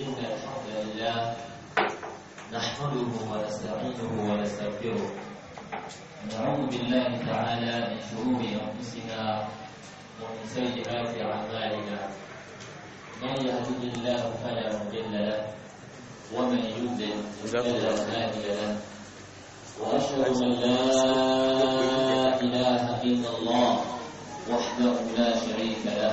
إن الحمد لله نحمده ونستعينه ونستغفره نعوذ بالله تعالى من شرور أنفسنا ومن سيئات أعمالنا من يهده الله فلا مضل له ومن يضلل فلا هادي له وأشهد أن لا إله إلا الله وحده لا شريك له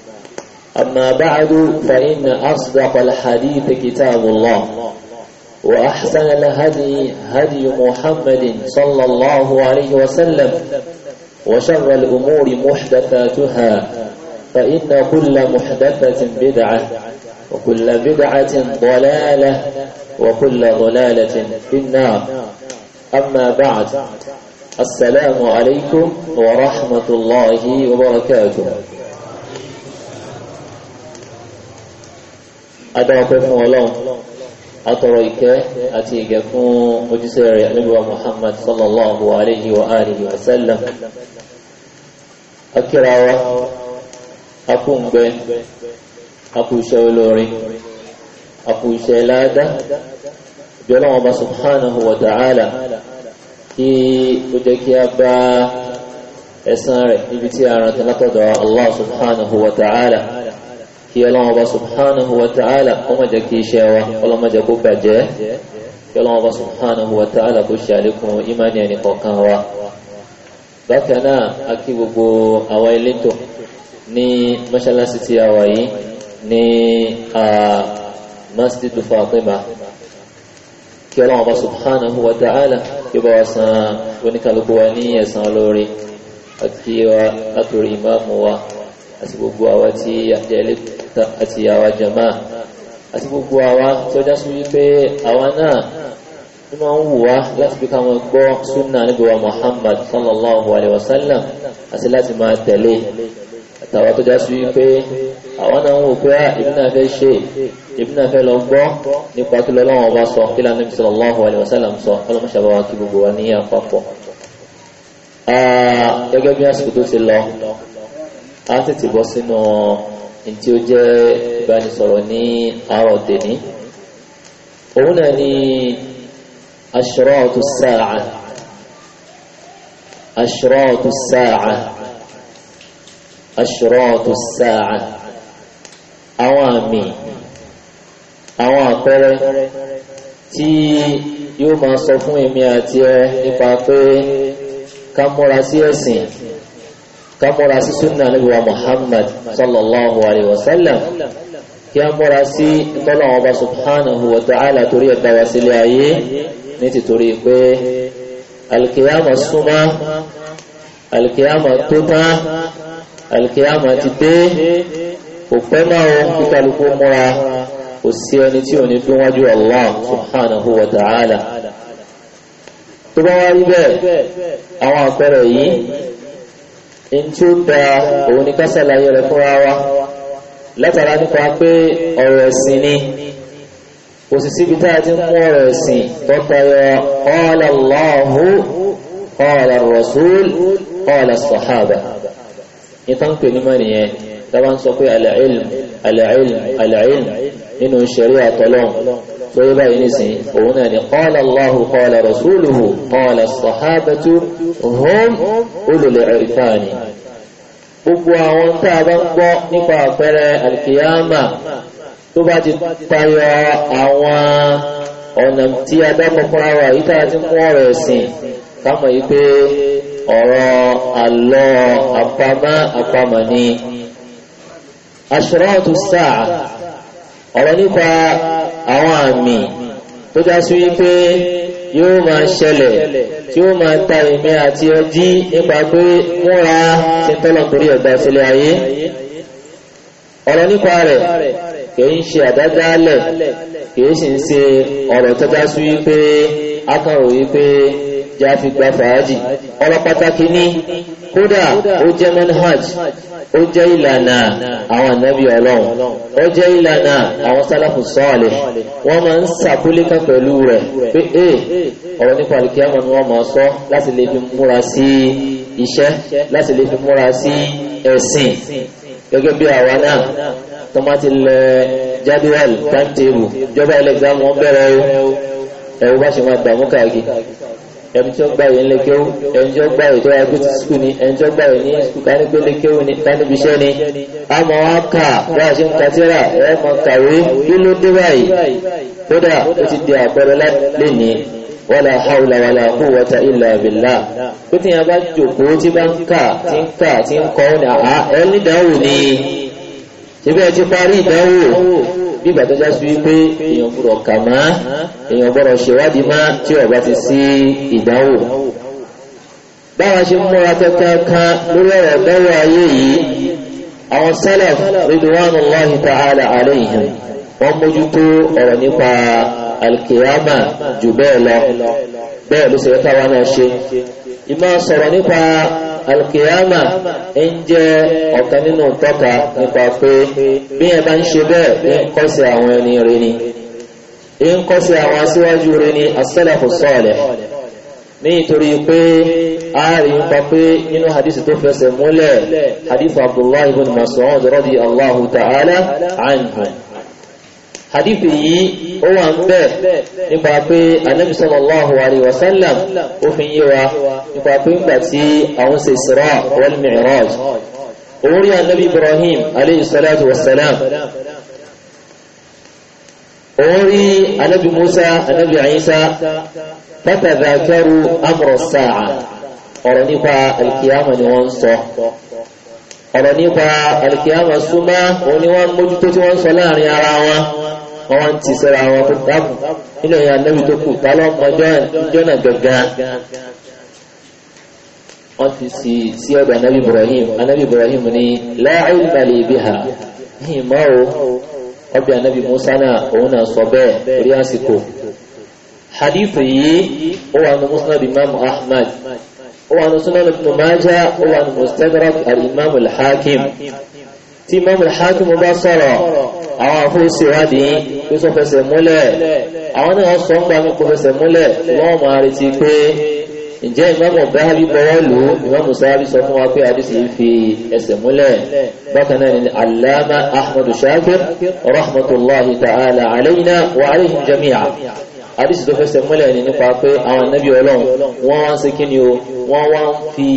أما بعد فإن أصدق الحديث كتاب الله وأحسن الهدي هدي محمد صلى الله عليه وسلم وشر الأمور محدثاتها فإن كل محدثة بدعة وكل بدعة ضلالة وكل ضلالة في النار أما بعد السلام عليكم ورحمة الله وبركاته adáwọ̀pẹ́ fún ọlọ́run atọrọ ìkẹ́ àti ìgẹ̀ fún ojúṣe rẹ̀ níbiwa Muhammad sallallahu alayhi wa alihi wa sallam akírawa akúngbẹ akúṣẹ́ olórin akúṣẹ́ ládá jọlọ́wọ́ bá subhanahu wa ta'ala kí ó jẹ́ kí a bá ẹ̀san rẹ̀ níbi tí a rántí látọ̀dọ̀ Allah subhanahu wa ta'ala kí ọlọ́wọ́n bá subhanahu wa ta'ala kó má jẹ́ kí iṣẹ́ wa ọlọ́mọ jẹ́ kó bàjẹ́ kí ọlọ́wọ́n bá subhanahu wa ta'ala kó ṣe àlékún ìmánì ẹni kọ̀ọ̀kan wa bákan náà a kí gbogbo àwa elétò ní mọ́ṣáláṣí tí a wà yìí ní masjidu Fatima kí ọlọ́wọ́n bá subhanahu wa kí bá wa san oníkàlùkù wa ní ẹ̀san olóore àti wa látòrí ìmáàmù wa àti gbogbo àwa tí àtẹ̀lé àti àwa jama àti gbogbo àwa tí ó jásí wípé àwa náà ní máa ń wù wá láti fi káwọn gbọ́ súnà níbi wa Muhammad sallallahu alaihi wasallam àti láti máa tẹ̀lé àtàwà tó jásí wípé àwa náà ń wò pé ìbí ah, náà fẹ́ ṣe ìbí náà fẹ́ lọ gbọ́ nípa tó lọ́wọ́ bá sọ kí lánàá sallallahu alaihi wasallam sọ ọlọ́mọṣàbá wa kí gbogbo wa ní àpapọ̀ ah, gẹ́gẹ́ bí àsìkò tó ti lọ a tètè bọ́ sínú ntí ó jẹ́ ìbánisọ̀rọ̀ ní àárọ̀ tèmi òun náà ni ashratu sáà ashratu sáà ashratu sáà àwọn àmì àwọn àpẹẹrẹ tí yóò máa sọ fún èmi àti ẹ nípa pé ká múra sí ẹ̀sìn ká múra sí súnà Ànábì wa Muhammad sallallahu alayhi wa sallam kí a múra sí tọ́lọ̀wọ́ bá subhanahu wa ta'ala torí ẹ̀dá wa sílé ayé ní ti torí pé alkiyama súnmá alkiyama tó tá alkiyama ti dé kò pẹ́ máa wọn kí kálukú múra kò sí ẹni tí ò ní fi wájú Allah subhanahu wa ta'ala tó bá wá rí bẹ́ẹ̀ àwọn àpẹẹrẹ yìí ntí ó da òun ni ká ṣàlàyé rẹ̀ fúnra wa látara nípa pé ọ̀rọ̀ ẹ̀sìn ni kò sì síbi tá a ti mú ọ̀rọ̀ ẹ̀sìn tọ́tayọ qala Allahu qala ar-rasul qala as-sahaba ìtàn nìyẹn tábà ń sọ pé al-ilm al-ilm al-ilm nínú ìṣẹ̀rí àtọ́lọ́hùn lórí báyìí nìsín òun náà ni qala Allahu qala rasuluhu qala as-sahabatu hum ulul irfani gbogbo àwọn tá a bá ń gbọ́ nípa àpẹẹrẹ alkiyama tó bá ti tayọ àwọn ọ̀nà tí a dákọ̀kọ́ ara yìí tá ti mú ọ̀rọ̀ ẹ̀sìn kámọ̀ yìí pé ọ̀rọ̀ àlọ́ àpamọ́ àpamọ́ ni ashratu as-sa'a ọ̀rọ̀ nípa àwọn àmì tó dá sí wípé yóò máa ṣẹlẹ̀ tí ó máa ta ìmẹ́ àti ọjí nípa pé múra ti tọ́lọ̀ torí ẹ̀dá sílẹ̀ ayé ọ̀rọ̀ nípa rẹ̀ kìí ṣe àdádálẹ̀ kìí ṣe ọ̀rọ̀ tó dá wípé akọ̀ròyìn pé jẹ́ àfikún àfàájì ọ̀rọ̀ pàtàkì ní kódà ó jẹ́ manhaj ó jẹ́ ìlànà àwọn ànábì ọlọ́run ó jẹ́ ìlànà àwọn sálàfù sọ́ọ̀lẹ̀ wọ́n máa ń sàkúlékà pẹ̀lú rẹ̀ pé é ọ̀rọ̀ nípa àlùkìyàmọ̀ ni wọ́n máa sọ láti lè fi múra sí iṣẹ́ láti lè fi múra sí ẹ̀sìn gẹ́gẹ́ bí àwa náà tó lẹ jadwal timetable ìjọba ilẹ̀ exam wọn bẹ̀rẹ̀ ẹ̀wọ́ bá ṣe máa gbàmú káàkiri ẹni tí ó gbà yìí ń lé kéwú ẹni tí ó tó yẹ kó ti ni ẹni tí ó gbà yìí ní sùkú ká ní pé lé kéwú ni ká níbi iṣẹ́ ni àmọ́ wọn kà bá a ṣe ń katira ẹ mọ kàwé kí ló dé báyìí kódà ó ti di àpẹẹrẹ lẹ́nìí wala hawla wala quwwata illa billah kó tí yẹn bá jòkóó tí bá ń kà tí ń kà tí ń kọ́ ọ́ ní àhá ẹ ní ìdánwò ni ṣé bẹ́ẹ̀ ti parí ìdánwò bí ìgbà tó já sí wípé èèyàn gbọ́dọ̀ kà má èèyàn gbọ́dọ̀ ṣèwádìí má tí ọ̀bá ti sí ìdánwò báwa ṣe múra kankan lórí ọ̀rọ̀ bẹ́rẹ̀ ayé yìí àwọn salaf ridwanullahi ta'ala alayhim wọ́n mójútó ọ̀rọ̀ nípa alkiyama jù bẹ́ẹ̀ lọ bẹ́ẹ̀ ló ṣe káwa náà ṣe ìmọ̀ sọ̀rọ̀ nípa alkiyama ń jẹ́ ọ̀kan nínú tọ́ka nípa pé bí ẹ bá ń ṣe bẹ́ẹ̀ ń kọ́sẹ̀ àwọn ẹni rẹ ni ń kọ́sẹ̀ àwọn aṣíwájú rẹ ni as-salafu salih nítorí pé a rí ń pa pé nínú hadisi tó fẹsẹ̀ múlẹ̀ hadith abdullahi ibn mas'ud radiyallahu ta'ala anhu hadith yìí ó wà ń bẹ nípa pé anabi sallallahu alayhi wa sallam ó fi yé wa nípa pé ńgbà tí àwọn ṣe Isra wal Mi'raj òun rí anabi Ibrahim alayhi salatu wa salam òun rí anabi Musa anabi Isa fatadhakaru amra as-sa'a ọ̀rọ̀ nípa alkiyama ni wọ́n ń sọ ọ̀rọ̀ nípa alkiyama súnmọ́ òun wọ́n mójútó tí wọ́n ń sọ láàrin ara wọn wọ́n wá ń ti sẹ́ra wọn tó dákùn nínú ìyá lẹ́yìn tó kù tá lọ́mọjọ́ ìjọ́ Ibrahim anábì Ibrahim ní láàrín ìgbàlè ibi ha ní ìmọ̀ o Musa náà òun náà sọ bẹ́ẹ̀ orí àsìkò hadith yìí ó wà ní musnad imam Ahmad ó wà ní sunan ibn Majah ó wà ní mustadrak al-imam al-Hakim tí mọ́mù hákí mo bá sọ̀rọ̀ àwọn àfúnṣe ìwádìí pé sọ fẹsẹ̀ múlẹ̀ àwọn náà sọ ń gbà mí kò fẹsẹ̀ múlẹ̀ wọ́n máa retí pé ǹjẹ́ ìmọ̀mù báhábí bọ́wọ́ lò ó ìmọ̀mù sáhábí sọ fún wa pé àdìsí fi ẹsẹ̀ múlẹ̀ bákan náà ni aláàmà ahmadu shakir tó fẹsẹ̀ múlẹ̀ ni nípa pé àwọn nábì ọlọ́run wọ́n wá ń ṣe kí ni o wọ́n wá ń fi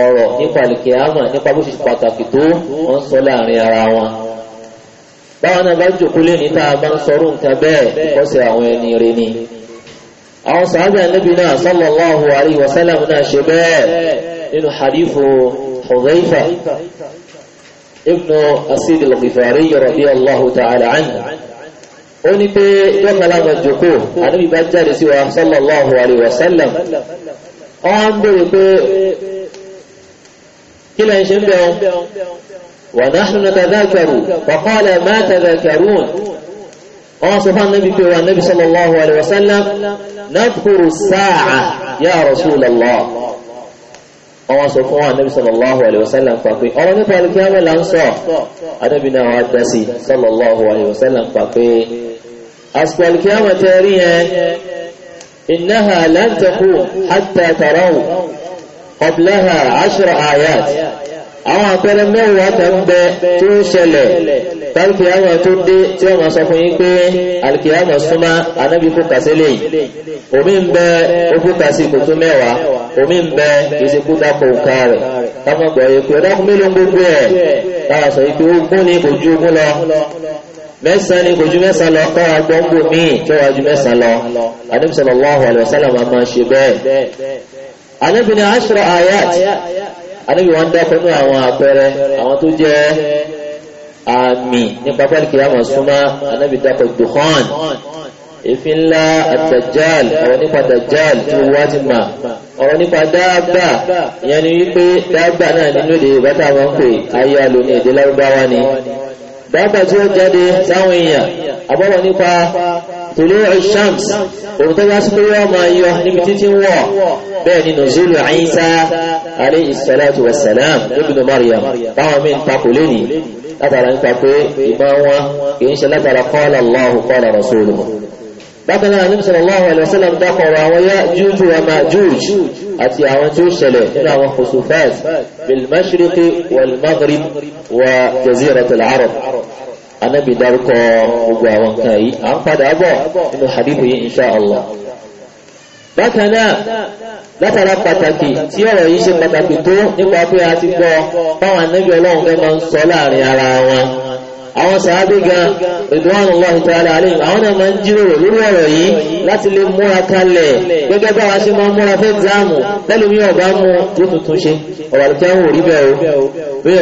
ọ̀rọ̀ nípa àlìkìyàmà nípa bó ṣe pàtàkì tó wọ́n sọ láàrin ara wọn báwọn náà bá jòkó lé ní tá a bá ń sọ̀rọ̀ nǹkan bẹ́ẹ̀ ìkọ́sẹ̀ àwọn ẹni rẹ ni àwọn sàábà níbi náà sallallahu alayhi wa sallam náà ṣe bẹ́ẹ̀ nínú hadithu Hudhayfa ibnu Asid al-Ghifari radiyallahu ta'ala anhu ó ní pé yọ́kàlá mọ̀ jòkó àníbi bá jáde sí wa sallallahu alayhi wa sallam ọ́n ń كلا جنبهم ونحن نتذاكر فقال ما تذاكرون قال سبحان النبي في النبي صلى الله عليه وسلم نذكر الساعة يا رسول الله قال سبحان النبي صلى الله عليه وسلم فقال قال نبي الكامل الأنصى أدبنا وعدسي صلى الله عليه وسلم فقال أسكو الكامل تاريه إنها لن تقوم حتى ترون qablaha ashra ayat àwọn àpẹẹrẹ mẹ́wàá kan bẹ tó ń ṣẹlẹ̀ tálkìyàmọ̀ tó dé tí wọ́n sọ fún yín pé alkìyàmọ̀ súnmọ́ anábì kò kàṣẹ́lẹ̀ omi ń bẹ ogó kàṣí mẹ́wàá omi ń bẹ ìsìnkú dákọ̀ rẹ̀ kámọ́gbọ̀ èkó dákùn mélòó gbogbo ẹ̀ táwọn sọ yìí ogún ni kò ju ogún lọ mẹ́sàn ni kò ju mẹ́sàn lọ kọ́ agbọ́ngbò míì kẹwàá ju anábì ní aṣọ́rọ̀ ayat anábì wọ́n dákọ́ ní àwọn àpẹẹrẹ àwọn tó jẹ́ àmì nípa pẹ́lìkì àwọn súnmọ́ anábì dákọ̀ dùkán èéfín ńlá àtàjáàl ọ̀rọ̀ nípa dàjáàl tí ó wá ti mà ọ̀rọ̀ nípa dáàbà ìyẹn ni wípé dáàbà náà nínú èdè Yorùbá tá a máa ń pè ayé alo ní èdè lárúbáwá ni dáàbà tí ó jáde sáwọn èèyàn àbọ̀rọ̀ nípa طلوع الشمس ومتجاس قيوم أيها نمتت الله بين نزول عيسى عليه الصلاة والسلام ابن مريم طعم تقلني أترى أن تقول إمام إن شاء الله قال الله قال رسوله bákan náà ní sallallahu alaihi wasallam dákọ̀rọ̀ àwọn Ya'juj wa Ma'juj àti àwọn tí ó ṣẹlẹ̀ nínú àwọn khusufat bil mashriqi wal maghrib wa jaziratul arab anábì dárúkọ gbogbo àwọn nǹkan yìí à ń padà bọ̀ nínú hadithu yìí insha allah bákan náà látara pàtàkì tí ọ̀rọ̀ yìí ṣe pàtàkì tó nípa pé a ti gbọ́ báwọn anábì ọlọ́run fẹ́ máa ń sọ láàrin ara wọn àwọn sàábé gan ridwanullahi ta'ala alayhim àwọn náà máa ń jíròrò lórí ọ̀rọ̀ yìí láti lè múra kalẹ̀ gẹ́gẹ́ bá wa ṣe máa ń múra fẹ́ dáàmù tẹ́lẹ̀ mi ọ̀bá mú tó tuntun ṣe ọ̀rọ̀ àti àwọn òrí bẹ́ẹ̀ o bí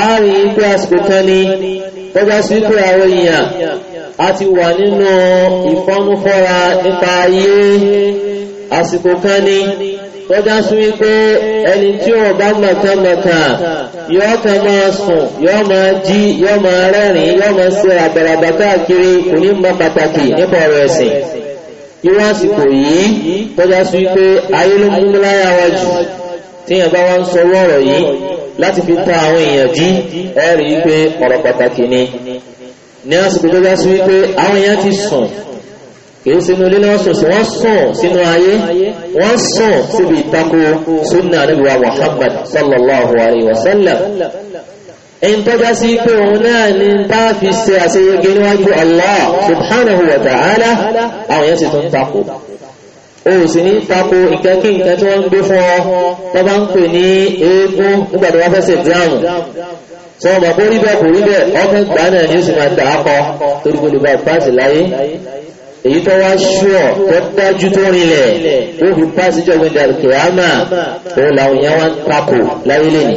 àárín ìgbé àsìkò kan ní tọ́já sí pé àwọn èèyàn a ti wà nínú ìfọ́núfọ́ra nípa ayé àsìkò kan ní tọ́já sí wípé ẹni tí ó bá mọ̀kànmọ̀kà yóò kàn máa sùn yóò máa jí yóò máa rẹ́rìn yóò máa ṣe àgbàlagbà káàkiri kò ní mọ pàtàkì nípa ọ̀rọ̀ ẹ̀sìn irú àsìkò yìí tọ́já sí wípé ayé ló mú láyà wájú tíyàn bá wá ń sọ ọ̀rọ̀ yìí láti fi ta àwọn èèyàn jí ẹ rí i pé ọ̀rọ̀ pàtàkì ni ní àsìkò tó bá sí wípé àwọn èèyàn ti sùn kìí sínú ilé náà sùn sí wọ́n sùn sínú ayé wọ́n sùn síbi ìtako sunna Ànábì Muhammad sallallahu alayhi wa sallam èyí tọ́já sí pé òun náà ni tá fi ṣe àṣeyege níwájú Allah subhanahu wa ta'ala àwọn èèyàn sì tún tako o sì ní tako ìkẹ́kí ìkẹ́ tí wọ́n ń gbé fún ọ wọ́n bá ń pè ní eégún nígbàtí wọ́n fẹ́sẹ̀ díàmù tí wọ́n mọ̀ kó rí bẹ́ẹ̀ kò rí bẹ́ẹ̀ ọkùn ìgbà náà ni ó sì máa tà á kọ torí kò lè bá pàṣẹ láyé èyí tó wá ṣúọ̀ tó dájú tó rinlẹ̀ ó fi pàṣẹ jọ̀gbìn dàrúkì àmà òun làwọn èèyàn wá ń tako láyé lẹ́ni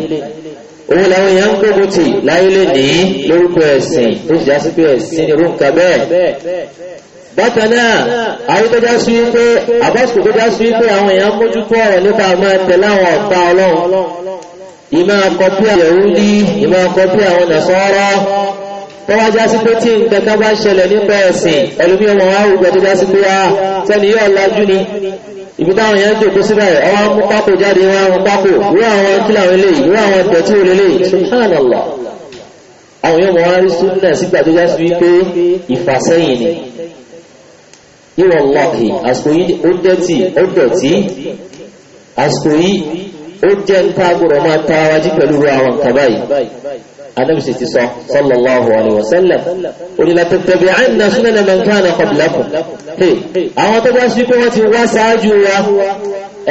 òun làwọn èèyàn ń gbógun tì láyé lẹ́ni lórúkọ ẹ̀sìn tó bákan náà àwọn tó já sí wípé àbọ̀sùn tó já sí wípé àwọn èèyàn mójútó ọ̀rọ̀ nípa àmọ́ tẹ̀lé àwọn ọ̀tá ọlọ́run ìmọ̀ ọkọ̀ bí Yahudi ìmọ̀ ọkọ̀ bí àwọn Nasara tó wá já sí pé tí nǹkan kan bá ṣẹlẹ̀ nípa ẹ̀sìn ẹlòmíì wọn wá rúgbẹ́ tó já pé wá ah, sẹ́ni yóò lajú ni ibi táwọn èèyàn jòkó síbẹ̀ ọwọ́ mú pákó jáde wọn àwọn pákó irú àwọn kílà àwọn eléyìí irú àwọn tẹ̀tí òlélẹ́yìí subhanallah àwọn yóò mọ̀ wá rí súnà sígbà tó já wípé ìfàsẹ́yìn ni ìwọ̀ lọ́ọ̀hì àsìkò yìí ó dẹ́tì ó dọ̀tí àsìkò yìí ó jẹ́ nǹkan agbọ̀rọ̀ máa tara wájú pẹ̀lú àwọn nǹkan báyìí anabisi ti sọ sallallahu alayhi wa sallam onilatattabi anna sunana man kana qablakum he àwọn tó bá sí pé wọ́n ti wá ṣáájú wa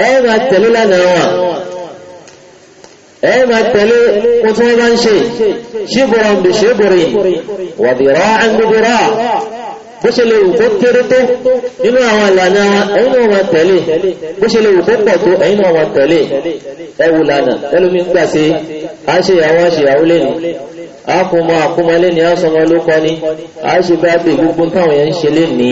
ẹ máa tẹ̀lé lánàá wa ẹ máa tẹ̀lé kó tí bá ń ṣe ṣíbùrọ̀ bí ṣíbùrì wàdìrọ̀ àǹdùbùrọ̀ bó ṣe lè wù kó kéré tó nínú àwọn ìlànà ẹ̀yin náà wọ́n tẹ̀lé bó ṣe lè wù kó pọ̀ tó ẹ̀yin náà wọ́n tẹ̀lé ẹwù lànà ẹlòmí ń gbà sí àṣeyàwó àṣeyàwó lẹ́nu àkùnmọ́ àkùnmọ́ lẹ́ni àṣọmọ lókọ ni àṣe bá bè gbogbo táwọn yẹn ń ṣe lé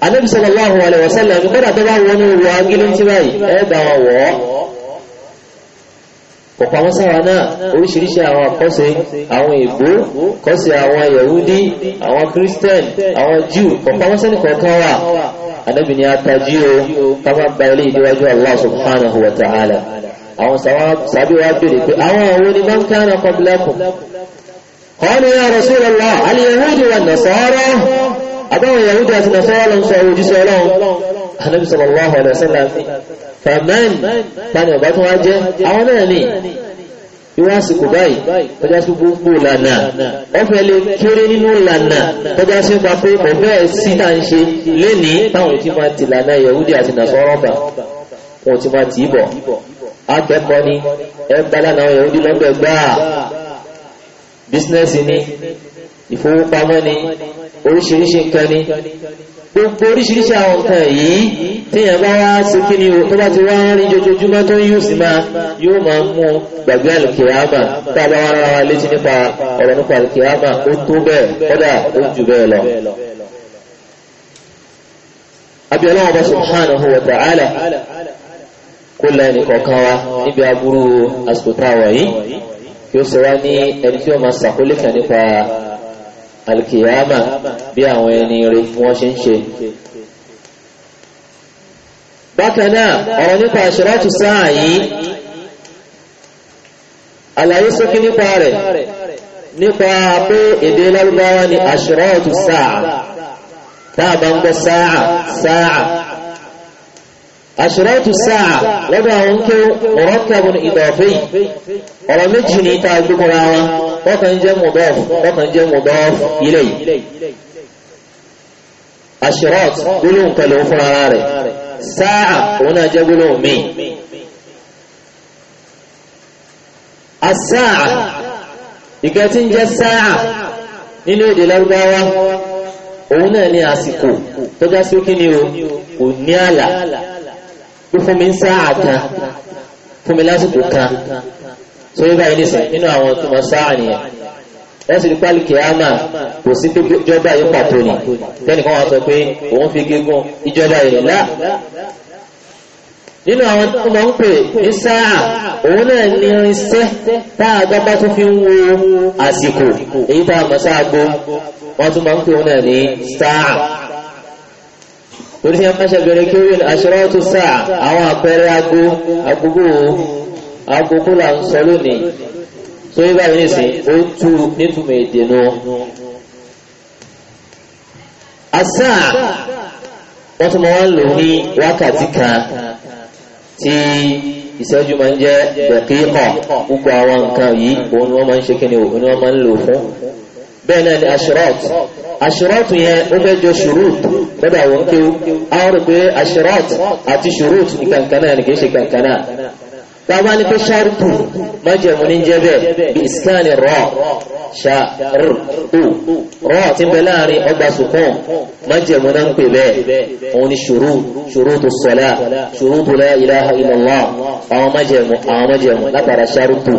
anabi sallallahu alaihi wasallam kódà tó bá wọnú wọ angilẹ́ntì báyìí ẹ bá wọn wọ̀ ọ́ ọ̀pàwọn sára náà oríṣiríṣi àwọn àkọ́sẹ̀ àwọn èbó kọ́sẹ̀ àwọn yahudi àwọn christian àwọn jew ọ̀pàwọn sẹ́ni kọ̀ọ̀kan wà anabi ni a tají o ká má ba ilé ìdíwájú allah subhanahu wa ta'ala àwọn sàbí àbáwọn yahudi àti nasara lọ sọ òjíṣẹ́ ọlọ́run anabi sallallahu alaihi wasallam fàmẹ́ẹ̀nì pani ọ̀bá tó wá jẹ́ àwọn náà ni ìwọ́n àsìkò báyìí tọ́já sí gbogbo lànà ọ̀fẹ́ lè kéré nínú lànà tọ́já sí pa pé ọ̀fẹ́ sí náà ń yahudi àti nasara bà wọn ti máa ni ẹ gbá lànà yahudi lọ́gbẹ̀gbà bísínẹ́sì ni ìfowópamọ́ ni oríṣiríṣi nǹkan ni gbogbo oríṣiríṣi àwọn nǹkan yìí téèyàn bá wá sí kí ni tó bá ti wá rí jojoojúmọ́ tó yóò sì máa yóò máa mú gbàgbé àlùkìyàmà tá a bá wá rárá létí nípa ọ̀rọ̀ nípa àlùkìyàmà ó tó bẹ́ẹ̀ kódà ó jù bẹ́ẹ̀ lọ. subhanahu wa ta'ala kó lẹ́nu kọ̀ọ̀kan wa níbi aburú àsìkò táwa yìí kí ó sọ wá ní ẹni tí ó máa sàkólé nípa alkiyama bí àwọn ẹni rí wọ́n ṣe ń ṣe bákanáà ọ̀rọ̀ nípa àṣírátù sáà yìí àlàyé sókè nípa rẹ̀ nípa pé èdè lárúbáwá ni àṣírátù sáà táà bá ń gbọ́ sáà sáà àṣírátù sáà lọ́dọ̀ àwọn ń kí ọ̀rọ̀ kẹbùn ìdọ̀fẹ́ ọ̀rọ̀ méjì ní ìta gbogbo ra wọn kọ́kàn jẹ́ mudaf kọ́kàn jẹ́ mudaf ilayhi ashirat gbólóhùn kan lòun fúnra rẹ̀ sáà òun náà jẹ́ gbólóhùn míì asáà ìkẹ́ tí ń jẹ́ sáà nínú èdè lárúbáwá òun náà ní àsìkò tó já sí kí ni o kò ní àlà fún mi ń sáà kan fún mi lásìkò kan so yẹ báyìí nìsín nínú àwọn tó máa sáà nìyẹn wọ́n sì rí pálí kìámà kò sí pé ìjọba yìí pàtó ni tẹ́nìkan wọ́n sọ pé òun fi gígùn ìjọba yìí lá nínú àwọn tó mọ̀ ń pè ní sáà òun náà ní irinṣẹ́ táà gbábá tó fi ń wo àsìkò èyí táà mọ̀ sáàgbó wọ́n tún mọ̀ ń pè òun náà ní sáà torí sí ẹmọ́ṣẹ́ bẹ̀rẹ̀ kí ó rí aṣọ́rọ́ tó sáà àwọn àpẹẹrẹ ago agogo agogó là ń sọ lónìí tó yẹ báyìí nìsín ó tú nítumọ̀ èdè nù. àṣà wọ́n tún máa wá ń lò ní wákàtí kan tí ìṣẹ́jú máa ń jẹ́ dẹ̀kíkọ̀ gbogbo àwọn nǹkan yìí òun ni wọ́n máa ń ṣe kíni òun ni wọ́n máa ń lò fún bẹ́ẹ̀ náà ni ashirat ashirat yẹn ó fẹ́ jọ shurut lọ́dọ̀ àwọn kéwú àwọn rò pé ashirat àti shurut ní kankan náà ní kìí ṣe kankan náà bàbá ní pé ṣáàrùkù májẹ̀mú ní jẹ́ bẹ́ẹ̀ bí iskani rọ ṣáàrù rọ ti bẹ láàrin ọgbà sùkún májẹ̀mú náà ń pè bẹ́ẹ̀ òun ni ṣòro ṣòro tó sọlá ṣòro tó la ilaha illallah àwọn májẹ̀mú àwọn májẹ̀mú látara ṣáàrùkù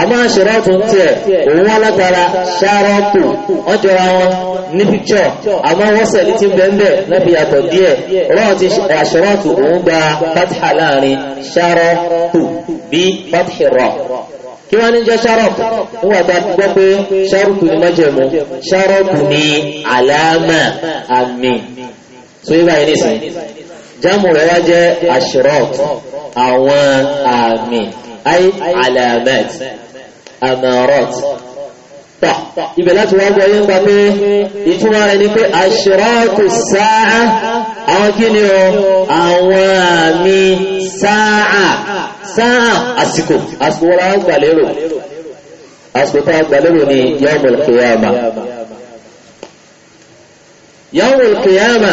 àmọ́ àṣírá tó ń tiẹ̀ òun wá látara ṣárọ́pù ọjọ́ra wọn ní píkṣọ̀ àmọ́ wọ́sẹ̀ ní ti bẹ́ẹ̀ lẹ́bi yàtọ̀ díẹ̀ ọlọ́run ti àṣírá eh, tó òun gba fatha láàrin ṣárọ́pù bí fatha rọ̀ kí wọ́n ní jẹ́ ṣárọ́pù níwọ̀n bá gbọ́ pé ṣárọ́pù ni májẹ̀mú ṣárọ́pù ni àlàámà àmì tó yẹ báyìí nìsín jámù rẹ̀ wá jẹ́ àṣírọ́pù àwọn àmì ayé alamat amarat tọ́ ibẹ̀ láti wọ́n gbọ́ yín gbà pé ìtumọ̀ rẹ̀ ni pé ashratu sáà àwọn kí ni o àwọn àmì sáà sáà àsìkò àsìkò wọ́n wọ́n gbà àsìkò tó wọ́n gbà ni yawmul qiyama yawmul qiyama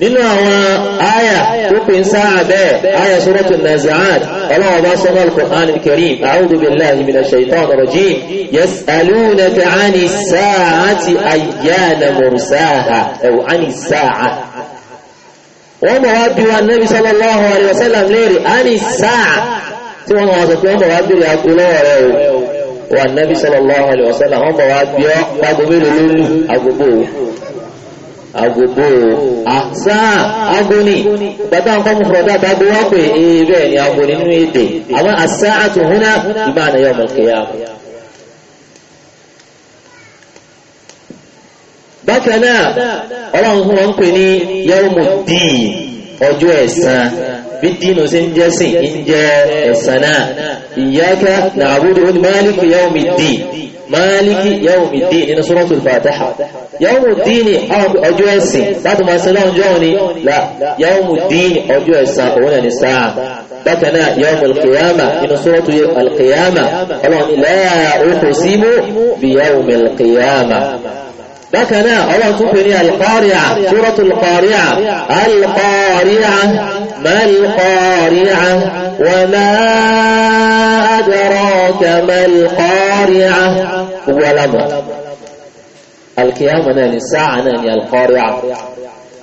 nínú àwọn àyà tó pè ń sáà bẹ́ẹ̀ àyà suratul nazi'at ọlọ́wọ́ bá sọ́nà al-Qur'an al-Karim a'udhu billahi minash shaitanir rajim yas'alunaka 'ani s-sa'ati ayyana mursaha aw 'ani s-sa'a wọ́n bọ̀ wá bí wa nabi sallallahu alayhi wa sallam léèrè 'ani s-sa'a tí wọ́n wá sọ pé agogo àṣà agoni bàbá nǹkan mú fọ̀rọ̀dá àbábọ̀ wá pé ẹ̀rẹ́ ni agoni nínú èdè àwọn àṣà àtúnhúnà ìmọ̀ àdáyọ̀ ọmọ kìíyàmù bákan náà ọlọ́run fún wọn pè ní yẹ́rùmù díì ọjọ́ ẹ̀san bí dínú sí ń jẹ́ sí ń jẹ́ ẹ̀san náà iyyaka na'budu ní máàlìkì مالك يوم الدين إن سورة الفاتحة يوم الدين أجو السن بعد ما سلام جوني لا يوم الدين أجو الساعة ولا الساعة بكنا يوم القيامة إن سورة القيامة الله لا أقسم بيوم القيامة بكنا الله تبني القارعة سورة القارعة القارعة ما القارعة وما أدراك ما القارعة gbogbo alámọ̀ alkiyama náà ni sáà náà ni alkọ́ríà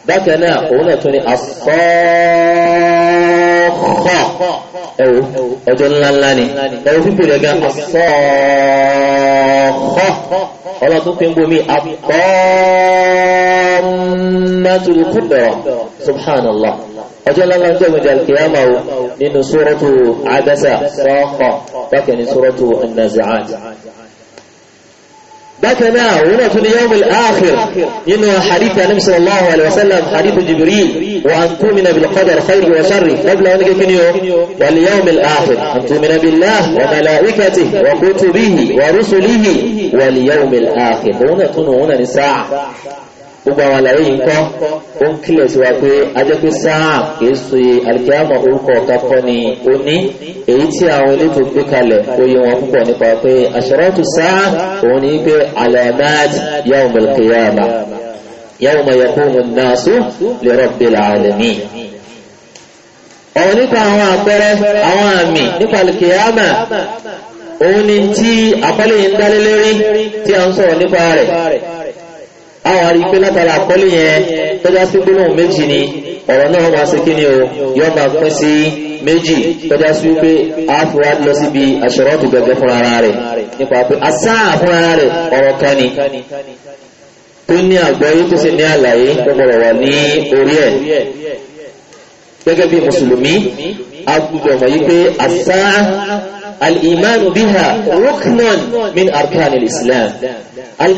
bákan náà òun náà tún ni asọ́ọ̀kọ́ ẹ̀wò ọjọ́ ńláńlá ni ẹ̀wò fífi rẹ̀ gan asọ́ọ̀kọ́ ọlọ́tún pé ń bomi akọ́ọ̀mọ́tòlù kúndọ̀ subhanallah ọjọ́ ńláńlá ń jẹ́gun alkiyama o nínú sórọ́tù adásà sọ́ọ̀kọ́ bákan ní sórọ́tù an-nazi'at متناولة اليوم الآخر إنه حديث النبي صلى الله عليه وسلم حديث جبريل وأن تؤمن بالقدر خيره وشره قبل أن يكون واليوم الآخر أن تؤمن بالله وملائكته وكتبه ورسله واليوم الآخر هنا تنهون نساء gbogbo àwọn àlàyé yìí kọ́ ó ń kílẹ̀ sí wa pé ajẹ́pẹ́ sáà kìí ṣe àlìkíyàmọ̀ orúkọ ọ̀kan kọ́ ni ó ní èyí tí àwọn elétò gbé kalẹ̀ oyè wọn púpọ̀ nípa pé àṣàrátù sáà òun ní pé alamat yawmal qiyamah yawma yaqumu an-nasu li rabbil alamin ọ̀rọ̀ nípa àwọn àpẹẹrẹ àwọn àmì nípa alìkìyàmà òun ni tí àpẹẹrẹ yìí ń dálé lérí tí a ń sọ̀rọ̀ nípa rẹ̀ àwọn arí pé látara àkọlé yẹn tó já sí gbólóhùn méjì ni ọ̀rọ̀ náà wá sí kíni o yọ máa pín sí méjì tó já sí pé àáfíwá lọ síbi àṣọrọ́tù gẹ́gẹ́ fún ara rẹ̀ nípa pé asáà fún ara rẹ̀ ọ̀rọ̀ kan ni tó ní àgbọ́yé tó sì ní àlàyé tó gbọ́dọ̀ wà ní orí ẹ̀ gẹ́gẹ́ bí mùsùlùmí agbúdọ̀ mọ̀ yí pé àsáà al biha ruknan min arkan islam al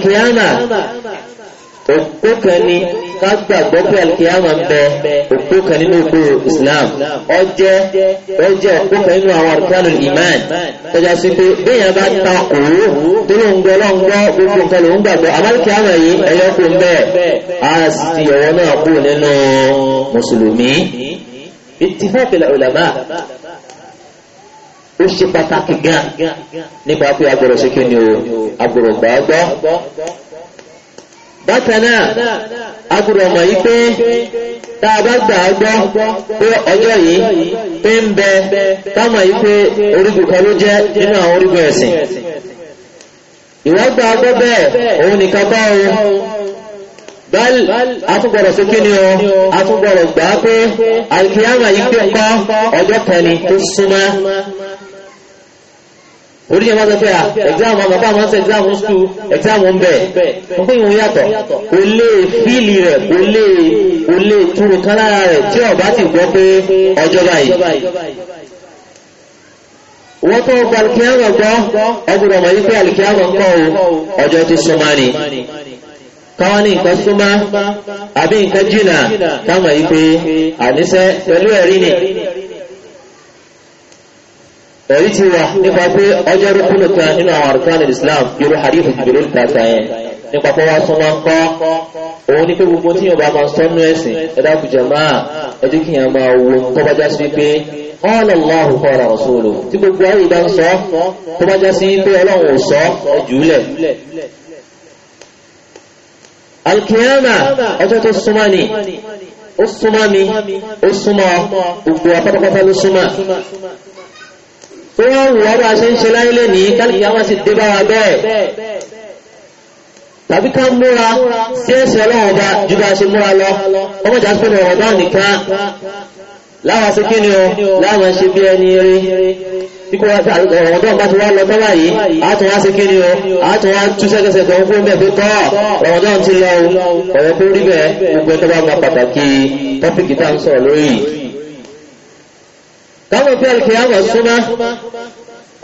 òkú kan ní ká gbàgbọ́ pé alikiyama ń bẹ òkú kan nínú òkú islam ọjẹ́ ọjẹ́ òkú kan nínú àwọn arkanu iman tọ́já sí pé bẹ́yàn bá ta òwú tó ló ń gbọ́ ló ń gbọ́ gbogbo nǹkan ló ń gbàgbọ́ àmọ́ alikiyama yìí ẹ̀yọ́ kò ń bẹ́ẹ̀ á sì ti yọ̀wọ́ náà kú nínú mùsùlùmí ittifaqil ulama ó ṣe pàtàkì gan nípa pé agbọ̀rọ̀ ṣe kí ni o agbọ̀rọ̀ gbàgbọ́ bákan na a gbọ́dọ̀ pé tá a bá gbà á gbọ́ pé ọjọ́ yìí pé ń bẹ táwọn yìí pé orígun kan ló jẹ́ nínú àwọn orígun ẹ̀sìn ìwọ gbà á gbọ́ bẹ́ẹ̀ òun nìkan bá o ni o gbà á pé àìkíyàmà orí ẹ̀mọ́ sọ pé à ah, ẹ̀gzáàmù àwọn bàbá àwọn ẹ̀gzáàmù ṣú ẹ̀gzáàmù ń bẹ̀ wọ́n pé ìwọ̀n yàtọ̀ kò lè fíìlì rẹ̀ kò lè kò lè túrò kan lára rẹ̀ tí ọ̀bá ti gbọ́ pé ọjọ́ báyìí wọ́n tó gba alìkíyàmọ̀ gbọ́ ọgbọ̀dọ̀ mọ̀ wípé alìkíyàmọ̀ kọ́ o ọjọ́ ti súnmọ́ ni káwọn ní nǹkan súnmọ́ àbí nǹkan jìnnà táwọn yìí pé àníṣẹ́ pẹ̀lú ẹ̀rí ni ẹ̀rí ti wà nípa pé ọjọ́ rí kúlù kan nínú àwọn àrùkánì Islam irú hadith ìgbèrè ìtàkà yẹn nípa pé wọ́n súnmọ́ ń kọ́ òun ní pé gbogbo tí yóò bá máa sọ́nú ẹ̀sìn ẹ̀dá kùjọ máa ẹ̀dí kìí máa wo tó bá já sí pé قال الله قال رسوله tí gbogbo ayé bá ń sọ tó bá já sí pé ọlọ́run ò sọ ẹjùlẹ̀ alkiyama ó súnmọ́ mi ó súnmọ́ gbogbo apátápátá ló súnmọ́ ó wọ́n wù ọ́ bá ṣe ń ṣe láyé lẹ́nìí kálíkì àwọn sì dé bá wa bẹ́ẹ̀ tàbí ká múra sí ẹsẹ̀ ọlọ́wọ́ bá ju bá ṣe múra lọ ọmọ ìjà sọ́nà ọ̀dọ́ nìkan láwọn sí kí ni o láwọn ṣe bí ẹni rí bí kò ọ̀dọ́ bá ti wá lọ tọ́lá yìí àtún wá sí kí ni o àtún wá tú sẹ́kẹsẹ̀ tó ń fún bẹ́ẹ̀ tó tọ́ ọ̀dọ́ ti lọ ọ̀rọ̀ tó rí bẹ́ẹ̀ gbogbo ẹ̀ tó bá ma pàtàkì tọ́pìkì tá à ń sọ̀rọ̀ lórí yìí káwọn fẹ́ alkiyama súnmọ́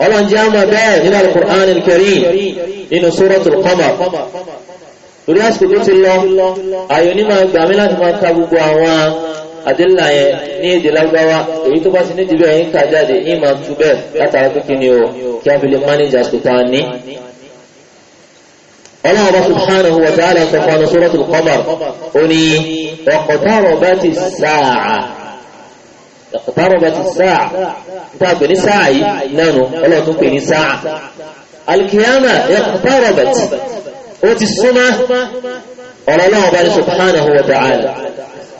ọlọ́run jẹ́ àmọ́ bẹ́ẹ̀ nínú alukur'an alkarim nínú suratul qamar torí àsìkò tó ti lọ àyò ní máa gbà mí láti máa ka gbogbo àwọn àdínlà yẹn ní èdè lágbáwá èyí tó bá ti ní dìbẹ̀ yín kà jáde yín máa tú bẹ́ẹ̀ látara pé ni o kí a fi lè manage àsìkò tá a ní. الله سبحانه وتعالى سبحانه سورة القمر قل وقتربت الساعة اقتربت الساعة تاكو ساعة نانو الله تنكو نساعة القيامة اقتربت وتي السنة الله بارك سبحانه وتعالى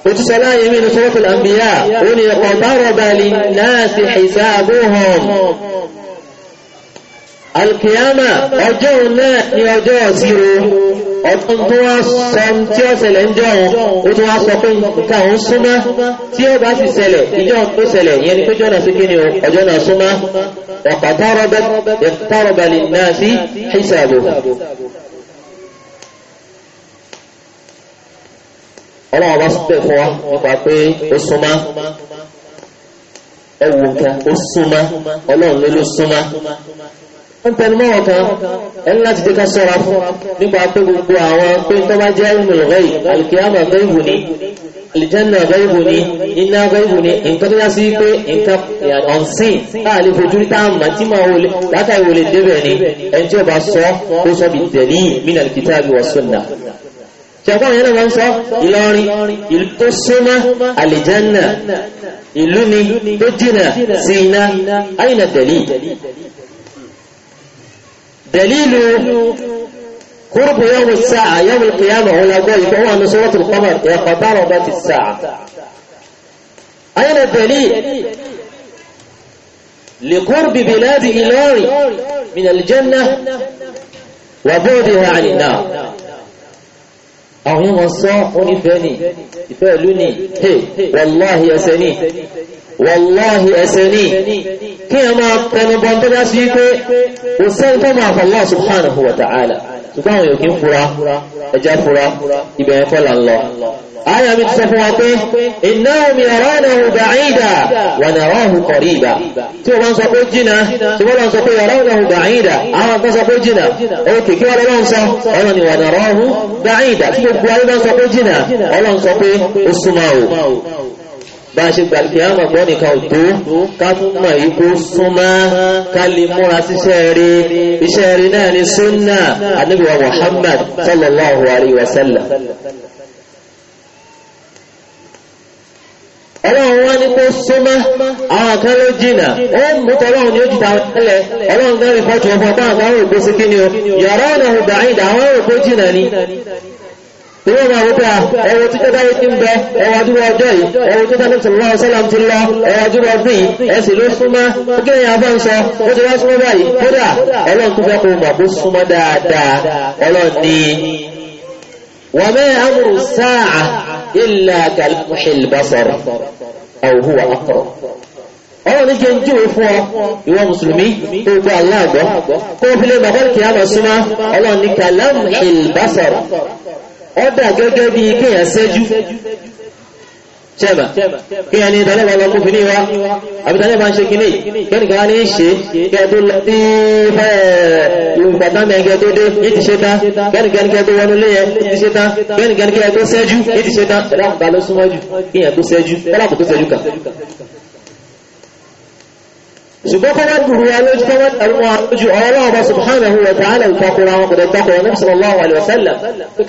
وتسلا يمين سورة الأنبياء وني اقترب للناس حسابهم alkiyama ọjọ́ náà ni ọjọ́ ọ̀síro ọdún tó wá sọ tí ó ṣẹlẹ̀ ń jọ ó tó wá sọ pé nǹkan òun súnmọ́ tí ó bá sì ṣẹlẹ̀ ìjọ tó ṣẹlẹ̀ yẹn ni pé jọ́nà sí kí ni ọjọ́ náà súnmọ́ ọ̀pàtàrọ̀bà lè náà sí ṣíṣàbò ọlọ́wọ́ bá súnbẹ̀ fún wa nípa pé ó súnmọ́ ẹwù nǹkan ó súnmọ́ ọlọ́run ló ló súnmọ́ ń tẹnu mọ́ ọ̀kan ẹni láti dé ká sọ́ra fún nípa pé gbogbo àwọn pé tó bá jẹ́ ìmọ̀ ìrọ̀ yìí alìkíyàmà bẹ́ ìbò ní alìjẹ́nà bẹ́ ìbò ní iná bẹ́ ìbò ní sí pé nǹkan ọ̀sìn náà ìlú ni tó jìnà sí iná àyìnà tẹ̀lé دليل قرب يوم الساعة يوم القيامة علماء يقعوا عن سورة القمر وقتربت الساعة أين الدليل لقرب بلاد إلهي من الجنة وبعدها عن النار أهم الصاح فاني فالوني والله يا سني wàláhì ẹsẹ̀ ní kí ẹ máa tẹnubọn tó bá sí pé kò sẹ́ni tó máa fọlọ́ subhanahu wa ta'ala ṣùgbọ́n àwọn yòókì ń fura ẹja fura ibẹ̀ ẹ̀kọ́ là ń lọ. Aya mi ti sọ fún wa pé innahu yaranahu ba'ida wa narahu qariba. Tí o bá ń sọ pé jìnà, tí wọ́n lọ sọ pé yaranahu ba'ida, àwọn kan pé jìnà, ó kìkì wọ́n lọ́wọ́ ń sọ, ọ̀rọ̀ ni wa narahu ba'ida. Tí gbogbo ayé bá ń sọ pé jìnà, ọlọ́run bá ṣe gbàlùkì àmà pọ́ nìkan ò tó ká tún mọ̀ yí kó súnmọ́ ká lè múra síṣẹ́ rí iṣẹ́ rí náà ni súnà Ànábì Muhammad sallallahu alaihi wa sallam ọlọ́run wá ní kó súnmọ́ àwọn kan ló jìnà ó ń mú tọ́lọ́run ní ojúta ẹlẹ̀ ọlọ́run gẹ́rì fọ́tù ọmọ bá àwọn ògbó sí kí o yàrá ọ̀nà ọ̀gbà àìdá àwọn ògbó jìnà ni ìwé ìwà òkúta ẹwọ tí jọba yìí ti ń bẹ ẹwà dúró ọjọ́ yìí ẹwọ tó dákùn sọ̀rọ̀ àwọn sọ́làm ti lọ ẹwà dúró ọdún yìí ẹsì ló súnmọ́ ó kí èèyàn bá ń sọ ó ti wá súnmọ́ báyìí kódà ọlọ́run tó fẹ́ kó mọ̀ bó súnmọ́ dáadáa ọlọ́run ní. wà mẹ́ amúrù sáà ilà kàlùmùhìl bá sọ̀rọ̀ àwòhù wà lọ́kọ̀ ọ̀rọ̀ ní jẹun jíwò fún ọ ìwọ mùsùlùmí tó gbọ́ aláàgbọ́ kó o fi lè mọ̀ kìí àmọ̀ súnmọ́ ọlọ́run kàlámù ìlbásọ̀rọ̀ ọ̀dà gẹ́gẹ́ bí kéèyàn sẹ́jú ṣẹ́bà kéèyàn ní ìdálẹ́ bá lọ kó fìní wa àbídálẹ́ bá ń ṣe kìíní kẹ́nìkan wá ní ṣe kẹ́ tó lọ sí ìpàdánmẹ́ kẹ́ tó dé yìí ti ṣe tán kẹ́nìkan kẹ́ tó wọnú lé yẹn yìí ti ṣe tán kẹ́nìkan kẹ́ tó sẹ́jú kan ṣùgbọ́n kọ́ bá dùrù wa lójú kọ́ bá dùrù wa lójú ọ̀rọ̀ ọba subhanahu wa ta'ala ìtakura wọn kò dẹ̀ takura nabi sallallahu alaihi wa sallam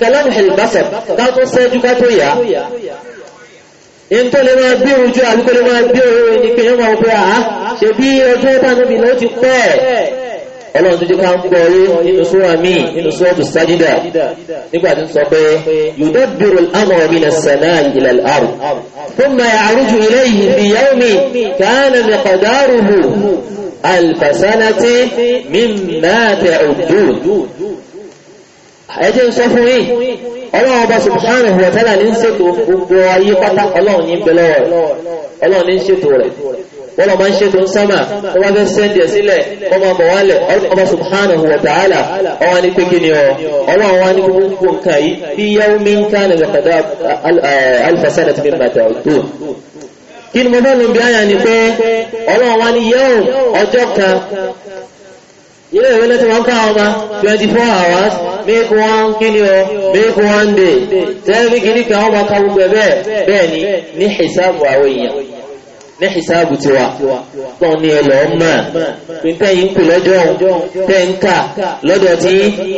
kalamu hilbasa ká tó sẹ́jú ká tó lè máa bí ojú àbíkó lè máa bí ojú ni pé yọ́n máa wọ́pẹ́ àá ṣe bí ọjọ́ tánàbì ló ti pẹ́ ọlọ́run tó jẹ́ ká ń gbọ́ orí nínú súra míì nínú súratu sájídà nígbà tí ń sọ pé yudabbiru al-amra mina as-samaa'i ila al-ard thumma ya'ruju ilayhi bi yawmin kana miqdaruhu alfa sanati mimma ta'uddun ẹjẹ́ ń sọ fún yìí ọlọ́run ọba subhanahu wa ta'ala ní ń ṣètò gbogbo ayé pátá ọlọ́run ní ń bẹ lọ́wọ́ ọlọ́run ní ń ṣètò rẹ̀ wọ́n máa ń ṣètò ń sámà wọ́n máa fẹ́ sẹ́ndì ẹ̀ sílẹ̀ wọ́n máa bọ̀ wálẹ̀ ọba subhanahu wa ta'ala ọwọ́ ni pé kí ni ọ ọwọ́ àwọn ni gbogbo nǹkan yìí bí yẹ́wó mi ń ká ní ọ̀kadà alifasada ilé ìwé lẹ́tọ̀ wọn káwọn 24 hours make one kíni o make one day tẹ́lifí kìíní kan wọn ma ká gbogbo ẹ̀ bẹ́ẹ̀ ni ní hisabu àwọn èèyàn ní ìsáàbù tiwa pọ́n ní ẹlọ́ mọ́ pé tẹ́yìn kù lọ́jọ́ tẹ́ǹkà lọ́dọ̀ tí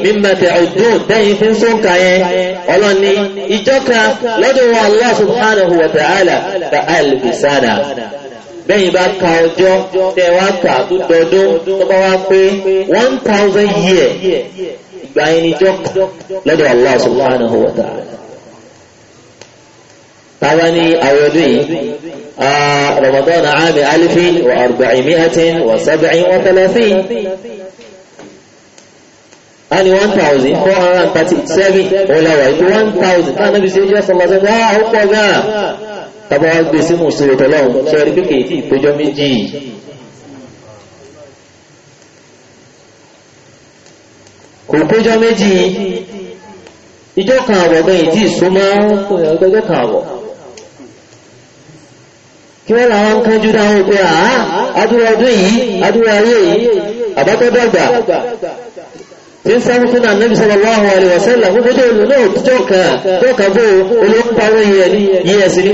mímọ̀tẹ̀ ọdún tẹ́yìn fún sóǹkà yẹn ọlọ́ni ìjọ́ka lọ́dọ̀ wa Allah subhanahu wa ta'ala ka alifisana bẹ́yìn bá ka ọjọ́ tẹ́ wá تعالى أودي آه رمضان عام ألف وأربعمائة وسبع وثلاثين ani one thousand four hundred and thirty seven ọ̀làwà ètò one thousand náà níbi sí ẹjọ́ sọ̀lá sọ́lá wá ó pọ̀ gan-an tàbá wá gbé sí mùsùlùmí tọ́lọ́hún ṣe rí kéèké tí ìpéjọ méjì kò péjọ méjì ìjọ kan àwọ̀ kí wọ́n làwọn ń kánjú dáhùn pé àá adúrà ọdún yìí adúrà ayé yìí àbátọ́dọ́gba tí ń sáré fún ànábì sallallahu alaihi wasallam fún bójú olú náà tó kàn tó kàn bó olóńpa owó yẹ ní yíyẹ sí ní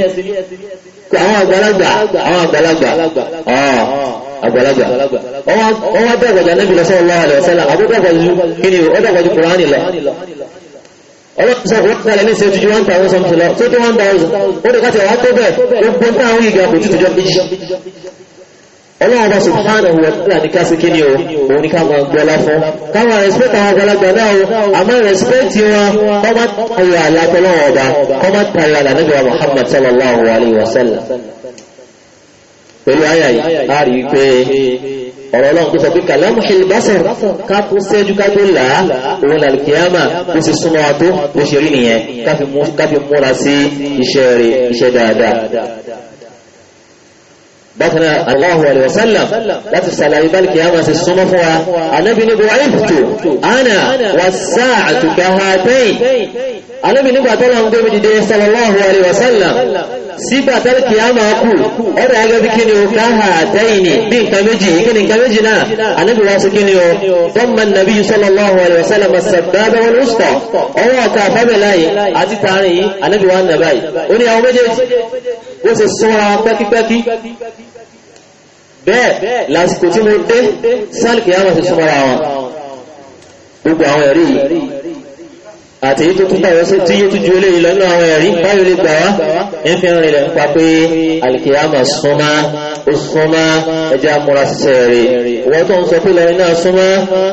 àwọn àgbàlagbà àwọn àgbàlagbà àgbàlagbà wọ́n wá dàgbàjà ànábì sallallahu alaihi wasallam àbúdàgbàjú kí ni ó dàgbàjú kùránì lọ ọlọ́pàá ní ṣe jíjú 1,000 lọ tó tó 1,000 ó lè káti àwọn tó bẹ̀ gbogbo ní àwọn ìgbà kò títìjọ méjì ọlọ́run bá subhanahu wa ta'ala ní káṣí kí ni o òun ní respect àwọn ọgbọ́lágbà náà o àmọ́ respect wọn kọ́má tayọ àlàtọ́lọ́wọ́ Muhammad sallallahu alayhi wa sallam pẹ̀lú ayà yìí ọ̀rọ̀ ọlọ́run tó sọ pé kàlámù ṣèlbásọ̀ ká tó sẹ́jú ká tó là á òun là kìíyàmà ó sì súnmọ́ wa tó nìyẹn káfí múra sí iṣẹ́ rẹ̀ iṣẹ́ dáadáa bákan Allahu alaihi wasallam láti sàlàyé bá kìí àwọn ṣe súnmọ́ fún wa anábì ní bó àìfùtò ana wà sáà àtùkà ha tẹ́yìn anábì nígbà tó lọ ń gbé mi dìde sallallahu alaihi wasallam sígbà tẹ́lẹ̀ kìí àmà kú ọ̀rẹ́ agẹ́bí kí ni o ká ha tẹ́yìn ni bí nǹkan méjì kí nǹkan méjì náà anábì wá sí kí o dọ́mà nàbí sallallahu alaihi wasallam sàbábà wọn lùsọ̀ ọwọ́ ọ̀ta àfábẹ̀ láyé àti tààrin yìí anábì wá nàbáyì ó ní àwọn méjèèjì ó ṣe sọ́ra pẹ́kípẹ́kí bẹ́ẹ̀ lásìkò tí mo dé sáàlì kìí àwọn ṣe súnmọ́ra wọn gbogbo àwọn ẹ̀rí àti èyí tó tún báyọ̀ sí tí yóò tún ju eléyìí lọ nínú àwọn ẹ̀rí báyọ̀ lè gbà wá ń fi rìnlẹ̀ ń pa pé alìkìyàmà súnmá ó súnmá ẹjẹ́ amúra ṣiṣẹ́ rẹ̀ wọ́n tó ń sọ pé lọ́rin náà súnmá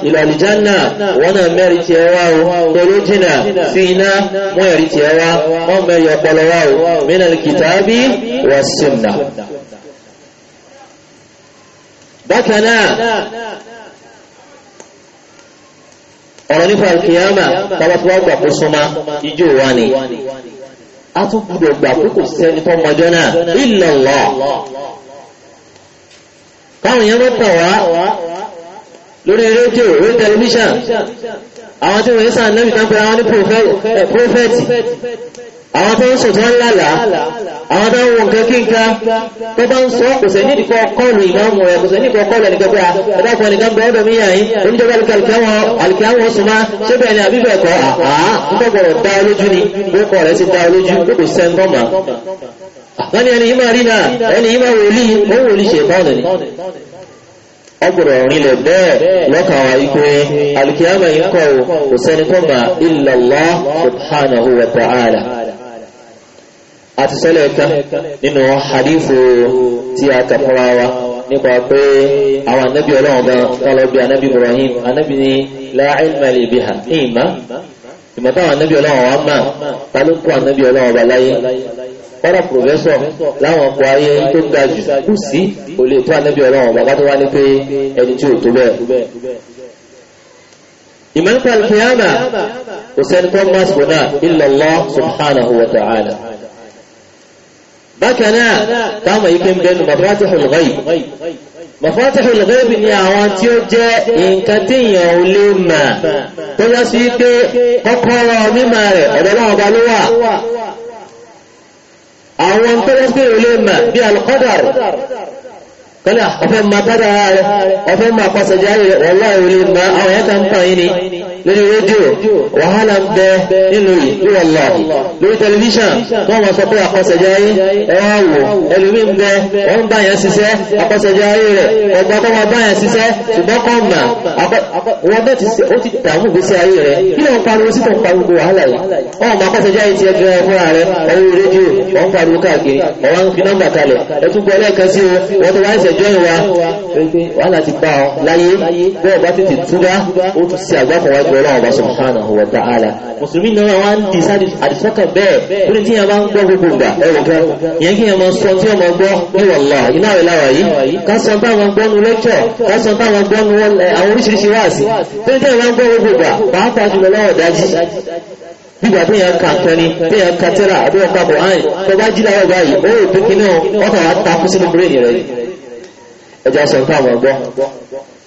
ìlú àlìjánà wọ́n náà mẹ́rin tiẹ̀ wá o pẹ̀lú jìnà sí iná mú ẹ̀rí tiẹ̀ wá wọ́n mẹ́rin ọpọlọ wá o mínà kìtàbí wà símnà. bákan náà ọ̀rọ̀ nípa ìyáàmà tàbátàbátà kó súnmá ijó wa ni a tún gbọdọ̀ gbà pé kò sẹ́ni tó mọjọ́ náà illa Allah káwọn èèyàn mọ́ta wá lórí rédíò lórí tẹlifíṣàn àwọn tí wọ́n yẹ́ sàn lẹ́bìtàn pé àwọn ní prófẹ́tì àwọn tó ń sọ̀tọ́ ńlá là àwọn tó ń wo nǹkan kí nǹkan tó bá ń sọ kò sẹ́ ní ìdíkọ̀ kọ́ọ̀lù ìmọ̀ọ́mù rẹ̀ kò sẹ́ ní ìdíkọ̀ kọ́ọ̀lù ẹnìkan pé ẹ̀dá kan nìkan bẹ́ẹ̀ bẹ́ẹ̀ míyà yín oníjọba àlùkí àwọn àlùkí àwọn oṣù máa ṣé bẹ́ẹ̀ ni àbí bẹ́ẹ̀ kọ́ àá nígbà gbọ́dọ̀ dá olójú ni orúkọ rẹ̀ ti dá olójú kó ọgbọ̀rọ̀ ọ̀rin bẹ́ẹ̀ lọ́kàn ikú alìkìyàmà yìí kọ̀ kò sẹ́ni tó mà illallah subhanahu wa ta'ala àti sẹ́lẹ̀ kan nínú hadithu tí a kà fúnra wa nípa pé àwọn anábì ọlọ́run gan kálọ̀ bí anábì Ibrahim anábì ní la ilma li biha ìmá ìmọ̀ táwọn ọlọ́run wa mà ta ló ọlọ́run wa láyé kọ́lá pòfẹ́sọ̀ láwọn ọkọ̀ ayé tó ga jù kù sí kò tó anábì ọlọ́run bàbá tó wá ní pé ẹni tí ò tó bẹ́ẹ̀. ìmọ̀ kò sẹ́ni tó máa sọ̀nà illa Allah subhanahu bákan náà táwọn yìí pé ń bẹnu mafatihul ghaib mafatihul ghaib ni àwọn tí ó jẹ́ nǹkan tí èèyàn ò lè mà tó yá sí pé kọ́kọ́rọ́ mímọ̀ rẹ̀ ọ̀dọ̀ náà ọba ló àwọn tó yá sí lórí rédíò wàhálà ń bẹ nínú yìí lọ́wọ́lọ́ lórí tẹlifíṣàn wọ́n máa sọ pé àkọsẹ̀jẹ́ ayé ẹwà wò ẹlòmí ń bẹ wọ́n ń bá yẹn ṣiṣẹ́ àkọsẹ̀jẹ́ ayé rẹ̀ ọgbà tó máa bá yẹn ṣiṣẹ́ ṣùgbọ́n kọ́ mà wọ́n bẹ́ẹ̀ ti ṣe ó ti dààmú gbèsè ayé rẹ̀ kí ló ń pariwo sí tó ń pariwo gbogbo wàhálà yìí wọ́n máa kọ́sẹ̀jẹ́ ayé tiẹ̀ gan fúnra rẹ̀ ọwọ́ rédíò wọ́n pariwo káàkiri fún ọlọ́run bá subhanahu wa ta'ala mùsùlùmí náà wá ń di sáàdì àdìsọ́kàn bẹ́ẹ̀ tó ní tí yẹn bá ń gbọ́ gbogbo ìgbà ẹ̀rùn kan yẹn kí yẹn mọ sọ tí ọmọ gbọ́ níwọ̀nlá iná rẹ̀ láwà yìí kásán táwọn gbọ́ nu lẹ́kṣọ̀ kásán táwọn gbọ́ nu àwọn oríṣiríṣi wáàsí tó ní tí yẹn bá ń gbọ́ gbogbo ìgbà pàápàá jùlọ láwọ̀ dájí nígbà tó yẹn kàǹkan ni tó yẹn kàtẹ́rà àbí ọ̀pá bọ̀ tó bá jí láwọ̀ báyìí ó rò pé kí náà ọkọ̀ wa takú sínú bírèèdì rẹ̀ ẹja sọ fún àwọn ọgbọ́n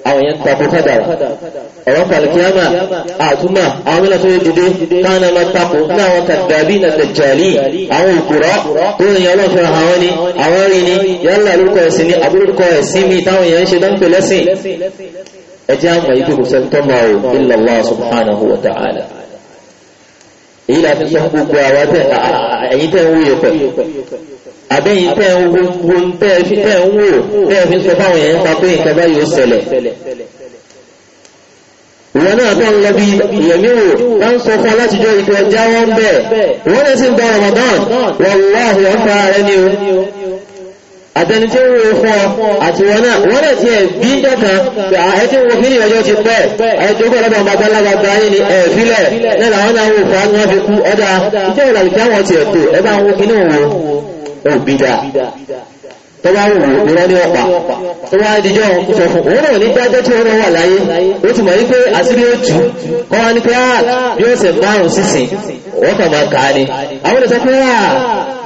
àwọn yẹn tako kádàrà ọ̀rọ̀ kàlùkíyàmà àtúmà àwọn mílẹ̀ tó yẹ dìde káàna lọ tako ní àwọn kàdàbí na dàjàlì àwọn òkúrọ̀ tó ní yẹn lọ́fẹ́ àwọn ni àwọn rí ni yálà lórúkọ ẹ̀sìn ni àbúrúkọ ẹ̀sìn mi táwọn yẹn ń ṣe dánpẹ̀ lẹ́sìn ẹjẹ́ àmà yìí tó kò sẹ́ tó máa wò illa Allah subhanahu wa ta'ala èyí láti sọ gbogbo àwọn ẹ̀yìn tẹ́ ń wúyẹ pẹ̀ àbẹ́yìn tẹ́ ń wo tẹ́ ẹ fi tẹ́ ń wò tẹ́ ẹ fi sọ fáwọn yẹn ń pa pé nǹkan báyìí ó ṣẹlẹ̀ ìwọ náà tó ń lọ bí ìyẹ̀mí wò bá ń sọ fún ọ ìfẹ́ ọjà wọn bẹ́ẹ̀ wọ́n lè sì ń gba Ramadan wọ́n wá àwọn ọ̀fà rẹ ni o àtẹni tí ó wo fún ọ àti wọn náà wọ́n lè ti ẹ̀ bí ń dọ́ta ẹ ti wo fílì ọjọ́ ti pẹ́ ẹ tó kọ́ lọ́dọ̀ bàbá lábàbá yìí ni ẹ fílẹ̀ náà làwọn náà wò fún ọ ni wọ́n fi kú ọjà ìjọba làbìkí ti ẹ̀ tó ẹ bá ń wo kíní òun òbídà tó bá wù ìrọ́ ní ọ̀pá tó wá dìjọ́ ọkùnfẹ́ fún òun náà ní dájọ́ tí wọ́n wà láyé ó ti mọ̀ ní pé àṣírí ah, ó tù kọ́ wá ní pé á bí ọ̀sẹ̀ márùn sísìn wọ́n máa kà á ni àwọn ìdọ̀tọ́ pé ah,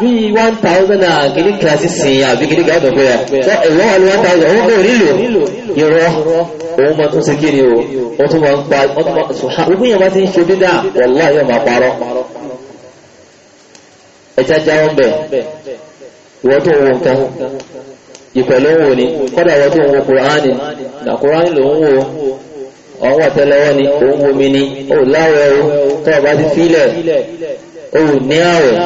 bí one thousand and kìíní kan sísìn àbí kìíní kan ọ̀dọ̀ pé á tó ìwọ́n thousand òun kò nílò ìrọ́ òun máa tún ṣe kí ni o wọ́n tún máa ń pa ọdún yẹn bá ti ń ṣe dídá wọ́n láyọ̀ wọ́n tó wo nǹkan ìpẹ̀lú wò ní kọ́dà wọ́n tó wo kùránì nà kùránì ló ń wo ọ̀n wà tẹ́lẹwọ́ ni òun womi ni ó láwẹ̀ o tó ọba ti fílẹ̀ ó ní àwẹ̀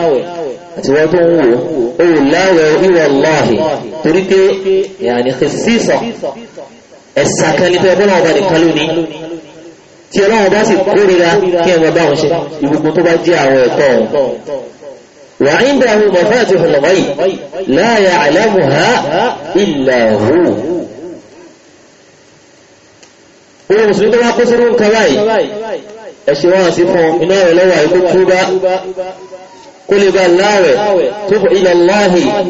àti wọ́n tó ń láwẹ̀ ìwọ̀ láàhì torí pé ìyàní sísọ ẹ̀sà وعنده مفاتح الغيب لا يعلمها إلا هو قولوا مسلمين دماء قسرون كواي أشواء سفهم إنا ولوا يكتوبا قل قال لاوي تب إلى الله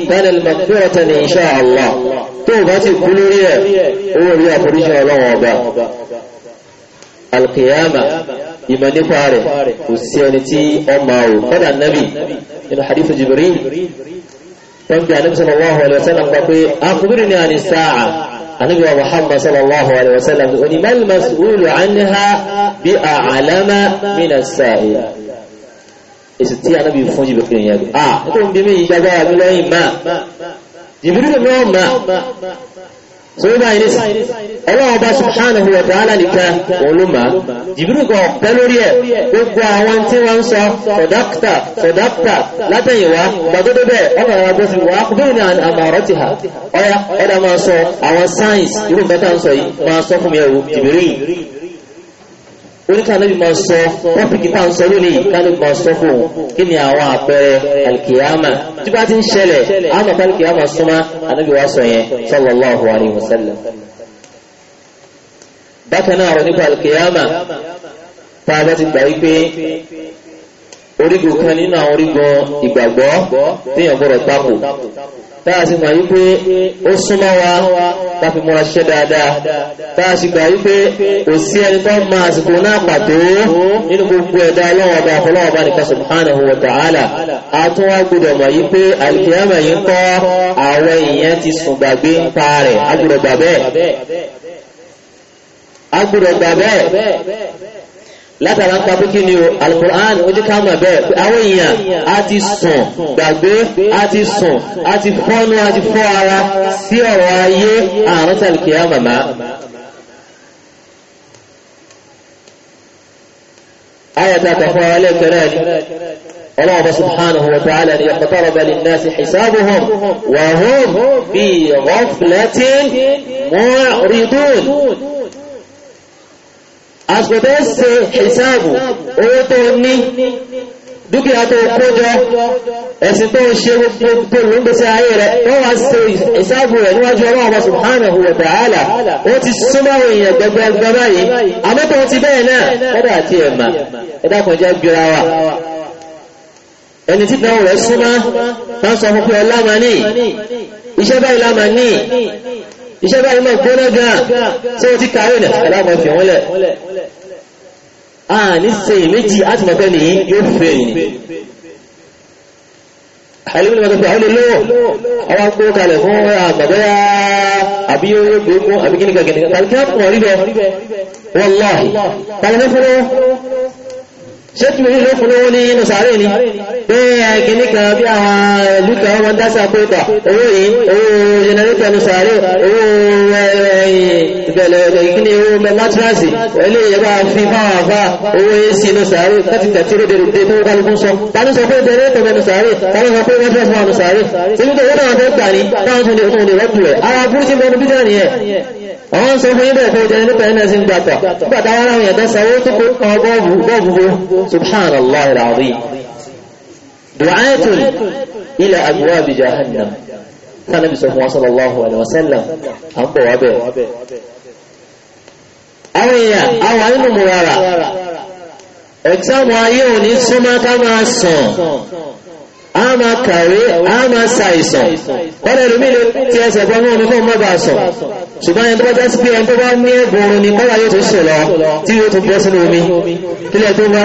كان المكفرة إن شاء الله توبة كل لي هو بيا فرشا الله وابا القيامة. ìmọ̀ nípa rẹ̀ kò sí ẹni tí ọ máa ò kọ́dà nábì nínú hadithu Jibril wọ́n bí anábì sallallahu alaihi wasallam gba pé akùnrin ní àní sáà anábì wa Muhammad sallallahu alaihi wasallam oní mal-mas'ulu anha bi a'lama mina sa'il èsì tí anábì fún Jibril yẹn ah nítorí bí mi ìjàgbá mi lọ́yìn máa Jibril lọ́wọ́ máa sọ́dọ̀ àìní ọlọ́run bá subhanahu wa ta'ala nìkan olùmọ̀ jìbìrìkọ̀ ọ̀pẹ́ lórí ẹ̀ gbogbo àwọn tí wọ́n ń sọ sọ̀dáktà sọ̀dáktà látẹ̀yìnwá gbàgódó bẹ́ẹ̀ ọkọ̀ àwọn agbófin wà kúbẹ̀rẹ̀ ní àmọ̀rọ̀ ti hà ọ̀yà ọ̀dà máa sọ oríkà lóbi máa sọ tọ́pìkì tá à ń sọ lónìí kálí máa sọ fún un kí ni àwọn àpẹẹrẹ alkiyama tí bá ti ń ṣẹlẹ̀ àwọn àpẹẹrẹ alkiyama súnmọ́ anábì wa sọ yẹn sallallahu alaihi wasallam. bákan náà ọ̀rọ̀ nípa alkiyama tá a bá ti gbà wípé orígun kan nínú àwọn orígun ìgbàgbọ́ téèyàn gbọ́dọ̀ tako táàsì mọ̀ yí pé ó súnmọ́ wa tàbí múra ṣiṣẹ́ dáadáa táàsì gbà yí pé kò sí ẹni tó ma àsìkò náà pàtó nínú gbogbo ẹ̀dá ọlọ́wọ́ba ọ̀pọ̀lọ́wọ́ba nìkan subhanahu wa ta'ala a tún wá gbọdọ̀ mọ̀ yí pé alìkìyàmọ̀ yìí ń kọ́ àwọn èèyàn ti sùn gbàgbé ń pa rẹ̀ agbọdọ̀ bẹ́ẹ̀ látara ń papé kí ni o alukur'an ó jẹ́ ká mọ̀ bẹ́ẹ̀ pé àwọn èèyàn á ti sùn gbàgbé á ti sùn á ti fọ́nú á ti fọ́ ara sí ọ̀rọ̀ ayé àrùn tàlùkìyà màmá. آية تقوى لك الله سبحانه وتعالى اقترب للناس حسابهم وهم في غفلة معرضون àsọ̀tẹ́ ṣe ìsáàbù owó tó ní dúkìá tó kójọ ẹ̀sìn tó ṣe gbogbo lóńgbèsè ayé rẹ̀ wọ́n wá ṣe ìsáàbù rẹ̀ níwájú ọlọ́wọ́ subhanahu wa ta'ala ó ti súnmọ́wò èèyàn gbẹgbẹgbẹ báyìí àmọ́tọ̀ ti bẹ́ẹ̀ náà kọ́dà àti ẹ̀mà ẹ̀dàkànjẹ́ gbéra iṣẹ́ báyìí máa gbóná gan tí ó ti kàrí nà aláàmọ́ fi wọ́n lẹ̀ àà ní ṣe ìméjì láti mọ̀ pé ní yóò fẹ́ ni àìlúmí mọ̀ pé àwọn olówó àwọn akó kalẹ̀ fún àgbàbẹ́yà àbí owó gbogbo àbí kíníkà kíníkà tàbí kí wọ́n pọ̀ rí bẹ́ẹ̀ wọ́n lọ́ọ̀ ṣé tí mi ló fúnlówó ní inú sàárè ni bẹ́ẹ̀ kìíní kan bí àwọn ìlú kan wọn dá sí àpótà owó yìí owó jẹnẹrétọ̀ ní sàárè owó ìbẹ̀lẹ̀ ìkíní owó mẹ́tírásì eléyìí bá fi fáwọn àfá owó ac ní sàárè láti tẹ̀tí lóde lóde tó ń kálukú sọ tani sọ pé jẹnẹrétọ̀ mẹ́nu sàárè tani sọ pé mẹ́tírásì mẹ́nu sàárè síbi tó wọ́n náà fẹ́ gbà ní táwọn tó lè rọ́pù rẹ̀ ara burúkú mẹ́nu bí àwọn sọ fún ilẹ̀ ìfẹ́ ìjẹni nípa ẹ̀nà sí gbàtọ̀ gbàtà ara rẹ̀ tó sanwó tó kó kan gọ́ọ̀bù gọ́ọ̀bù subhanallah al-azim du'atul ila abwab jahannam sanabi sọ fún sallallahu alaihi a máa kàwé a máa ṣàìsàn wọ́n lè lómi tí ẹsẹ̀ gbọ́n náà ní fún ọmọ bá sọ ṣùgbọ́n ẹni tó bá jásí pé ẹni tó bá ní ẹ̀gùn ni kọ́lá yóò tún sùn lọ tí yóò tún bọ́ sínú omi nílẹ̀ tó bá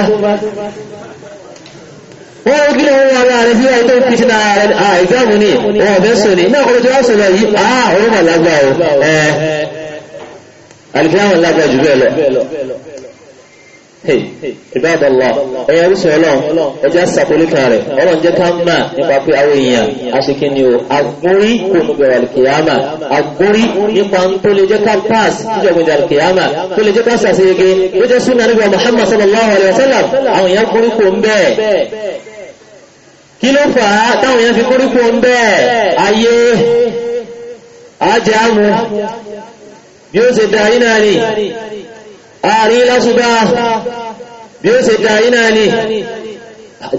wọ́n ó gílẹ̀ wọn wà láàrin sí ẹni tó ń fi sínú àìjáàmù ni wọn ò fẹ́ sùn ni náà kọ́lá tó wá sùn lọ yìí á òun mà lágbà o ẹ àlìfẹ́ àwọn lágbà jù bẹ́ẹ̀ lọ ìbáàbọ̀ lọ ẹ̀yẹ orísun ọlọ́run ẹjẹ́ sàkólítà rẹ̀ ọlọ́run jẹ́ ká mà nípa pé àwọn èèyàn aṣèké ni o agbórí kò ní bẹ̀rẹ̀ alìkèyàmà agbórí nípa tó lè jẹ́ ká pass níjọba ìdí tó lè jẹ́ ká sàṣeyege ló jẹ́ súnà níbi Muhammad sallallahu alayhi wa sallam àwọn èèyàn gbórí kò ń bẹ́ẹ̀ kí ló fà á táwọn èèyàn fi gbórí kò ń ààrin lásùbá bí ó ṣe da iná ni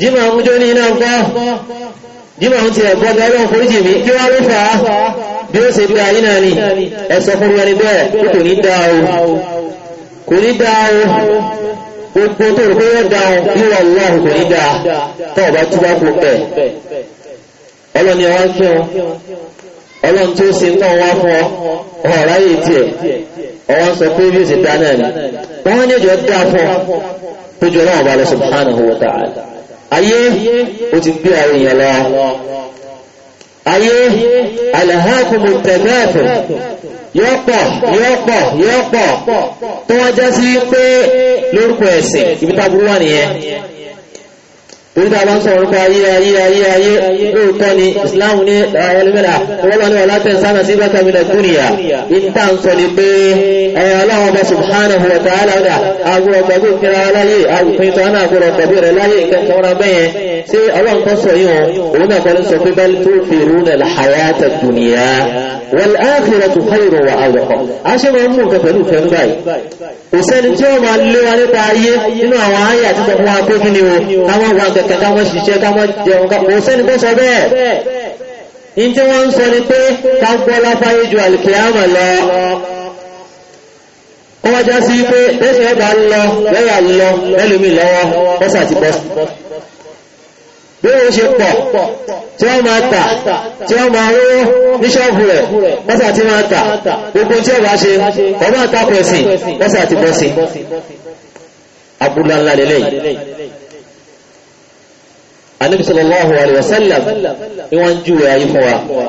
jímọ̀ àmújọ́ ní iná ńkọ́ jímọ̀ àwọn ti ẹ̀gbọ́n bí ọlọ́run foríjì mi kí wọ́n ló fà á bí ó ṣe da iná ni ẹ̀sọ́ fún wọn ni bẹ́ẹ̀ kò ní dáa o kò ní dáa o gbogbo tó rò pé wọ́n dáa o bí wọ́n lọ́hùn kò ní dáa tọ́ọ̀ bá túbọ̀ kó bẹ́ẹ̀ ọlọ́ni ọwọ́ ń kí wọn ọlọ́run tó ṣe náà wá fún ọ ọ̀rá yìí tiẹ̀ ọwọ́n sọ pé bí ó ṣe dá náà ni wọ́n ní ìjọ dá fún tó jọ náà bá lọ ayé ó ti gbé àwọn èèyàn lọ ayé alhakumu tẹ̀gáàfù yóò pọ̀ yóò tó wọ́n sí pé lórúkọ ẹ̀sìn ibi táburú orí tá a bá ń sọ̀rọ̀ nípa ayé ayé ayé ayé lóòótọ́ ni islam ní àwọn olùmẹ́lá wọ́n bá ní ọ̀la tẹ̀sánà sí bàtà mi nàìjíríà ìta ń sọ ni pé ẹ̀yà ọlọ́wọ́ bá subhanahu wa ta'ala dà agbóhùn ọgbàgbé kíra láyé àwùfin tó náà agbóhùn ọgbàgbé rẹ̀ láyé ìkẹ́kọ̀ọ́ra bẹ́yẹn ṣé ọlọ́run kan sọ yìí òun náà kọ́ni sọ pé bal tu'thiruna a ṣe máa mú nǹkan pẹ̀lú ìfẹ́ báyìí kò tí ó máa lé wa nípa ayé nínú àwọn ayé àti sọ fún kí ni o táwọn wà nǹkan ká ṣiṣẹ́ ká jẹun ká sẹ́ni kó sọ bẹ́ẹ̀ in tí wọ́n ń sọ ni pé ká gbọ́ láfáyé ju àlìkìyàmọ̀ lọ wọ́n wá sí pé lẹ́sìn ọba ń lọ lẹ́yà lọ lẹ́lùmí lọ́wọ́ bọ́sà ti bọ́ bí wọ́n ṣe pọ̀ tí wọ́n máa tà tí wọ́n máa rówó ní ṣọ́ọ̀bù rẹ̀ bọ́sà ti máa tà gbogbo tí ọba ṣe ọba àtàkùn ẹ̀sìn bọ́sà ti bọ́ sí ńlá lélẹ́yìn النبي صلى الله عليه وسلم يوانجو يا يفوا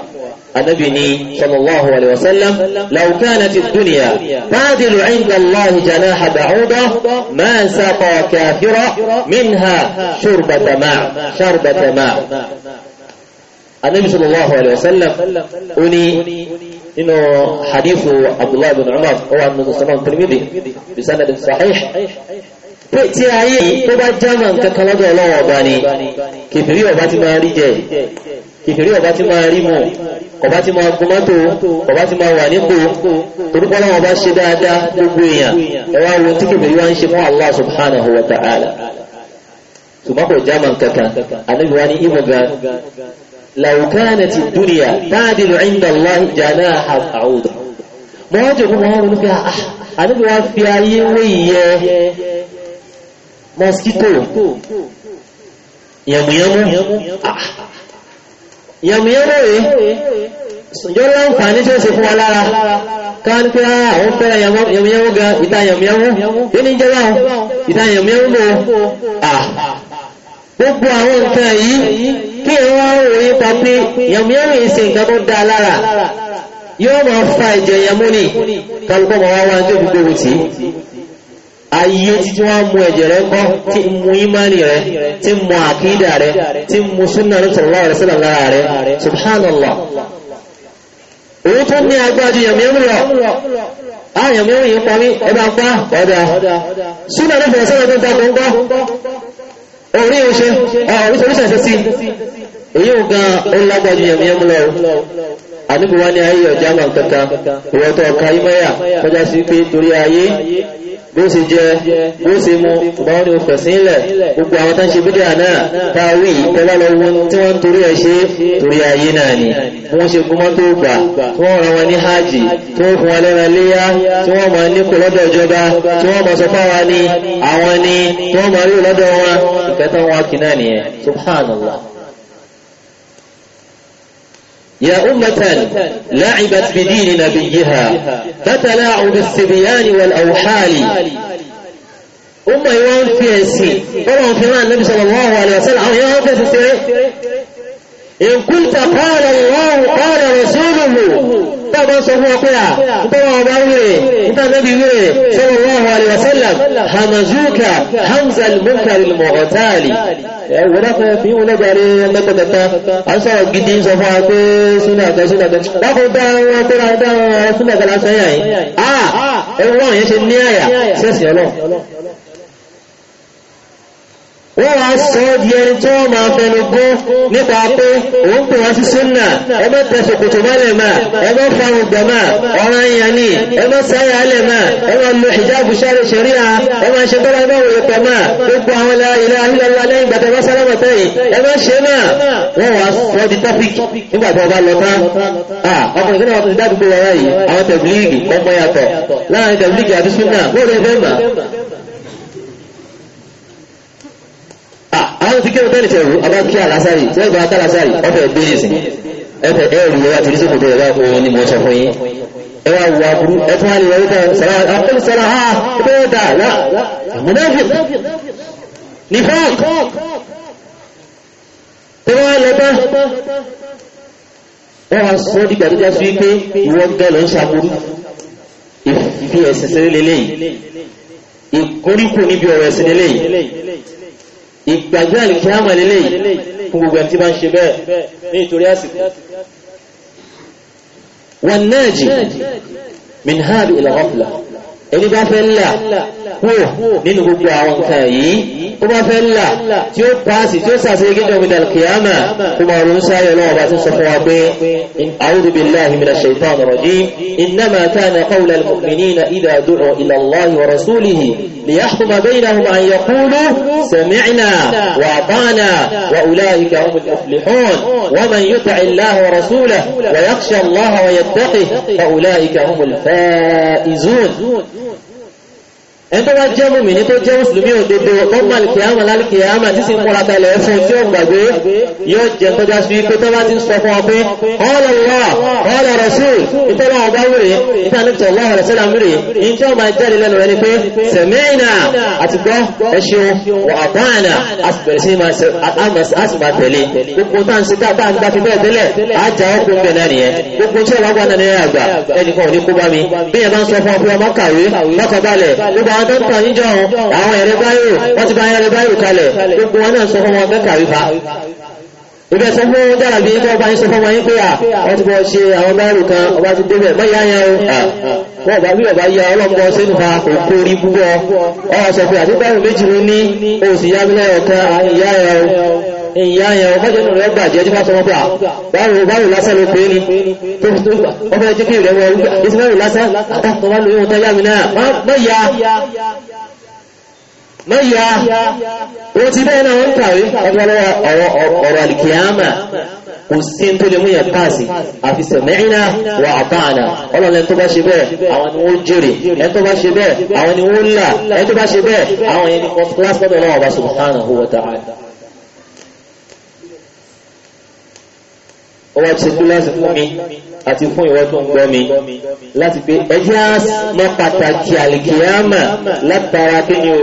النبي صلى الله عليه وسلم لو كانت الدنيا تادل عند الله جناح بعوضة ما ساقى كافرة منها شربة ماء شربة ماء النبي صلى الله عليه وسلم أني إنه حديث عبد الله بن عمر هو أن نصنع الترمذي بسند صحيح pé tí ayé tó bá jámà nǹkan kan lọ́dọ̀ ọlọ́wọ́ ọba ni kìfìrí ọba ti máa rí jẹ kìfìrí ọba ti máa rí mu ọba ti máa gun mọ́tò ọba ti máa wà nípò torúkọ náà ọba ṣe dáadáa gbogbo èèyàn ẹ wo tí kìfìrí wá ń ṣe fún Allah subhanahu wa ta'ala ṣùgbọ́n kò jámà nǹkan kan àlejò wa ní ìmọ̀gá لو كانت الدنيا تعدل عند الله جناح بعوضة ما وجه ما هو نفيها أح أنا mọ́síkò yàmùyàmù yàmùyàmù rẹ̀ yóò láǹfààní tí ó ṣe fún wa lára káwọn pé àwọn ah, fẹ́ yàmùyàmù ga ìta yàmùyàmù yóò ní jẹ́wà ìta yàmùyàmù mọ́ gbogbo àwọn nǹkan yìí kí ẹ̀wọ́n òye pa pé yàmùyàmù yìí ṣe nǹkan tó dáa lára yóò máa fa ìjẹ̀yàmú ni kálukọ́ mọ̀ wá wá ní ayé tí wọ́n mú ẹ̀jẹ̀ rẹ kọ́ tí mú ìmánì rẹ tí mú àkídà rẹ tí mú súnà rẹ sallallahu alaihi wasallam lára rẹ subhanallah òun tó ní agbájú yẹ̀mí lọ ààyẹ̀mí yìí pọ̀ mí ẹ̀bá ń pa ọ̀dà súnà rẹ fẹ̀rẹ̀ sọ́dọ̀ tó ń takò ń gbọ́ orí oṣe oríṣiríṣiṣẹ́ sí èyí ò gan ó lágbájú yẹ̀mí lọ àníkùwá ní ayé ọ̀já mọ̀ kankan ìwọ́tọ̀ ọ̀ka ìmọ̀yà kọjá sí pé torí ayé bó ṣe jẹ bó ṣe mu báwọn ni o fẹ̀ sílẹ̀ gbogbo àwọn tó ń ṣe bídíà náà tá a wí ìtẹ́lá tí wọ́n torí ẹ̀ ṣe torí ayé náà ni wọ́n ṣe gúnmọ́ tó gbà tí wọ́n ràn wọn ní hajj tí wọ́n fún wọn lẹ́ra léyá tí wọ́n máa ní kò lọ́dọ̀ ìjọba tí wọ́n máa sọ fáwa ni àwọn ni tí wọ́n máa rí lọ́dọ̀ wọn ìkẹtọ́ wọn kì náà nìyẹn subhanallah. يا أمة لعبت بدين نبيها فتلاعب الصبيان والأوحال أمة يوان فيها أسي طبعا في معنى النبي صلى الله عليه وسلم يا أمة أسي إن كنت قال الله قال رسوله tàbí sọ fún ọpẹ́ à nítorí ọba wèrè nítorí wèrè sallallahu alaihi wasallam hamazuka hamza al-munkar al-mu'tali ẹ̀wọ̀n dákọ̀ fi wọn lẹ́gbàrí lẹ́gbẹ̀tẹ̀ta a ń sọ̀rọ̀ gidi sọ fún wa pé súnà àgbẹ̀ súnà àgbẹ̀ wọ́n wá sọ ọ́ di ẹni tó máa fẹnu gún nípa pé òun pè wá sí súnà ẹgbẹ́ tẹ̀sọ̀ kòtò mọ́lẹ̀ máa ẹgbẹ́ fáwọn gbẹ̀ máa ọ̀rọ̀ ìyàn ní ẹgbẹ́ sáyà alẹ̀ máa ẹgbẹ́ lo ìjáàbù sáré ṣẹ̀ríà ẹgbẹ́ ṣe tọ́lá ẹgbẹ́ òye pẹ̀ máa gbogbo àwọn ilẹ̀ ilẹ̀ alẹ́lá lẹ́yìn ìgbà tẹ̀gbẹ́ sálámọ̀ tẹ́yìn ẹgbẹ́ ṣe máa wọ́n wá sọ di topic nígbà Ah, àwọn fi kéwòn tẹ́lẹ̀ tẹ̀rù ọba kí alásàrì tí wọ́n gba ata alásàrì ọ̀fẹ́ gbé ní sìn ẹ̀fẹ̀ ẹ̀rù yẹn wá torí sókòtò ẹ̀rọ òun ni mo sọ fún yín ẹ wá wù aburú ẹ fún àlè wọlé tán sara àkọlù sara ha ẹ bẹ́ẹ̀ dà wá àmúnáfì nìfọ́ tí wọ́n lọ bá wọ́n wá sọ dìgbà tó já sí wípé ìwọ gẹ́lẹ̀ ń ṣàbúrú ìfi ẹ̀sìn sílẹ̀ ìgbàjọ́ àlìkẹ́ àmàlélẹ̀ fún gbogbo ẹ̀tí bá ń ṣe bẹ́ẹ̀ ní ìtorí àsìkò wan naji min hadhihi al ẹni bá fẹ́ là kúrò nínú gbogbo àwọn nǹkan yìí ó bá fẹ́ là tí ó pàásì tí ó sàṣẹ́ gẹ́gẹ́ òmìnà kìíyàmà tó máa rún sáyẹ̀ lọ́wọ́ bá ti sọ fún wa pé a'udhu billahi minash shaitanir rajim innama kana qawla al-mu'minina idha du'u ila Allahi wa rasulihi liyahkuma baynahum an yaqulu sami'na wa ata'na wa ulaika humul muflihun wa man yuti'i Allah wa rasulahu wa yakhsha Allah wa yattaqihi fa ulaika humul faizun ẹni tó wá jẹ́ mùmìnì tó jẹ́ mùsùlùmí òdodo tó mọ̀ àlìkìyàmà lálìkìyàmà tí sì ń kọ́ra balẹ̀ fún tí ó gbàgbé yóò jẹ́ tọ́já sí pé tó bá ti ń sọ fún ọ pé ọ̀rọ̀ wà ọ̀rọ̀ rẹ̀ sí ìtọ́lá ọba wúre níta ní tọ̀lá ọ̀rẹ́ sílá mìíràn ní tí ó máa jáde lẹ́nu rẹ̀ ni pé sẹ̀mẹ́ìnà àti gbọ́ ẹṣin wà àbáànà a sì bẹ̀rẹ̀ sí a sì máa tẹ̀lé gbogbo tá àwọn dọ́kítà níjọ́ àwọn ẹ̀rẹ́ báyò wọ́n ti bá ẹ̀rẹ́ báyò kalẹ̀ gbogbo wọn náà sọ fún wọn dọ́kítà wípa ah, ìbẹ̀ sọ fún dára bí tó bá sọ fún wọn pé à ah, wọ́n ti bọ́ ṣe àwọn báyìí kan ọba ti débẹ̀ mọ́ yẹn o ah, wọ́n bá bí ọba ya ọlọ́pọ̀ sínú fa òkú orí búbọ́ ọ sọ àti báyìí méjì ló ní òsì yá èyàn yẹn ọmọ jẹ́ nùrẹ́ bàjẹ́ tí wọ́n sọ wọ́pẹ́ báwo báwo lásán ló pé ní tó tó ọmọ ẹjẹ́ kí ìrẹ́wọ̀ ọgbà lásán àtàkùn wọn lórí wọn tẹ́yà mi náà mọ́yà mọ́yà o ti bẹ́ẹ̀ náà ń kàwé ọgbọ́lọ́wọ́ ọ̀rọ̀ alìkìyàmà kò sí tó lè mú páàsì àfi sẹ̀mẹ́rìnà wà àbáàna ọlọ́lẹ̀ tó bá ṣe bẹ́ẹ̀ àwọn ni wọ́n jèrè ẹni tó bá ṣe bẹ́ẹ̀ àwọn ni wọ́n là ẹni tó bá ṣe bẹ́ẹ̀ àwọn yẹn ni first class lọ́dọ̀ ọlọ́wọ́ bá subhanahu wa ta'ala ọba ti ṣe gíláàsì fún mi àti fún ìwọ tó ń gbọ́ mi láti pé ẹjẹ́ mọ́ pàtàkì àlìkìyàmà látara kí ni o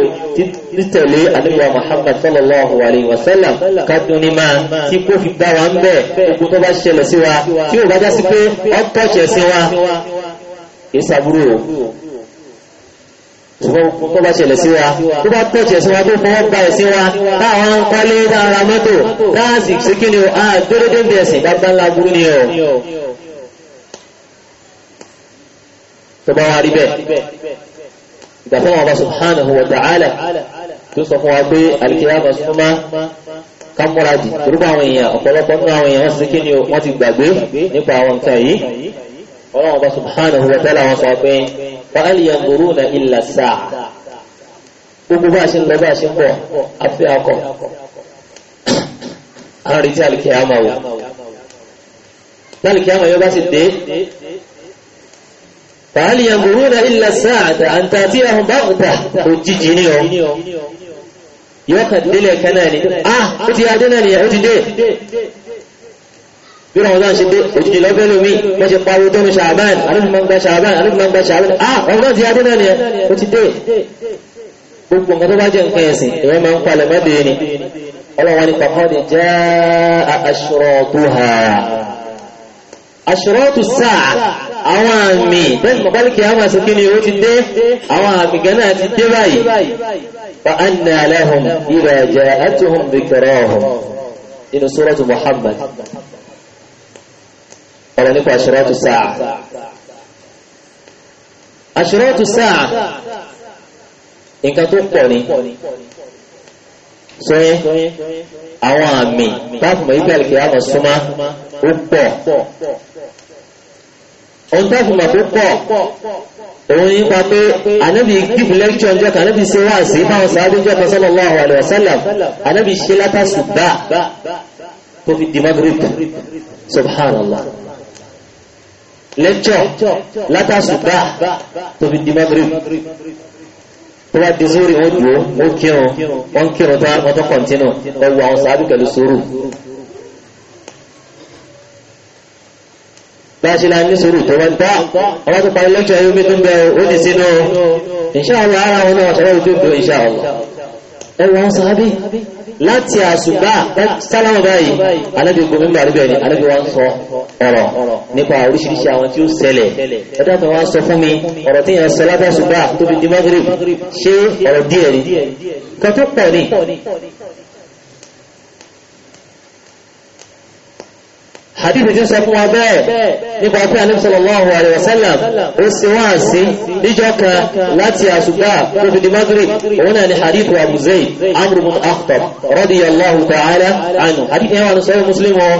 títẹ̀lé àdúgbò Muhammad sallallahu alayhi wa sallam kádùn ní máa tí kò fi bá wa ń bẹ̀ ogun tó bá ṣẹlẹ̀ sí wa tí ò bá já sí pé ọ́ tó bá ṣẹlẹ̀ sí wa tó bá tọ́ọ̀tì ẹ̀sìn wa tó fọwọ́ gba ẹ̀sìn wa táwọn ń kọ́lé dára mọ́tò dáàsì sí kí ni a dédédé ń bẹ̀ ẹ̀sìn gbágbá ni ọ̀ tó bá wá rí bẹ́ẹ̀ ìgbà fún àwọn subhanahu wa ta'ala tó sọ fún wa pé àlùkìyà bá súnmọ́ ká múra dì orúkọ àwọn èèyàn ọ̀pọ̀lọpọ̀ nínú àwọn èèyàn wọ́n sì subhanahu wa ta'ala wàhálì yàgòrò na ilà sáà gbogbo bá a ṣe ń lọ bá a ṣe ń bọ̀ àfi akọ àwọn retí alìkìyàmà wò lálìkìyàmà yóò bá ti dé wàhálì yàgòrò na ilà sáà àǹtà tí a bá ọ̀tà òjijì ni ọ yóò kàn délẹ̀ kan ni ah ó ti adé náà nìyẹn ó ti dé bí ramadan ṣe dé òjijì lọ́fẹ́ lómi wọ́n ṣe pariwo tọ́nu ṣàbán alóòmọ̀gbà ṣàbán alóòmọ̀gbà ṣàbán ah ramadan ti adé náà nìyẹn ó ti dé gbogbo nǹkan tó bá jẹ́ nǹkan ẹ̀sìn ìwọ́n máa ń palẹ̀ mọ́dé ni ọlọ́wọ́n ni pàkọ́dé jẹ́ aṣọ́rọ̀tùhà aṣọ́rọ̀tù sáà àwọn àmì bẹ́ẹ̀ mọ̀kálìkì àwọn àṣekí ni ó ti dé àwọn àmì gan náà ti dé báyìí fa anna lahum idha ja'atuhum dhikrahum inú suratu Muhammad ọ̀rọ̀ nípa aṣọ́rọ́tù sáà aṣọ́rọ́tù sáà nǹkan tó pọ̀ ni sọ́yẹ́ àwọn àmì táàfùmọ̀ ibi àlùkìyà mọ̀ súnmá ó pọ̀ ohun táàfùmọ̀ tó pọ̀ òun nípa pé ànábì gífù lẹ́kṣọ̀ ọjọ́ kan ànábì ṣe wáàsí báwọn sàádé jẹ́ kan sallallahu alaihi wasallam ànábì ṣe látàṣùgbà tó fi di magrib subhanallah lẹ́kṣọ̀ látàṣùgbà tó fi di magrib tó bá di sórí wọn dùn ó kírun wọn kírun tó wọn tó kọ̀ntínù ọwọ́ àwọn sàábì pẹ̀lú sùúrù báṣe la ní sùúrù tó wọ́n dá ọwọ́ tó parí lẹ́kṣọ̀ yóò mẹ́tún bẹ́ ó ní sínú insha Allah ara wọn náà sọ́wọ́ ojú ìgbò insha sàábì láti àṣùgbà sálámù báyìí alábi gómìn bá ríbẹ̀ ni alábi wá ń sọ ọ̀rọ̀ nípa oríṣiríṣi àwọn tí ó ṣẹlẹ̀ ẹ̀dá tó wá sọ fún mi ọ̀rọ̀ tí yẹn sẹlábà ṣùgbà tó fi di magrib ọ̀rọ̀ díẹ̀ ni kan tó pọ̀ hadith ti sọ fún wa bẹ́ẹ̀ nípa pé Ànábì sallallahu alaihi wasallam ó sì wá sí níjọ́ kan láti àṣùgbà tó fi di Maghrib òun náà ni hadith wa Abu Zayd Amr ibn Akhtab radiyallahu hadith yẹn wà ní sọ́wọ́ Muslim wọn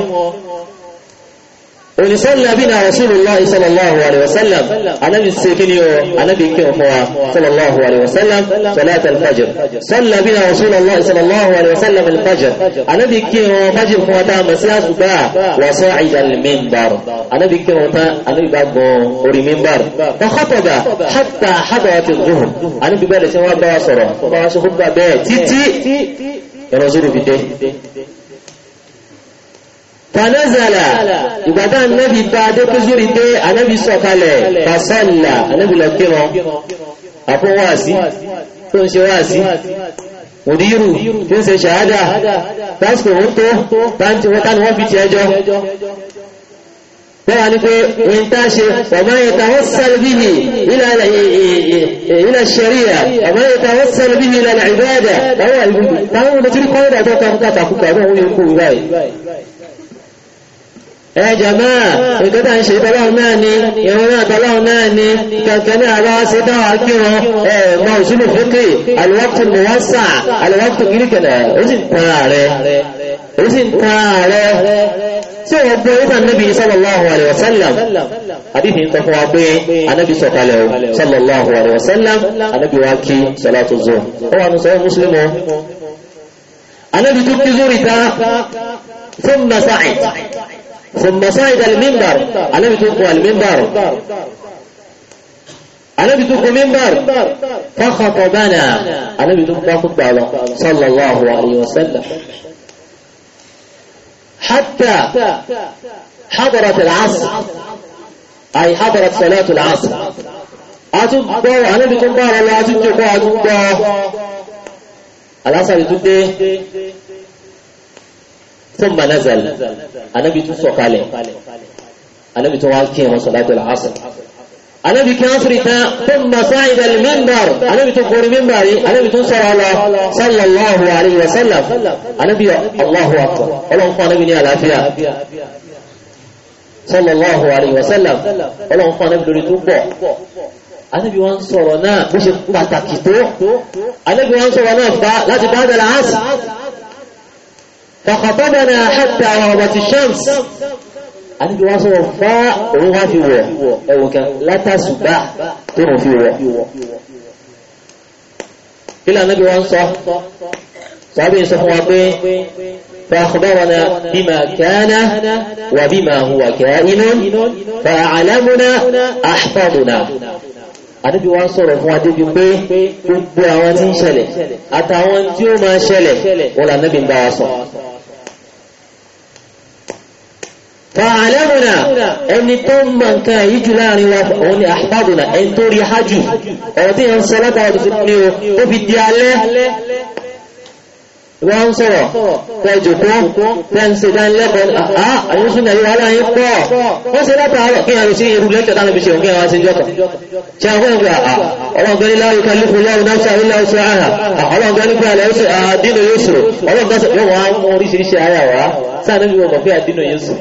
òrìṣẹ́lẹ̀ bí na rasulullah sallallahu alaihi wasallam anábi ṣe kí ni o anábi kí o fún wa sallallahu alaihi wasallam salat alfajir salla bí na rasulullah sallallahu alaihi wasallam alfajir anábi kí o fajir fún wa ta masu yasu bá wa sa'idal minbar anábi kí o ta anábi bá gan orí minbar wa khataba hatta hadarat zuhur anábi bẹ́ẹ̀ da ṣe wá bá wa sọ̀rọ̀ bá wa ṣe kúrò bẹ́ẹ̀ títí ẹ̀rọ zuru fi dé fanazala ìgbàdá anabi bá adékúsúri dé anabi sọ̀kalẹ̀ fasalla anabi lọ kírun àfọwọ́sí tó ń ṣe wáàsí òdírù tí ń ṣe ṣàádà lásìkò òun tó báńtí wọ́n tánà wọ́n fi ti ẹjọ́ wọ́n wá ní pé oyin tá ṣe ọ̀máyẹta wọ́n sálbíhì ilẹ̀ ṣẹ̀ríà ọ̀máyẹta wọ́n sálbíhì ilẹ̀ ìbáyàdà táwọn olùtúrí ẹ jàmá nǹkan tá à ń ṣe tọ́lọ́run náà ni ìran náà tọ́lọ́run náà ni kankan náà wá sí dáwà kí wọn ẹ mọ òṣùlù fókè àlùwọ́kù ni wọ́n sà àlùwọ́kù gíríkẹ̀nà ó sì ń tan ààrẹ ó sì ń tan ààrẹ tí wọ́n gbọ́ nípa níbi sallallahu alaihi wasallam àdìsí ń tọ́kọ́ wa pé anábì sọ̀kalẹ̀ o sallallahu alaihi wasallam anábì wa kí salatu zuhr ó wà ní sọ́yọ́ mùsùlùmọ́ anábì tó kí zórí ta fún nasáì ثم صعد المنبر أنا بتوقع المنبر أنا بتوقع المنبر فخطبنا أنا بتوقع خطبة صلى الله عليه وسلم حتى حضرت العصر أي حضرت صلاة العصر أتبقى أنا بتوقع الله أتبقى أتبقى العصر بتوقع ثم نزل النبي تسوق عليه النبي تواكي وصلاة العصر النبي كافرتا ثم صعد المنبر النبي تقول المنبر النبي تنصر على صلى الله عليه وسلم النبي الله أكبر الله أكبر النبي على فيها صلى الله عليه وسلم الله أكبر النبي لتنبع Ànábì wọn sọ̀rọ̀ náà bó ṣe pàtàkì tó. Ànábì wọn sọ̀rọ̀ náà láti bá dàlá àásì fàkàtọ́bẹ̀nà àtà ọ̀bàtì shams àníbi wọ́n sọ fá òun wá fi wọ̀ ẹ̀wọ̀n kan látàṣùgbà tó rùn fi wọ̀ kílà níbi wọ́n sọ sọ́bí sọ fún wa pé فأخبرنا بما كان وبما هو كائن فأعلمنا أحفظنا àdébí wá sọ̀rọ̀ fún adébí pé gbogbo àwọn tí ń ṣẹlẹ̀ àtàwọn tí ó máa ṣẹlẹ̀ wọ́n lànàbí ń bá wa sọ na tààlẹ́mùnà ẹni tó ń mọ̀ nǹkan èyí jù láàrin wa òun ni àpàdùnà ẹni tó rí hajjù ọ̀dí ẹ̀ ń sọ lọ́pàá ọdún fún ní o ó fi di alẹ́ wọ́n ń sọ̀rọ̀ tẹ́jùkú tẹ́ǹsì dánilẹ́kọ̀ọ́ Sáàrín ìwọ̀n kọ̀fẹ́ àdínà Yusuf.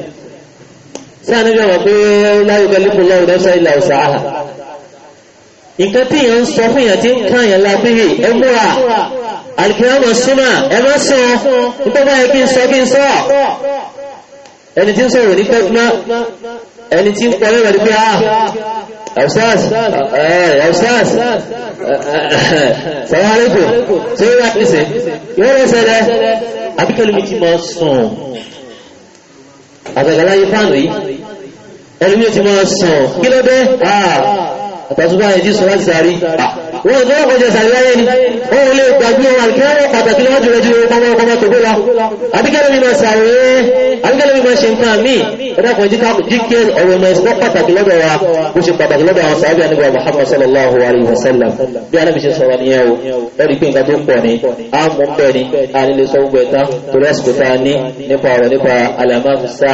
náà níbi ọ̀rọ̀ pé láyé kẹlẹ́kùn lọ́wọ́ lọ́sọ̀ ilẹ̀ ọ̀sà áhà nǹkan tí èèyàn ń sọ fún èèyàn tí ń kàn yàn lábíyè ẹ múra súnmà ẹ sọ nítorí báyìí kí n sọ kí n sọ ẹni tí ń sọ̀rọ̀ ní pẹ́gbọ́n ẹni tí ń pọ̀ lẹ́rọ̀ ní pé a ọ̀sás ọ̀sás sọ̀rọ̀ àlékò tí ó wà pèsè yóò rẹ̀ àbíkẹ́lùmí ti máa sùn àtàgbàlá yìí fáànù yìí ẹni yóò ti máa sàn kí ló dé àtàtúbà ẹ̀jí sọ láti sàárì wọ́n tó wọ́n kọjá sàárì láyé ni ó lè gbàgbé wọn àti kí wọ́n pàtàkì lọ́wọ́ jùlọ jùlọ kọ́mọ́kọ́mọ́ tó gbé lọ àbíkẹ́rẹ́ ni máa sàárì àríkẹ́lẹ́mí máa ṣe nǹkan míì ẹ̀dàkùn jíkẹ́ ọ̀rọ̀ ọmọ ẹ̀sìn pàtàkì lọ́dọ̀ wa bó ṣe pàtàkì lọ́dọ̀ àwọn sàábì àníbà Muhammad sallallahu alaihi wasallam bí anábì ṣe sọ̀rọ̀ ní ẹ̀wò lórí pé nǹkan tó pọ̀ ní àmú bẹ́ẹ̀ ni a nílé sọ gbogbo ẹ̀ta torí àsìkò tá ní nípa ọ̀rọ̀ nípa alamasu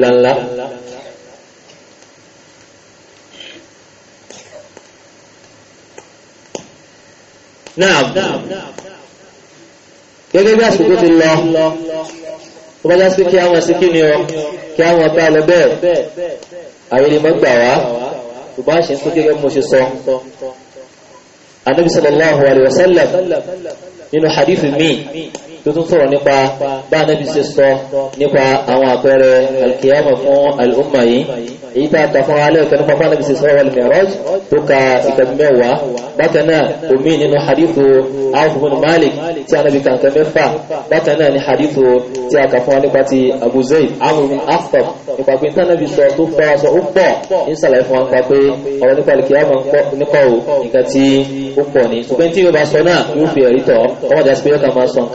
àwọn afọ náà gẹ́gẹ́ bí àsìkò ti lọ ó bá já sí kí àwọn sí ni ọ kí àwọn bá lọ bẹ́ẹ̀ àwọn ènìyàn gbà wá ṣùgbọ́n àṣẹ ń tó gẹ́gẹ́ mo ṣe sọ anábì sallallahu alaihi nínú hadith mi tó tó sọ̀rọ̀ nípa bá anábì ṣe sọ nípa àwọn àpẹẹrẹ alkiyama fún al'umma yìí èyí tá ta fún alẹ́ ìkẹ́ nípa bá anábì ṣe sọ̀rọ̀ al-Mi'raj tó ka ìkẹ́ mẹ́wàá bákan náà omi nínú hadithu Awf ibn Malik tí anábì kankan mẹ́fà bákan náà ni tí a kà fún wa ti Abu Zayd Amr bin Akhtab nípa pé tí anábì sọ tó fẹ́ aṣọ ó pọ̀ ń sàlàyé fún wa nípa pé ọ̀rọ̀ nípa alkiyama ni ṣùgbọ́n tí yóò bá sọ náà yóò fi ẹ̀rí tọ̀ ọmọdé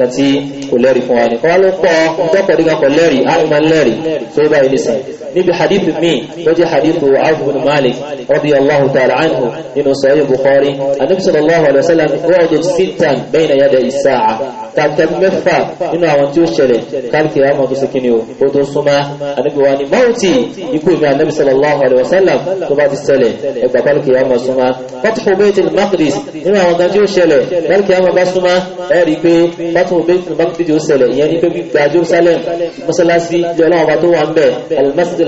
àti kò lẹ́rìí fún wa ní kọ́wàá ló pọ̀ ìjọpọ̀ díga kò lẹ́rìí alìmọ̀ lẹ́rìí tó bá ilé sàn níbi hadith mi tó jẹ́ hadith Awf bin Malik radiyallahu ta'ala anhu nínú sahih Bukhari Ànábì sallallahu alaihi tàbí mẹ́fà nínú àwọn tí ó ṣẹlẹ̀ káàkiri àwọn ọmọ síkí ni ó ó tó súnmá anábíwá ni mọ́ọ̀tì ikú mi anábí sallallahu alaihi wasallam tó bá ti ṣẹlẹ̀ ẹgbà káàkiri àwọn súnmá fatihu baitul maqdis nínú àwọn kan tí ó ṣẹlẹ̀ káàkiri àwọn bá súnmá ẹ̀rí pé fatihu baitul maqdis ó ṣẹlẹ̀ ìyẹn ní pé gbígbà Jerusalem mọ́sálásí ilé ọlọ́run bá tó wà ń bẹ̀ al-masjid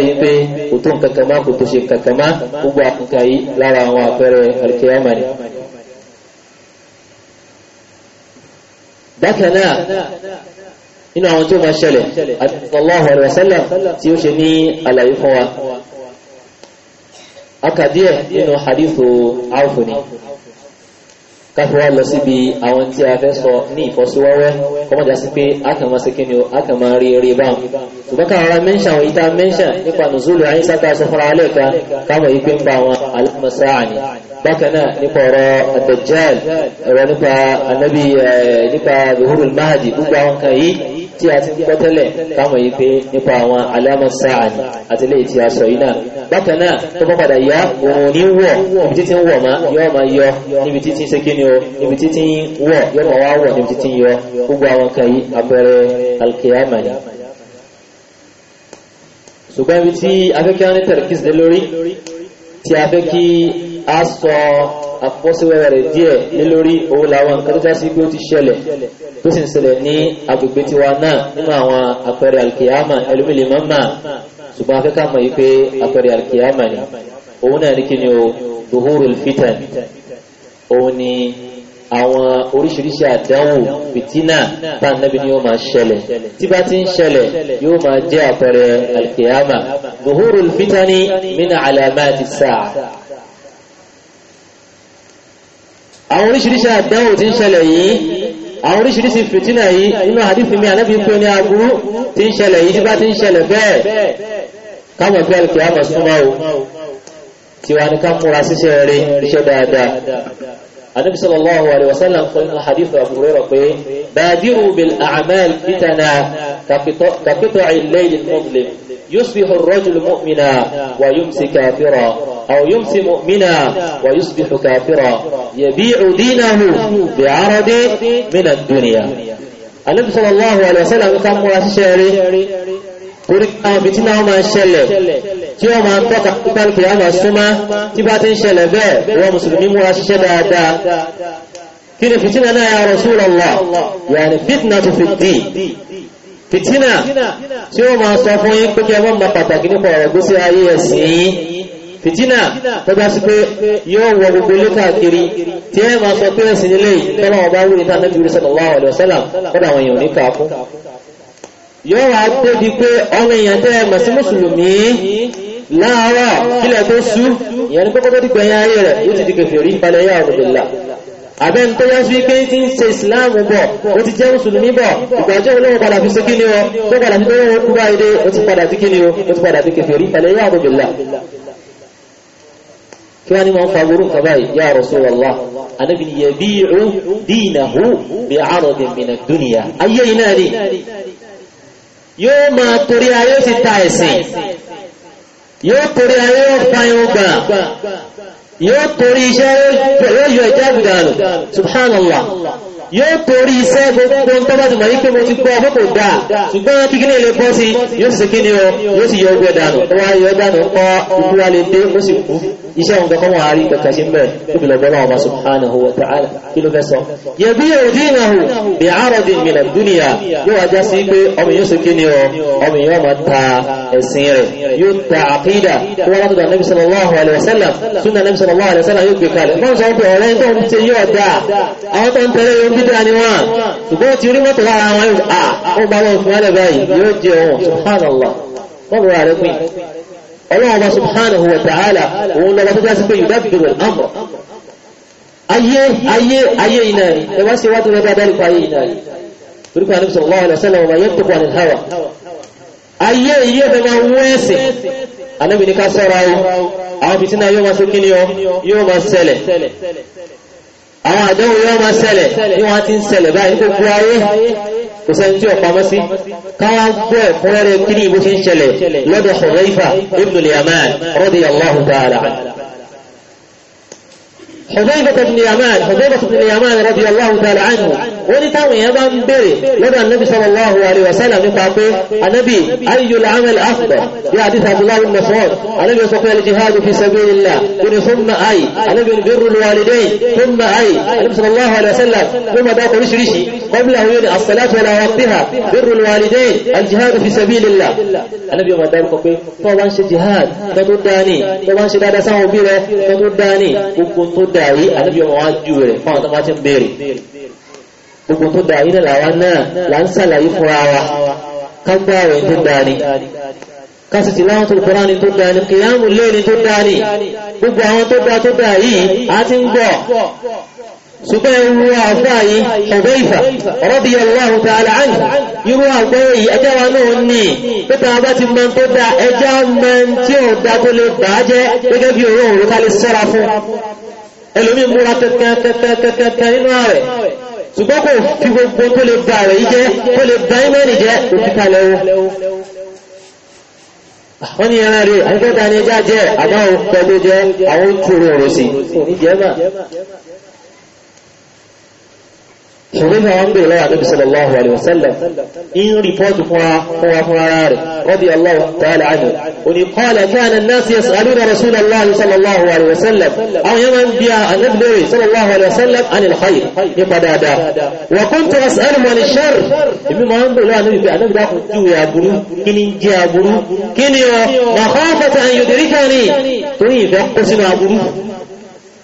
rí pé kò tó nǹkankan má kò tó ṣe nǹkankan má gbogbo àkùnkà yìí lára àwọn àpẹẹrẹ alkiyama ni bákanáà nínú àwọn tí ó máa ṣẹlẹ̀ sallallahu alaihi tí ó ṣe ní àlàyé fún wa akadíẹ̀ nínú hadithu áwùfù ni káfí wá lọ síbi àwọn tí a fẹ́ sọ ní ìfọ́síwọ́wẹ́ kọmọ̀dá sí pé akàmà síkíní o akàmà rí rí báwọn ṣùgbọ́n ara mẹ́ṣà wọ́n ìta mẹ́ṣà nípa nùzúlù àyíṣà tá a sọ fúnra alẹ́ka káwọn ìpín bá wọn alámọ̀sáà ni bákanáà nípa ọ̀rọ̀ ad-Dajjal ọ̀rọ̀ nípa anábì nípa zuhuru al-mahdi gbogbo àwọn kan yìí tí a ti gbọ́ tẹ́lẹ̀ káwọn yìí pé nípa àwọn alamọ̀ sáà ni àti lè ti aṣọ yìí bákanáà tó bá padà yá òun ní wọ̀ níbi títí ń kí a sọ àpọ́síwẹ́rẹ́ rẹ̀ díẹ̀ lé lórí owó làwọn nǹkan tó já sí pé ó ti ṣẹlẹ̀ tó sì ń ṣẹlẹ̀ ní agbègbè tiwa náà nínú àwọn àpẹẹrẹ alkiyama ẹlòmílì mọ́mà ṣùgbọ́n akẹ́kọ̀ọ́ mọ̀ àpẹẹrẹ alkiyama ni òun náà ní kí ni àwọn oríṣiríṣi àdánwò fìtínà tán ni yóò máa ṣẹlẹ̀ tí bá ti ń ṣẹlẹ̀ yóò máa jẹ́ àpẹẹrẹ alkiyama duhurul fitani min alamati sáà àwọn oríṣiríṣi àdánwò tí ń ṣẹlẹ̀ yìí àwọn oríṣiríṣi fìtínà yìí nínú àdífì mi ànábì pé ní aburú tí ń ṣẹlẹ̀ yìí tí bá ti ń ṣẹlẹ̀ bẹ́ẹ̀ káwọn bẹ́ẹ̀ kì á mọ̀ súnmọ́ o tiwa ni ká múra síṣẹ́ rẹ̀ iṣẹ́ dáadáa النبي صلى الله عليه وسلم قال حديث ابو هريره pé بادروا بالاعمال فتنا كقطع الليل المظلم يصبح الرجل مؤمنا ويمسي كافرا او يمسي مؤمنا ويصبح كافرا يبيع دينه بعرض من الدنيا النبي صلى الله عليه وسلم قال مراسل شعري قلت àwọn fìtínà ọmọ ìṣẹ̀lẹ̀ tí ó máa tálùkù yà máa súnmá tí bá ti ń ṣẹlẹ̀ bẹ́ẹ̀ wọ́n mùsùlùmí múra ṣiṣẹ́ dáadáa kí ni fìtínà náà ya Rasulullah yàní fìtínà tó fi dì fìtínà tí ó máa sọ fún yín pé kí ẹ má ma pàtàkì nípa ọ̀rọ̀ gbèsè ayé ẹ̀sìn fìtínà tó bá sí pé yóò wọ gbogbo ilé káàkiri tí ẹ máa sọ pé ẹ̀sìn ilé yìí tọ́lá ọba wúni láàárọ̀ kílẹ̀ tó sú ìyẹn ní kọ́kọ́ tó dìgbẹ̀ yẹn ayé rẹ̀ yóò ti di kẹfẹ́ rí balẹ̀ yà ọ̀rọ̀dẹ̀lá àbẹ́ ní tó yá sí pé tí ń ṣe ìsìláàmù bọ̀ ó ti jẹ́ mùsùlùmí bọ̀ ìgbàjọ́ olóhùn padà fi ṣe kíni o tó padà fi lóhùn kú bá ilé ó ti padà fi kíni o ó yóò máa torí ayé ti ta ẹ̀sìn yóò torí ayé yóò fa yóò gbà yóò torí iṣẹ́ yóò yọ ìjáàbù dànù subhanallah yóò torí iṣẹ́ gbogbo ń tọ́bá ti mọ̀ wípé mo ti gbọ́ ọkọ̀ dà ṣùgbọ́n kí kíní ilé bọ́ sí yóò sì kíní o yóò sì yọ ọgbẹ̀ dànù wọ́n á yọ dànù kọ́ ìlú wa lè dé ó sì kú iṣẹ́ òun kankan wọ́n àárí kankan sí mẹ́rin níbi lọ́gbọ́n náà ọba subhanahu wa ta'ala kí ló fẹ́ sọ. yẹ̀bí òdìnàhù bí àárọ̀dì mìíràn dúnìyà yóò wá já sí pé ọmọ yóò sókè ní ọmọ yóò máa ta ẹ̀sìn rẹ̀ yóò ta àkídà ọlọ́wọ́ba subhanahu wa ta'ala òun lọ́wọ́ tó jásí pé ìdábìrò àmọ̀ ayé ayé ayé iná rí ẹwà sí wájú wọ́n dáadáa nípa ayé iná rí orúkọ àníbi sọ̀rọ̀ wọ́n lọ́sẹ̀lẹ̀ ọmọ yẹn tó kọ́ ní hawa ayé iye fẹ́ máa wọ́n ẹ̀sìn àníbi ní ká sọ́ra o àwọn fìtínà yóò máa ṣe kí ọ yóò máa ṣẹlẹ̀ àwọn àdánwò yóò máa ṣẹlẹ̀ bí wọ́n ti ń ṣẹlẹ̀ báyìí gbogbo ayé وسنجو قمسي قال دو قوار يمكني بوشين شلي غيفة ابن اليمان رضي الله تعالى عنه حذيفة بن يمان حذيفة بن يمان رضي الله تعالى عنه ولتوي يا بن بري لدى النبي صلى الله عليه وسلم يقول النبي أي العمل أفضل يا حديث عبد الله بن مسعود النبي صلى الجهاد في سبيل الله يقول ثم أي النبي بر الوالدين ثم أي النبي صلى الله عليه وسلم ثم ذاك رش رشي قبله يقول الصلاة ولا وقتها بر الوالدين الجهاد في سبيل الله النبي ما ذاك فوانش جهاد تتوداني فوانش دادا سامو بيرة تتوداني وكنتوداني dáa yìí ànábì ọmọ wa ju rẹ̀ fún àwọn tó bá ti ń béèrè gbogbo tó dáa yìí náà náà là ń sàlàyé fúnra wa ká gbọ́ àwẹ̀ tó dáa ni ká sì ti láwọn tó kọ́ra ni tó dáa kìyàmù lé tó dáa gbogbo àwọn tó dáa tó dáa yìí ti ń gbọ́ ṣùgbọ́n irú àfáà yìí ọ̀gbẹ́ ìfà radiyallahu ta'ala anhu irú àgbẹ́ yìí ẹjá wa náà ní pẹ́ta bá ti mọ́ tó dá ẹjá mọ́ tí ó dá tó lè bàá jẹ́ gẹ́gẹ́ bí òun òun lè sọ́ra fún ẹlòmí múra tẹ́tẹ́tẹ́tẹ́tẹ́ nínú ààrẹ ṣùgbọ́n kò fi gbogbo tó lè ba ààrẹ yìí jẹ́ tó lè ba ìmẹ́rin jẹ́ òkúta lẹ́wọ́ wọ́n ní ẹran rẹ̀ àyíkẹ́ta ni ẹja jẹ́ àmọ́ òkú ọdún jẹ́ àwọn tó rọrùn sí òní ṣùgbọ́n wọn ń bèèrè lọ́wọ́ àdébì sallallahu alaihi wasallam in ripọ́tù fún wa fún ara rẹ̀ rọ́bí allahu ta'ala anhu òní kọ́lẹ̀ káàlẹ̀ náà sí ẹ̀sùn àdúrà rasulallahu sallallahu alaihi wasallam àwọn yẹn máa ń bí àdébìrì sallallahu alaihi wasallam anil khair nípa dáadáa wà kún tó asàlù wọn ni ṣẹ́r èmi máa ń bèèrè lọ́wọ́ àdébì àdébì dákun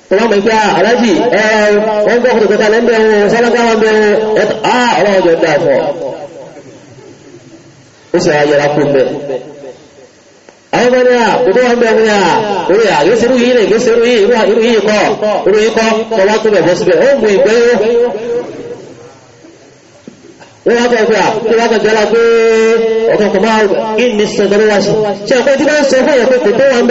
wọ́n mọ̀ pé ah, aláàjì ẹ̀rọ wọ́n gbọ́ kòtò kọta lẹ́mbẹ̀ ohun sálọ́gbà wọn bẹ̀ ohun ẹ̀tọ́ ah, àà ọlọ́wọ́ jọ dá fọ́ ó sì ayẹra kó mbẹ́ àwọn ọmọ ní à ah, kòtò wọn bẹ̀ ohun yà orí à yóò ṣerú yìí nìyí ṣerú yìí irú yìí kọ́ irú yìí kọ́ kọ́ wọ́n tó bẹ̀ bọ́ síbẹ̀ ó bu ìgbẹ́ yó wọ́n wá kọ́ ìgbà kí wọ́n kọ́ jọlá pé ọkàn kò máa kí ni sọ̀tọ̀ ló wá ṣe ṣe ọkọ̀ tí wọ́n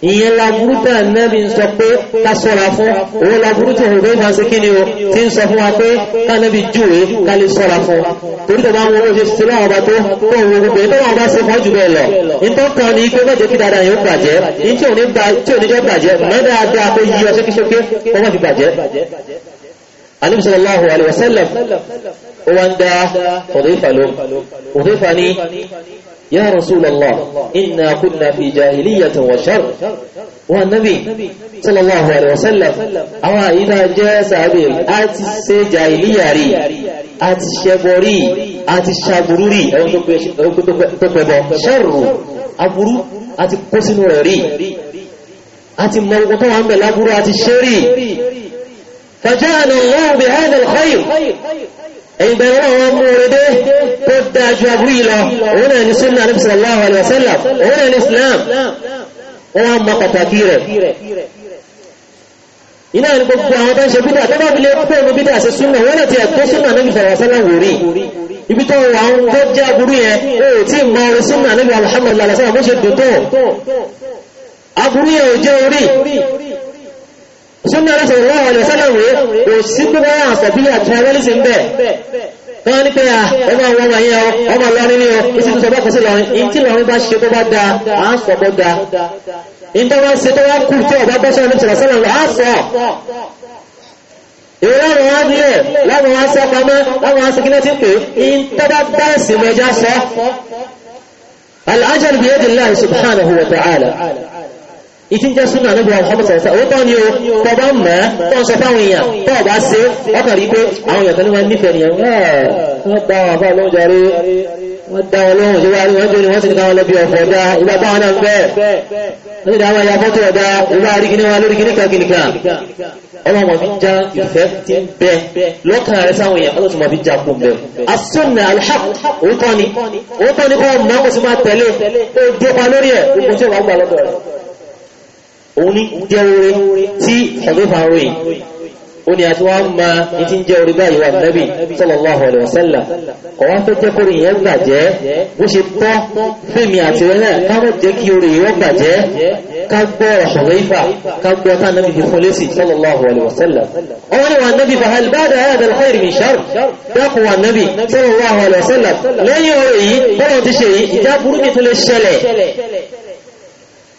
ìyẹn laburú tàà nẹ́bí ń sọ pé kásọ́ra fún òun laburú tí òun fẹ́ fásí kí ni o ti ń sọ fún wa pé kánẹ́bí júwe kálí sọ́ra fún torí tó bá ń wọ́n ṣe sí láwọn ọba tó tó ń wọ́n gbogbo ìtọ́wọ́n bá ṣe fọ́jú bẹ́ẹ̀ lọ ìtọ́kàn ni pé mẹ́jọ kí dáadáa yóò bàjẹ́ tí ò ní jẹ́ bàjẹ́ mẹ́dáadáa tó yí ọ ṣókíṣókí ọmọ fi bàjẹ́ النبي صلى الله عليه وسلم هو عند حذيفة له حذيفة يا رسول الله إنا كنا في جاهلية وشر والنبي صلى الله عليه وسلم أو إذا جاء سابيل أتس جاهلية ري أتشبري أتشبروري أو شر أبرو أتقسن ري أتي موقع عن بلابرو أتشري فجعل الله بهذا الخير ẹ̀yìnbẹ̀ wọ́n wọ́n mú orin dé tó dájú agbú ìlọ òun náà ni sunna Nabi sallallahu alaihi wasallam òun náà ni Islam wọ́n wọ́n mọ pàtàkì rẹ̀ iná ni gbogbo àwọn tó ń ṣe bídà tó bá fi lè pọ̀ ní bídà sí sunna wọ́n náà ti ẹ̀kọ́ sunna Nabi sallallahu alaihi wasallam ibi tó wà ń tó jẹ́ agbúrú yẹn ó tí mọ orin sunna Nabi Muhammad sallallahu bó ṣe dùn tó yẹn ò jẹ́ orí súnmọ́ ọ̀rọ̀ sọ̀rọ̀ wọ́n wọlé sálẹ̀wé kò sí gbogbo àwọn àsọ̀bílẹ̀ àti ẹwẹ́lẹ́sì ń bẹ̀ wọ́n ní pé à ọmọ wọn wọ̀nyí ọ ọmọ lọrin ní ọ ìsì tó sọ̀bọ̀ kò sí lọrin ní tí lọrin bá ṣe tó bá da à ń sọ̀bọ̀ da ní tó wá ṣe tó wá kú tí ọba bọ́ sọ̀rọ̀ ní tìrọ̀ sọ̀rọ̀ lọ á sọ̀ èyí láwọn wá nílẹ̀ láwọn wá sọ pamọ́ láwọn wá sọ kí lẹ́tí pé ní tó bá bá ẹ̀sìn mẹ́jà sọ. العجل بيد الله سبحانه وتعالى ìtí ń jẹ́ súnà níbi Muhammad sọ̀rọ̀sọ̀ ó tọ́ ni o tọ́ bá mọ̀ ẹ́ tọ́ sọ fáwọn èèyàn tọ́ ọ̀bá ṣe ọkàn rí pé àwọn èèyàn tó ní wọ́n nífẹ̀ẹ́ nìyẹn wọ́n dá wọn àbá lóúnjẹ rí wọ́n dá wọn lóhùn ṣe wá rí wọ́n tó ní wọ́n sì ní káwọn lọ́bí ọ̀fọ̀ dá ìgbà táwọn náà ń bẹ́ẹ̀ wọ́n ti dá wọn ya fọ́tò ẹ̀dá ìwà àríkíní wọn lórí kíní kan kíní kan ọmọ ọmọ fi já ìfẹ́ ti ń bẹ lọ́kàn rẹ sáwọn èèyàn ọlọ́tún mọ̀ fi já kó bẹ. asúnà alhaq òótọ́ ni òótọ́ ni kó mọ́ kó sì máa tẹ̀lé ó òun ní jẹ́ orí tí ọ̀dọ́fà rẹ̀ ó ní àti wọ́n ma ní tí ń jẹ́ orí báyìí wà nẹ́bì sallallahu alaihi wasallam ọ̀wọ́n tó jẹ́ kórè yẹn gbàjẹ́ bó ṣe tọ́ fèmí àti rẹ̀ káwọ́ jẹ́ kí orí yẹn gbàjẹ́ ká gbọ́ ọ̀ṣọ̀rọ̀ ifá ká gbọ́ tá nẹ́bì fi fún lẹ́sì sallallahu alaihi wasallam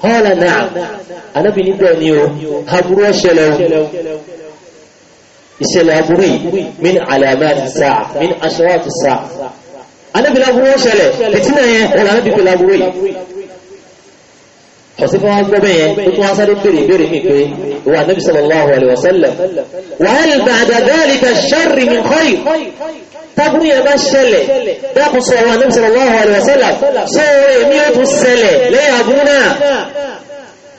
kọ́ọ̀lá náà anábì níbẹ̀ ni o aburú ọ̀ṣẹlẹ̀ o ìṣẹ̀lẹ̀ aburú yìí min alamati sáà min aṣọ́wàtì sáà anábì láburú ọ̀ṣẹlẹ̀ ìtìnà yẹn wọn anábì aburú yìí kọ̀sí fún wọn gbọ́ bẹ́ẹ̀ yẹn ó tún wá sáré bèrè bèrè mi pé wà níbi sallallahu alaihi wasallam wa hal ba'da dhalika sharri min khair tábùrú yẹn bá ṣẹlẹ̀ dákun sọ wà níbi sallallahu alaihi wasallam ṣé èmi ó tún ṣẹlẹ̀ lẹ́yìn àbúrú náà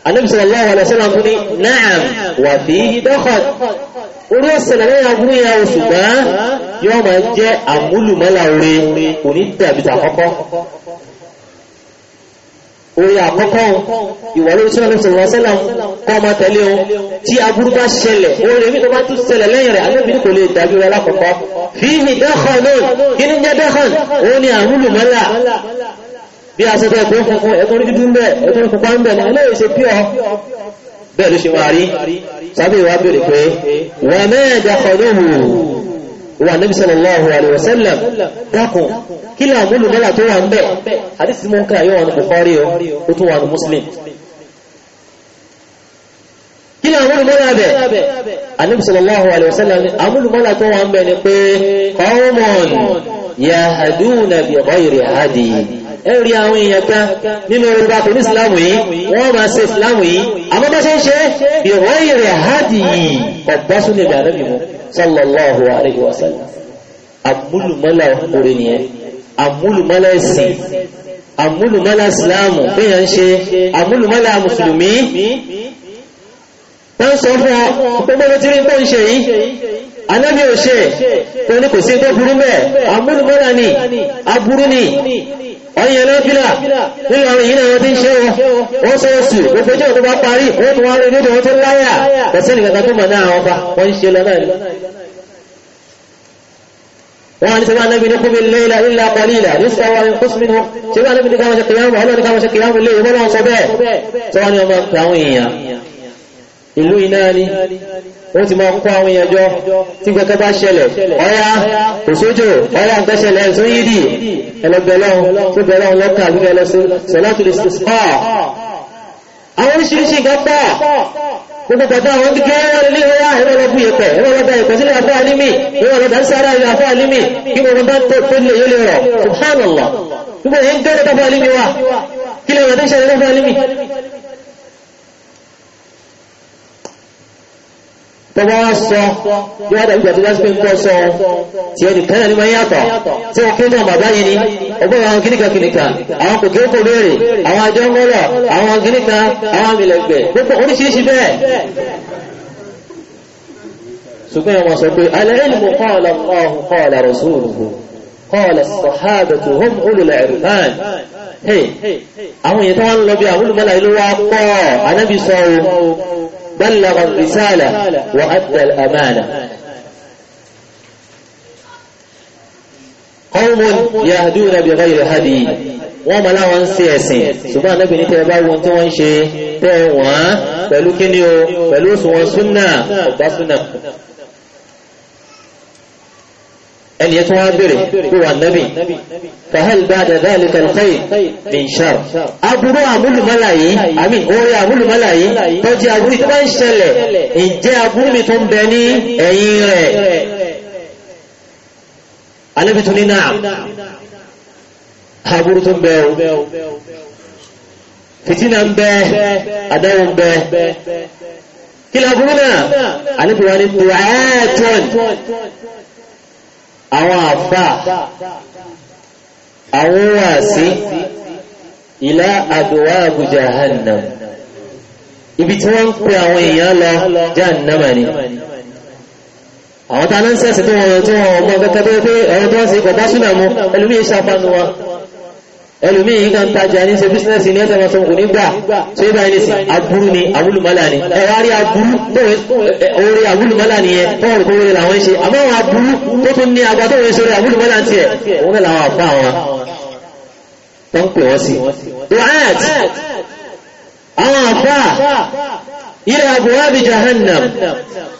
Ànábì sallallahu alaihi wasallam tún ní na'am wa fihi dakhal orí ọ̀sẹ̀lẹ̀ lẹ́yìn àbúrú yẹn o ṣùgbọ́n yóò máa jẹ́ àmúlùmọ́lá orí kò ní dàbí tàkọ́kọ́ orin àkọ́kọ́ ìwà lórí sọ́nà lọ́sọ̀rọ̀ sẹ́lá kọ́ ọmọ tẹ̀lé o tí aburú bá ṣẹlẹ̀ orin mi tó bá tún ṣẹlẹ̀ lẹ́yìn rẹ̀ alóbìnrin kò lè dájú rẹ̀ lákọ̀ọ́kọ́ fíìmì dẹ́kàn náà kí ní jẹ́ dẹ́kàn òun ni àmúlù mọ́lá bí a sọ́tọ̀ ẹ̀kọ́ funfun ẹ̀kọ́ rí dúdú bẹ́ẹ̀ ẹ̀kọ́ rí pupa ń bẹ̀ náà lóye ṣe pí ọ bẹ́ẹ̀ ló ṣe wá rí sábẹ́ ìwà bèrè pé wà mẹ́ẹ̀dẹ́kàn náà wa nabi sallallahu alaihi wasallam dákun kí ni àmúlò náírà tó wà ń bẹ̀ àdìsí mọ́ ká yóò wà ní Bukhari o ó tún wà ní Muslim kí ni àmúlò náírà bẹ̀ anabi sallallahu tó wà ń bẹ̀ ni pé qawmun yahduna bi ghayri hadi ẹ rí àwọn èèyàn kan nínú orúkọ àpò ní ìsìláàmù yìí wọ́n máa ṣe ìsìláàmù yìí àmọ́ bá ṣe ń ṣe bí wọ́n yìí rẹ̀ hádì yìí ọ̀gbá súnlẹ̀ bí àdébì mu sallallahu alayhi wa sallam àmúlùmọ́lá òkúre nìyẹn àmúlùmọ́lá ẹ̀sìn àmúlùmọ́lá ìsìláàmù bẹ́yàn ṣe àmúlùmọ́lá mùsùlùmí anábí ò tó ní kò sí tó burú mẹ́ àmúlùmọ́lá ni aburú ni ọ̀yìn ẹlẹ́fílà nínú àwọn ìyìn àwọn tí ń ṣe wọ́n sọ́ọ̀sì gbogbo jẹ́ ọ̀tọ́ bá parí wọ́n tún wá rí nídò wọ́n tó láyà pẹ̀sẹ́nì kankan tó mọ̀ náà àwọn ọba wọ́n ń ṣe lọ náà ni wọ́n ní sọ́wọ́n anábì ní kúmi léèlà ilẹ̀ àpọ̀lìlà ní sọ́wọ́n ní kúsùmí ní sọ́wọ́n anábì ní káwọn ṣe kìyàmù ọlọ́ni káwọn ṣe kìyàmù lé ìwọ́n náà sọ bẹ́ẹ̀ sọ́wọ́n ní ọmọ ìlú iná ni wọ́n ti máa kọ́ àwọn èèyàn jọ tí kẹ́kẹ́ bá ṣẹlẹ̀ ọ̀yá òṣójò ọ̀yá nǹkan ṣẹlẹ̀ ẹ̀sùn yídì ẹlẹgbẹ̀lọ́run tó bẹ̀rẹ̀ lọ́kàn àbí ẹlẹ́sìn sọ̀látù lè sọ pa àwọn oríṣiríṣi nǹkan pa gbogbo bàbá àwọn kékeré wọn lè lé wá ẹ̀rọ lọ́bù yẹpẹ̀ ẹ̀rọ lọ́bà yẹpẹ̀ sílẹ̀ afọ́ alímì ẹ̀rọ lọ́bà sára ilẹ̀ afọ́ alímì kí mo bá tó tó lè yẹlẹ̀ rọ̀ subhanallah gbogbo yẹn ń gbẹ́rẹ̀ tọ́fọ́ alímì wa kí lè wọ́n tó ṣẹlẹ̀ tọ́fọ́ alímì tọba wá sọ yóò dàbí ìgbà tó bá sí pé ń tọ́ sọ tí ẹnì kan ní máa yàtọ̀ tí wọ́n kéjọ bàbá yìí ni ọgbọ́n àwọn kìnìkan kìnìkan àwọn kò kéèkò léèrè àwọn àjọ ń gbọ́dọ̀ àwọn kìnìkan àwọn àmìlẹ̀gbẹ̀ gbogbo oríṣiríṣi bẹ́ẹ̀ ṣùgbọ́n ẹ̀wọ̀n sọ pé al-ilmu qala Allahu qala rasuluhu qala as-sahabatu hum ulul irfan àwọn èèyàn tó wá ń lọ bí àwọn olùmọ́lá ìlú wa pọ̀ anábì sọ بلغ الرسالة وأدى الأمانة قوم يهدون بغير هدي وما لا وانسيسي سبحان نبي نتابع وانتو وانشي تاوان بلو كنيو بلو سوان سنة وبا سنة أن يتوابره هو النبي فهل بعد ذلك الخير من شر أبرو أمول ملايين أمين أوري أمول ملايين تجي أبرو إتبان شلة إن جاء أبرو متون بني أيين أنا بتوني نعم أبرو تنبيو فتنة مبيه أدو مبيه كلا أبرو نعم أنا بواني دعاة àwọn àfà àwọn wà sí ilá àdùwà jahannam ibi tí wọ́n ń pè àwọn èèyàn lọ jahannama ni àwọn tánà ń sẹ́sì tó wọ́n tó wọ́n ọmọ kẹ́kẹ́ tó wọ́n sí kọ̀básúnà mú ẹlùmí ìṣàfánú ẹlòmí yìí kan tajà ní ṣe bísínẹ́sì ní ẹ̀sẹ̀ máa sọ kò gbà tó yẹ báyìí nìsí aburú ni awúlùmọ́là ni ẹ̀rọ arí aburú orí awúlùmọ́là ni yẹ tọ́wọ̀n kó wọlé làwọn ń ṣe àmọ́ àwọn aburú tó tún ní agbá tó wọ́n ṣe orí awúlùmọ́là ń tiẹ̀ òun náà làwọn àfa àwọn tó ń pè wọ́n sí. wàhálà àwọn àfa ilé agbóhábì jahannam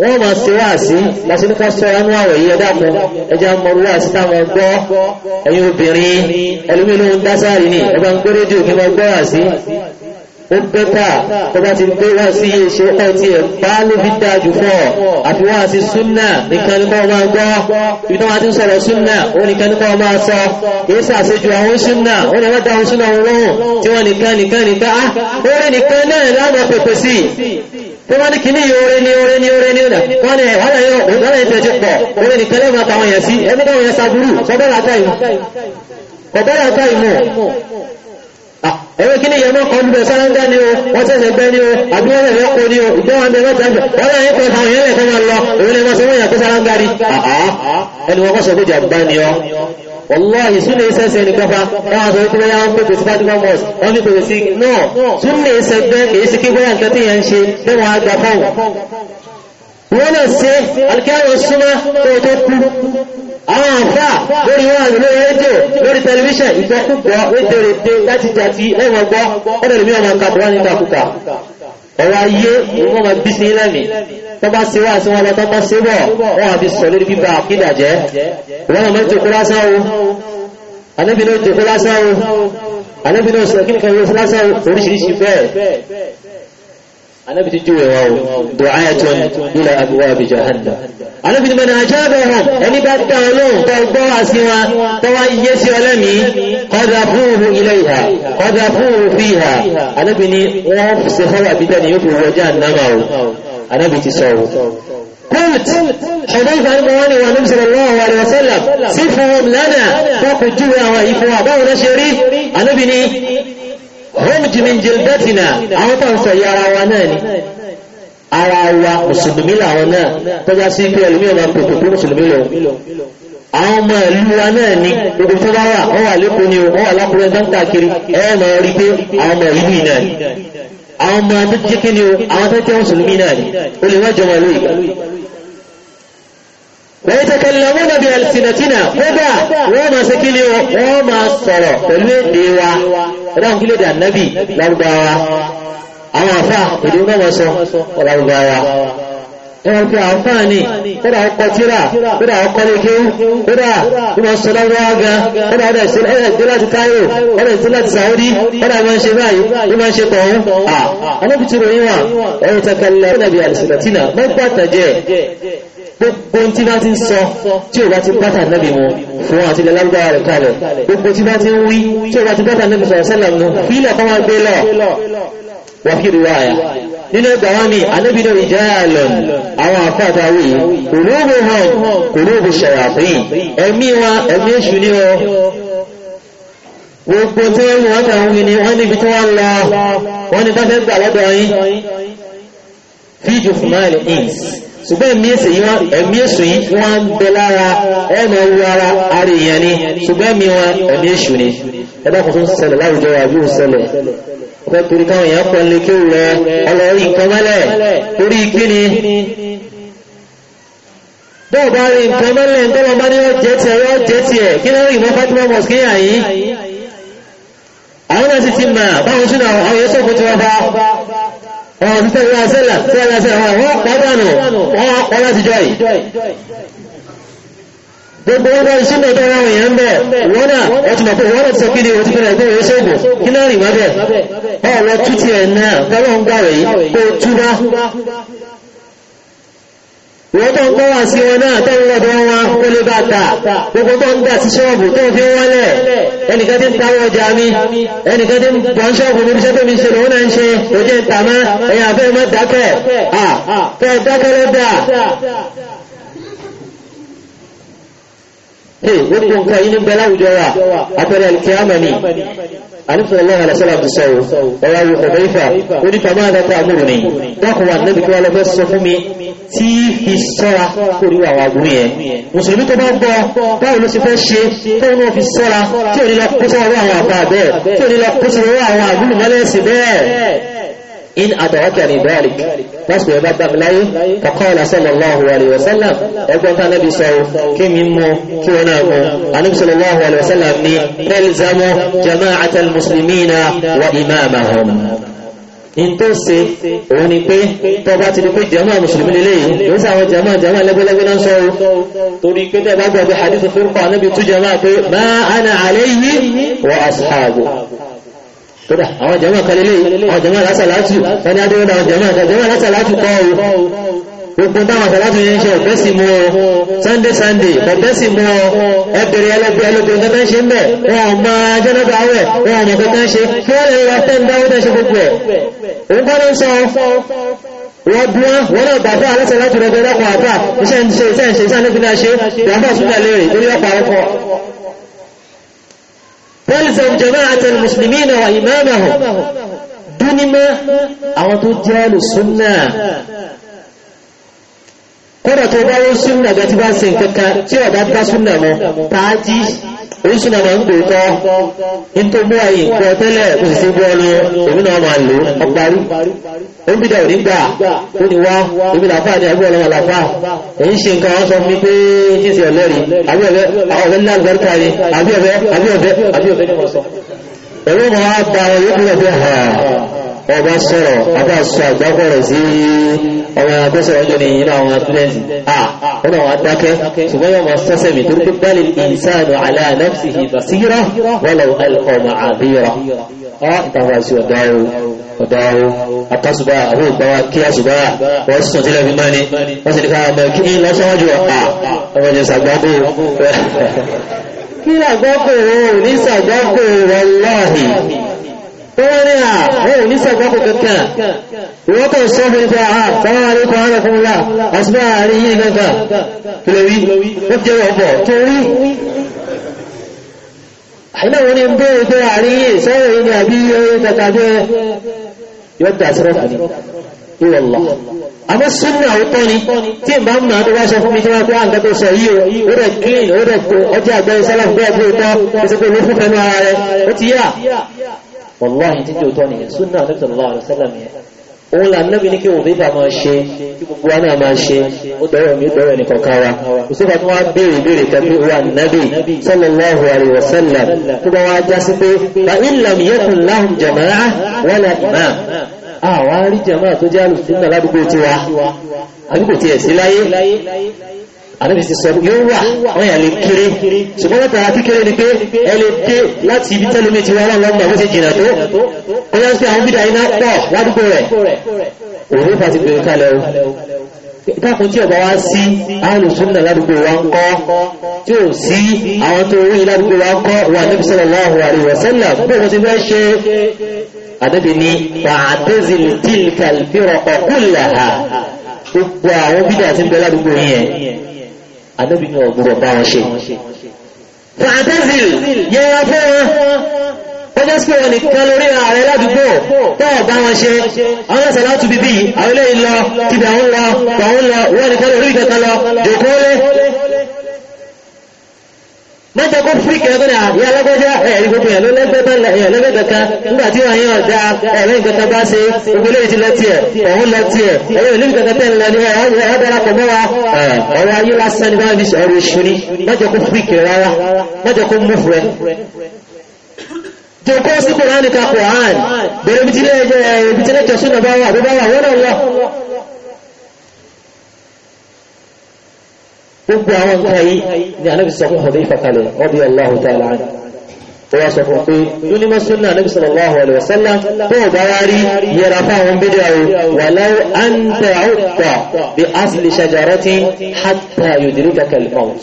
wọ́n máa ṣe wáàsí láti ní ká sọ́ra ní àwọ̀ yìí ẹ̀dá kan ẹja mọ̀rú wáàsí táwọn gbọ́ ẹ̀yin obìnrin ẹlòmínú ń dá sáàrí ni ń gbé rédíò kí wọ́n gbọ́ wáàsí ó bẹ́tà tó bá ti gbé wá sí iṣẹ́ ọkọ̀ tí ẹ̀ bá ló fi dájú fún ọ àfi wá sí súnà nìkan ní kọ́ máa gbọ́ ibi tó máa ti ń sọ̀rọ̀ súnà ó nìkan ní kọ́ máa sọ èyí sàṣejù àwọn súnà ó ní wọ́n dá àwọn súnà wọn lóhùn tí wọ́n nìkan nìkan nìkan á ó rí nìkan náà lánàá pèpè sí tó bá ní kìíní oore ní oore ní Ah, ẹ̀rọ kí ni yẹn mọ́ kọ́ níbẹ̀ sáráńgá ni o wọ́n tẹ̀sẹ̀ gbẹ́ ni o àbí wọ́n lẹ̀rọ kó ni o ìgbọ́n bẹ lọ́tẹ̀ ẹ̀fẹ̀ wọ́n lẹ́yìn pé fáwọn yẹn lẹ́kọ́ máa lọ òun lè máa sọ wọ́n yẹn kó sáráńgá rí ah, ah. ẹni wọ́n kọ́ sọ pé jàmbá ni ọ wọ́láhì súnlẹ̀ iṣẹ́ ṣe ní gbọ́fà wọ́n àṣọ ìpínlẹ̀ yà ń pèpè sí fatima wọ́n ní pèpè náà súnlẹ̀ lè ṣe àwọn àfà lórí wọn lórí rédíò lórí tẹlifíṣàn ìgbọ́kúgbọ́ rédèrèdè láti jàti ẹwọ̀n gbọ́ ọ̀dọ̀ lèmi ọmọ kàbọ̀ wọn nígbà kúkà ọ̀rọ̀ ayé ìwọ́n ma bí sí lẹ́mì tó bá sí wá sí wọn lọ tó bá sí bọ̀ wọ́n àbí sọ lórí bíbá àkídà jẹ́ wọ́n mọ̀ jòkó lásán o anábìnrin jòkó lásán o anábìnrin sọ kí anábi ti júwe wa o du'atun ila abwabi jahannam anábi ni mẹ́rin ajabahum ẹni bá dá ọlọ́run tó gbọ́ wá sí wa tó wá iye sí ọlẹ́mí qadhafuhu ilayha qadhafuhu fiha anábi ni wọ́n ṣe fọ́wà bí dẹ́ni yóò fi wọ jahannama ti sọ o قلت حذيفة المواني والنبي صلى الله عليه وسلم صفهم لنا فقد جوا وإفوا أبو نشري أنا بني humdi min jildatina àwọn tó ń sọ yí ara wa náà ni ara wa mùsùlùmí làwọn náà tọ́já sí pé ẹlòmíràn máa ń pèpè pé mùsùlùmí lòun àwọn ọmọ ìlú wa náà ni gbogbo tó bá wà wọ́n wà lẹ́kọ̀ọ́ ni wọ́n wà lákùnrin dọ́kítà kiri ẹ̀rọ máa rí pé àwọn ọmọ o àwọn tó jẹ́ mùsùlùmí náà ni o lè wájọ wọn lóyè. wọ́n ti kẹ́lẹ́ wọn nàbí alìsìnàtìnà kódà wọ́n ọlọ́run kílẹ̀ dà nẹ́bì lárúbáwá àwọn àfà èdè mẹ́wàá sọ lárúbáwá ẹran pé àwọn fáà ní kódà ọkọ̀ tíra kódà ọkọ̀ lékéwú kódà ìmọ̀ sọ lárúbáwá gan kódà ọdẹ ìdí láti káyò ọdẹ ìdí láti sàódì kódà ìmọ̀ ṣe báyìí ìmọ̀ ṣe tọ̀hún à alábìtì ròyìn wà ẹ̀rù takalẹ̀ nàbì àdìsìlẹ̀ tìǹà mọ́gbàtàjẹ́ gbogbo tí bá ti ń sọ tí ò bá ti bátà nẹ́bì wọn fún àti ilẹ̀ lágbára rẹ̀ kalẹ̀ gbogbo tí bá ti ń wí tí ò bá ti bátà nẹ́bì sọ̀rọ̀ sẹ́lẹ̀ mú fílẹ̀ kan wọ́n gbé lọ wà fi rí wáyà nínú ẹgbà wọn ni anábìnrin ìjẹ́ àlọ́n àwọn àfáàtà wí olóògbé hàn olóògbé ṣàyàfín ẹ̀mí wa ẹ̀mí èṣù ni ọ gbogbo tí wọ́n kàn wí ni wọ́n níbi tí wọ́n lọ wọ́n ní bá fẹ́ gbà lọ́dọ̀ yín fíjù fún máìlì ìsì ṣùgbọ́n ẹ̀mí èsì yìí wọ́n ẹ̀mí èsù yìí wọ́n ń bẹ lára ẹ̀mí ẹwu ara ara èèyàn ni ṣùgbọ́n ẹ̀mí wọn ẹ̀mí èsù ni ẹ̀dàkùn tó ń ṣẹlẹ̀ láwùjọ wa yóò ṣẹlẹ̀ ọ̀pẹ́ torí káwọn èèyàn pọ̀ lé kéwù rẹ ọlọ́rí nǹkan mọ́lẹ̀ orí kíni bọ́ọ̀ bá rí nǹkan mọ́lẹ̀ ń bá ní ọ̀jẹ̀ tiẹ̀ tiẹ̀ kí ló ẹ̀bí sẹ́lẹ̀ sẹ́lẹ̀ sẹ́lẹ̀ wọ́n èèyàn bẹ̀ wọ́nà ọtùmọ̀ pé wọ́n ti sọ́kí ni o ti bẹ̀rẹ̀ gbé oṣù ògùn kí náà rìn wá bẹ̀ ọ̀rọ̀ tútì ẹ̀ náà gbọ́dọ̀ ń gbà rẹ̀ yìí kó túbá wọ́n tó ń kọ́ wá sí wọn náà tó ń lọ́dọ̀ wọn kó lè bá ta gbogbo tó ń dà sí ṣọ́ọ̀bù tó fi wọ́lẹ̀ ẹnìkan tí ń tawọ́ ọjà mi ẹnìkan tí ń bọ́n ṣọ́ọ̀bù níbi iṣẹ́ tó mi ṣe lòun náà ń ṣe kò jẹ́ ìtàmá ẹ̀yà fẹ́ mọ́ dákẹ́ fẹ́ dákẹ́ ló dà. gbogbo nǹkan yìí ní bẹ́ẹ̀ láwùjọ wa àpẹẹrẹ kìámẹ́ àníṣe ọlọ́run alẹ́sọ́lá ti sọ ọ̀rọ̀ ayò kọ̀ọ̀kọ̀ ìfà ó ní tàbí àdàkọ̀ àmúrù ni dákùn wà níbi kí wọ́n lọ fẹ́ sọ fún mi tí fi sọ́ra kó rí àwọn àbúrú yẹn mùsùlùmí tó bá gbọ́ báwo ló ṣe fẹ́ ṣe tó ní fi sọ́ra tí ò ní lọ kó sọ́wọ́ àwọn àbá bẹ́ẹ̀ tí ò ní lọ kó sọ́wọ́ àwọn àbúrú mọ́lẹ́sì bẹ́ẹ̀ إن أدركني ذلك نسبي بدأ لي فقال صلى الله عليه وسلم يقول النبي صلى كم يمو كونامو النبي صلى الله عليه وسلم نلزم جماعة المسلمين وإمامهم in tó ṣe òun ni pé tó ti di pé jàmáà mùsùlùmí lè léyìn ló sáwọn jàmáà jàmáà lẹ́gbẹ́lẹ́gbẹ́ náà sọ́rọ̀ torí pé tẹ́ bá gbàgbé hadith fúrkọ̀ níbi tú jàmáà pé ma ana alayhi wa ashabu kódà àwọn jẹ́mọ̀ kan lélẹ́yìn àwọn jẹ́mọ̀ lásàlátù ẹni adéwọ́dà àwọn jẹ́mọ̀ kan jẹ́mọ̀ lásàlátù kọ́ o ogun táwọn àsàlátù yẹn ń ṣe ọ̀fẹ́ sí mú ọ sunday sunday ọ̀fẹ́ sí mú ọ ẹbẹ̀rẹ̀ ẹlẹ́gbẹ̀ ẹlẹ́gbẹ̀ kankan ṣe ń bẹ̀ wọn ò mọ jẹ́nàbà awẹ̀ wọn ò mọ kankan ṣe kí wọ́n lè wá tẹ́ ń dáwọ́ tẹ́lifẹ̀m jama'atan muslimina wa imamahum dúnímọ́ àwọn tó jẹ́ alùsúnnà kọ́dà tó bá wọ́n súnnà gẹ́tí bá ṣe nǹkan kan tí ọ̀dá bá súnnà mọ́ tààjí oríṣi náà ń gbòókọ́ nítorí mú àyè nǹkan tẹ́lẹ̀ kò sì sí bọ́ọ̀lù òun náà máa lò ó parí òun bídà òní gbà ó ní wá òun bídà fáà ní agbóhùn ọlọ́wọ́ làfà èyí ṣe nǹkan wọn sọ fún mi pé kí n sì ẹlẹ́rìí àbí ọ̀fẹ́ àwọn ọ̀fẹ́ ńlá àgbẹ̀rẹ̀ká ni àbí ọ̀fẹ́ àbí ọ̀fẹ́ àbí ọ̀fẹ́ ni wọ́n sọ. ẹ̀rọ máa bá ọ ọba sọ̀rọ̀ abá sọ àgbákọ̀rọ̀ sí ọmọ akọ́sọ̀rọ̀ jẹ́ ní inú àwọn atúlẹ́sì àwọn àwọn adákẹ́ ṣùgbọ́n yọ ma sọ́sẹ̀ mi torí pípẹ́ lè ìsáàdù aláàlẹ́fì ìbàsíra wọ́lọ̀ ẹlọ́mà àbíra ọ́ ìtàwà sí ọ̀dáwó ọ̀dáwó akásùbá àwọn ìgbàwà kí àṣùbá wọ́n sùn sílẹ̀ fi mọ́ni wọ́n sì rẹ́rìn à rẹ́rìn ní sàgbákò kankan wọ́n kàn sọ fún ìfẹ́ àhà fáwọn àríkọ̀ hánà fún ńlá àṣìbá àárín yìí kankan kìlẹ̀wí ó jẹ́ ọ̀bọ̀ tó rí àìlẹ́ wọn ni ń bẹ́ẹ̀ pé àárín yìí sọ́rọ̀ yìí ni àbí ẹyẹ kàkà bẹ́ẹ̀ yọ dà sí rọ́fà ní ìwọ̀lọ́ àmọ́ súnmọ́ àwòtọ́ ni tí ìbá ń máa tó wá sọ fún mi tí wọ́n pé à ń gẹ́gẹ́ sọ yìí ó rẹ̀ clean wàláhì títí òtọ́ nìyẹn súnà Ànábì sallallahu alaihi wasallam yẹn òun là nẹ́bí ní kí òun bíbà máa ṣe kí gbogbo wa náà máa ṣe ó dọ̀rọ̀ mi dọ̀rọ̀ ẹnìkan ká wa òṣèlú àti wọn béèrè béèrè tàbí wà nẹ́bí sallallahu alaihi wasallam tó bá wá já sí pé fa in lam yakun lahum jama'a wala imam àwọn arí jama'a tó jẹ́ alùsùn náà ládùúgbò tiwa àbí kò tiẹ̀ sí láyé àdébì ti sọ yóò wà ọ̀yà lè kéré ṣùgbọ́n látara kíkéré ni pé ẹ lè dé láti ibi tẹ́lómi ti wá láwọn ọmọ ọmọ jìnà tó ó yá sí àwọn bídà iná pọ̀ ládùúgbò rẹ̀ òun bá ti gbèrú kalẹ̀ o káàkùn tí ọba wá sí alùsùnà ládùúgbò wa ń kọ́ tí ò sí àwọn tó rí ládùúgbò wa ń kọ́ wà níbi sallallahu alaihi wasallam bó mo ti fẹ́ ṣe àdébì ni fa'tazil tilkal firqa kullaha gbogbo àwọn bídà ti ń bẹ ládùúgbò yẹn anábì ní ọ̀gbọ̀rọ̀ bá wọn ṣe. fàtẹ́sì yẹra fún wọn wọ́n jẹ́ sí wọn nìkan lórí ààrẹ ládùúgbò tọ́ọ̀ bá wọn ṣe àwọn ẹ̀sẹ̀ láti bíbí àwọn ilé ìlọ tìbẹ̀ àwọn lọ tọ̀hún lọ wọ́n nìkan lórí ìkẹta lọ jòkó lé mọ́tò kó fírí kẹ́kọ́ ní àyà alágbọ́já ẹ̀rí gbogbo ẹ̀ lọ́lẹ́gbẹ̀ẹ́ kankan nígbà tí wọ́n yẹn ọ̀dá ẹ̀rẹ́yìn kankan bá ṣe gbogbo lóyìn ti lọ tiẹ̀ ọ̀hún lọ tiẹ̀ ẹ̀yìn olóyìn kankan tẹ̀ lọ ní ọ̀hún darapọ̀ mọ́ wa ọ̀rọ̀ ayé lásán ní bá fi ọ̀rọ̀ èṣù ni mọ́tò kó fírí kẹ́ rárá mọ́tò kó mú fún ẹ. jòkó sí kòrán nìkan kòrán bẹ̀rẹ̀ ibi tí gbogbo àwọn nǹkan yìí ni anábì sọ fún ọdún ìfọkalẹ̀ ọdún Allahu ta'ala anhu ó wá sọ fún pé yúnímọ̀ súnà anábì sallallahu alaihi wasallam tó ò bá wá rí yẹra fáwọn bídí àwọn walau an ta'uqqa bi asli shajaratin hatta yudrikaka al-maut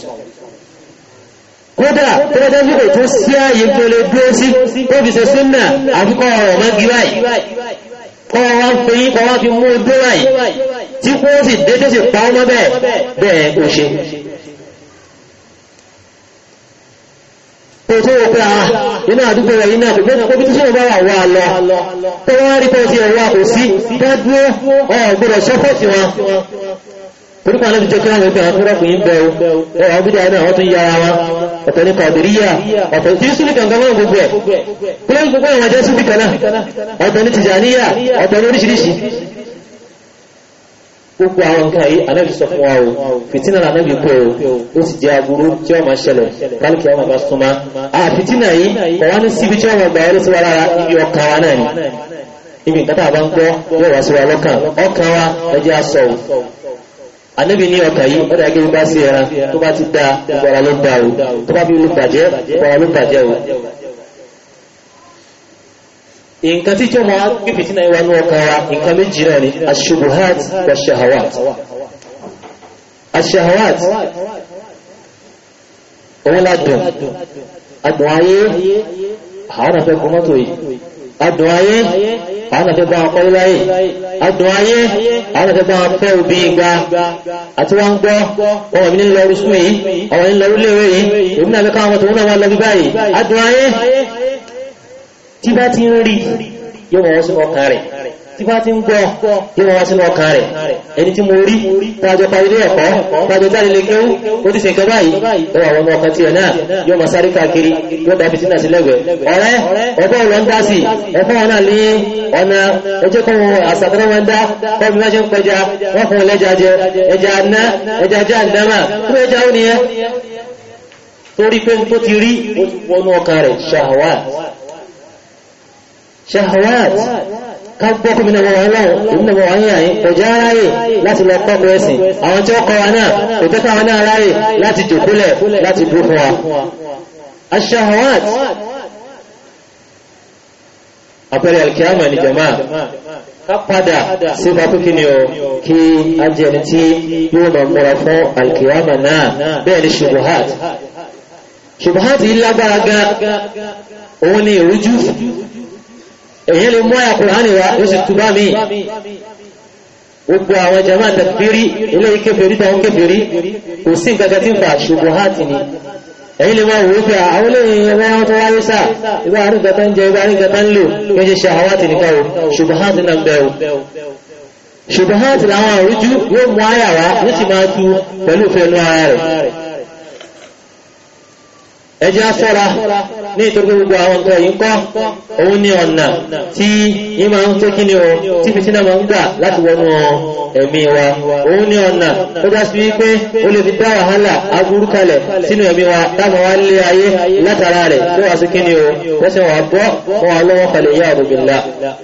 kódà tó bá kò tó sí ààyè tó lè dúró sí ó fi ṣe súnà àfikọ́ ọ̀rọ̀ mọ́gí báyìí kọ́ wá fi mú dúró báyìí tí kó sì dédé sì pa ọmọ bẹ́ẹ̀ bẹ́ẹ̀ kò ṣe kò tó wọ pé a ah, iná àdúgbò rẹ̀ iná kò gbẹ́nà kó bí tí sọ́wọ́ bá wà wà lọ tó wọ́n rí pé ó ti ẹ̀rọ kò sí tó dúró ọ̀gbọ́dọ̀ sọ́pọ̀tì wọn orúkọ anábi jẹ́ kíláàmù ìgbà àwọn ọkùnrin yìí bẹ̀rù ẹ̀rọ ọgbẹ́dẹ àná àwọn tó ń yára wọn ọ̀tọ̀ ní kọ̀dìríyà ọ̀tọ̀ tí sílì kankan wọn gbogbo ẹ̀ pé gbogbo àwọn jẹ́ sílì kan náà ọ̀tọ̀ ní tìjàníyà ọ̀tọ̀ ní oríṣiríṣi gbogbo àwọn nǹkan yìí anábì sọ fún wa o fìtínà náà anábì kọ o ó sì jẹ aburú tí wọn máa ṣẹlẹ̀ kálíkì àwọn bàbá súnmọ́ a fìtínà yìí kọ ní síbi tí wọn máa gbà ẹ lọsí rárá ibi ọkàn wa náà ni ibi nǹkan tá a bá ń gbọ́ yóò wá sí wa lọ́kàn ọkàn wa ẹjẹ aṣọ o anábì ní ọkàn yìí ọdọ akéwì bá sí ẹran tó bá ti da gbọra ló da o tó bá fi ló bàjẹ́ gbọra ló bàjẹ́ o nǹkan tí jẹ́ wọn gbé fìtínà ìwà ní ọkàn wa nǹkan méjì náà ni ashubuhat wa shahawat ashahawat òun ládùn adùn ayé àwọn afẹ́ kọ́ mọ́tò yìí adùn ayé àwọn afẹ́ bá ọkọ̀ iláyè adùn ayé àwọn afẹ́ bá ọkọ̀ òbí igba àti wọ́n ń gbọ́ ọmọ mi ní lọ rúsùn yìí ọmọ mi ní lọ rúléwé yìí òun náà fẹ́ káwọn mọ́tò òun náà wọ́n lọ bí báyìí adùn ayé tí bá ti ń rí yóò mọ̀ wọ́n sínú ọkàn rẹ̀ tí bá ti ń gbọ́ yóò mọ̀ wọ́n sínú ọkàn rẹ̀ ẹni tí mo rí tàjọ parílé ẹ̀kọ́ tàjọ jáde lè kéwú ó ti ṣèkẹ́ báyìí ó wà wọn ọkàn tiẹ̀ náà yóò mọ̀ sáré káàkiri yóò dàbí sínú àti lẹ́gbẹ̀ẹ́ ọ̀rẹ́ ọgbọ́n lọ ń dá sí ẹ̀kọ́ wọn náà ní ọ̀nà ẹjẹ́ kọ́ tó ti rí wọnú ọkàn rẹ̀ ṣàwáà shahawat ká gbọ́ kí nínú wọn ọlọ́run èyí nínú wọn yìí àyín kọjá ráyè láti lọ kọ́kọ́ ẹ̀sìn àwọn tí ó kọ́ wa náà kò tẹ́ka wọn náà ráyè láti jòkólẹ̀ láti dúró fún wa ashahawat àpẹẹrẹ alkiyama ni jama ká padà sí pàtókì ni o kí ajẹni tí yóò mọ̀ múra fún alkiyama náà bẹ́ẹ̀ ni shubuhat shubuhat yìí lágbára gan òun ni ìrújú èyí lè mọ́ àkùránì wa ó sì túbá mi gbogbo àwọn jama tàbírí ilé ìkébèrí tàwọn kébèrí kò sí gẹ́gẹ́ tí ń fa ṣùgbọ́n hàtì ni èyí lè máa wòó pé ah, àwọn olóyìn ẹgbẹ́ tó wáyé sáà ibá àrí ń jẹ ibá àrí ń lò Eji afọ́ra ní ìtorí gbogbo àwọn ọ̀tọ̀ yìí kọ́ òun ni ọ̀nà tí yí máa ń tó kí ni o tí fi sínà máa ń gbà láti wọnú ẹ̀mí wa òun ni ọ̀nà ó dá sí wípé ó lè fi dá wàhálà aburú kalẹ̀ sínú ẹ̀mí wa táwọn wá lé ayé látara rẹ̀ o wọ́n sì wà bọ́ lọ́wọ́ kalẹ̀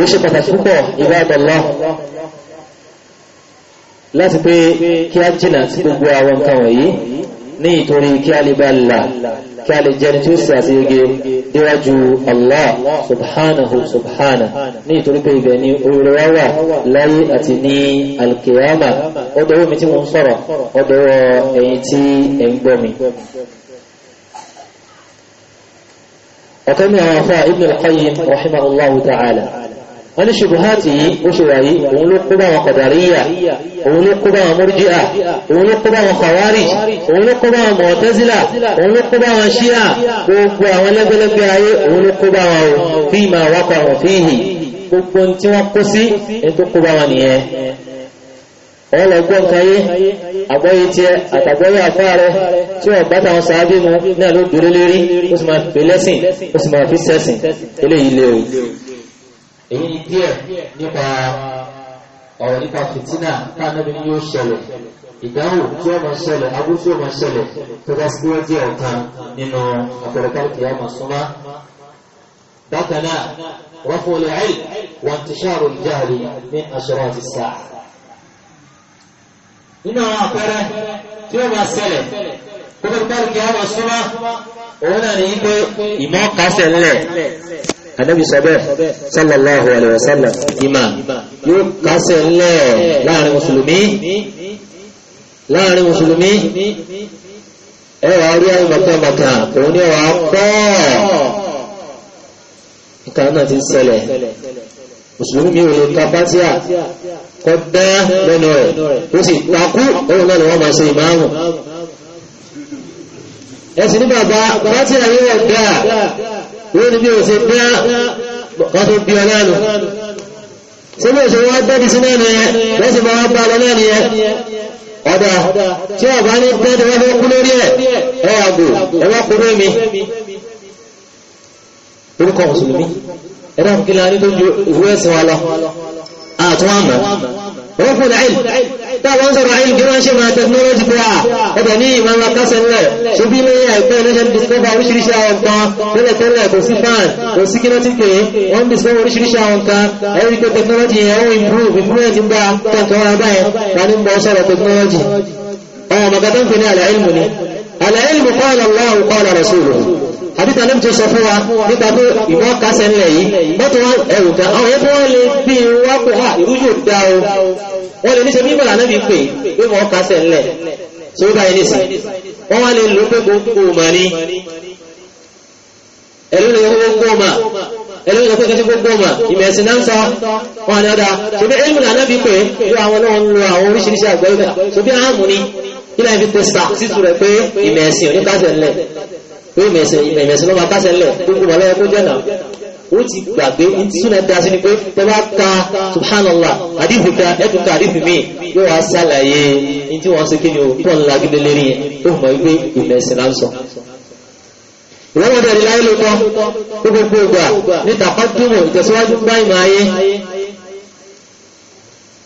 ó ṣe pàtàkì púpọ̀ ìbáàbọ̀lá láti pé kí a jìnà sí gbogbo àwọn nǹkan wọ̀nyí ní ìtorí kí a lè bá là kí a lè jẹni tí ó sì àti ege díwájú Allah subhanahu subhana ní ìtorí pé ibẹ̀ ni orílẹ̀ wà láyé àti ní alkiyama ọdọ́wọ́ mi tí mo sọ̀rọ̀ ọdọ́wọ́ ẹ̀yin tí ẹ̀ ń gbọ́ mi ọ̀kan ní àwọn afọ́ ibn al-Qayyim rahimahullahu wọ́n ní ṣubuhati yìí ó ṣe wà yìí òun ló kó bá wọn kọ̀dàríyà òun ló kó bá wọn múrjíà òun ló kó bá wọn kọ̀wárì òun ló kó bá wọn mọ̀tẹ́sílà òun ló kó bá wọn ṣíà gbogbo àwọn lẹ́gbẹ́lẹ́gbẹ́ ayé òun ló kó bá wọn fi máa wákọ̀ wọn fi hì gbogbo tí wọ́n kó sí tó kó bá wọn nìyẹn wọ́n lọ gbọ́n káyé àgbọ́yé tí àtàgbọ́yé àfáàrẹ tí wọ́n bá tàwọn sàábé mu náà ló dúró lérí ó sì máa fi lẹ́sìn ó sì máa fi sẹ́sìn eléyìí lé o èyí ni díẹ̀ nípa ọ̀rọ̀ nípa fìtínà táàbí yóò ṣẹlẹ̀ ìdáhùn tí ó máa ṣẹlẹ̀ agbó tí ó máa ṣẹlẹ̀ tó bá sí wọ́n díẹ̀ ọ̀kan nínú ọ̀pọ̀lọpọ̀ kìyàmà súnmá bákan náà rafu al-ilm wa intisharu al-jahl min ashrat as-sa'a nínú àwọn àpẹẹrẹ tí ó máa ṣẹlẹ̀ tó bá sí wọ́n díẹ̀ ọ̀kan òun náà ní pé ìmọ̀ kásẹ̀ lẹ̀ ànábì sọ bẹ́ẹ̀ sallallahu alaihi wasallam ìmà yóò kásẹ̀ ńlẹ̀ láàrin mùsùlùmí láàrin mùsùlùmí ẹwà orí àwọn mọ̀kànmọ̀kà kò ní ọ̀rọ̀ pọ̀ nǹkan náà ti ń ṣẹlẹ̀ mùsùlùmí mi ò lè ka pátíà kọ dá lẹ́nu rẹ̀ ó sì takú òun náà ni wọ́n máa ṣe ìmáàmù ẹ̀sìn ní bàbá pátíà yóò dáa wọ́n ní bí o ṣe bí á kan tó bí ọlá nù ṣé bí o ṣe wá bẹ́ẹ̀dì sí náà nìyẹn wọ́n sì máa bá lọ náà nìyẹn ọ̀dà tí ọ̀bá ní bẹ́ẹ̀dì wọ́n kú lórí ẹ̀ ẹ̀ àgbò ẹ̀ orúkọ mùsùlùmí ẹ̀dá kìlá ní ìwé ẹ̀sìn wa lọ àtúwàmọ̀ rọ́fù nàìl táwọn ń sọ̀rọ̀ àìl gíran ṣe máa tẹkinọ́lọ́jì fún wa ọ̀dọ̀ ní ìmọ̀ wa kásẹ̀ ńlẹ̀ ṣe bí ní àìpẹ́ nation discover oríṣiríṣi àwọn nǹkan tẹ́lẹ̀ tẹ́lẹ̀ kò sí fan kò sí kíná títè wọ́n discover oríṣiríṣi àwọn nǹkan ẹ̀rí pé tẹkinọ́lọ́jì yẹn ó improve improvement ń bá kankan wọn abáyẹn wọn ni ń bọ́ sọ̀rọ̀ tẹkinọ́lọ́jì ọmọ màgàdán pè ní àlẹ́ ilmù ni àlẹ́ ilmù qala Allahu qala rasuluhu àdíta ló ti sọ fún wa nípa pé ìwọ́n kásẹ̀ ńlẹ̀ yìí bọ́tọ̀ wọn ẹ̀rù kan àwọn ẹ̀fọ́ wọn lè bí wá pé à ìrú yóò dá o wọ́n lè níṣẹ́ mímọ̀ lànà bí pé pé wọ́n kásẹ̀ ńlẹ̀ tó bá yẹn níṣẹ́ wọ́n wá lè lò pé gbogbo mà ní ẹ̀rù lè gbogbo mà ẹ̀rù lè kọ́kẹ́ tí gbogbo mà ìmọ̀ ẹ̀sìn náà ń sọ wọn ni ọ̀dà ṣùgbọ́n ẹ̀rù lànà bí pé yóò àwọn ọlọ́run lo àwọn pé ìmẹ̀sẹ̀ lọ́wọ́ kásẹ̀ lẹ̀ tó kúrò lọ́wọ́ kó jẹ́nà ó ti gbàgbé súnà dá sí ni pé tẹ bá ka subhanallah àdìfìkà ẹtùkà àdìfìmí yóò wá sàlàyé ní tí wọ́n ṣe kí ni ó pọ̀ ńlá gidi lérí yẹn ó mọ̀ wípé ìmẹ̀sẹ̀ là ń sọ. ìwọ́n mọ̀ dẹ̀rí láyé ló kọ́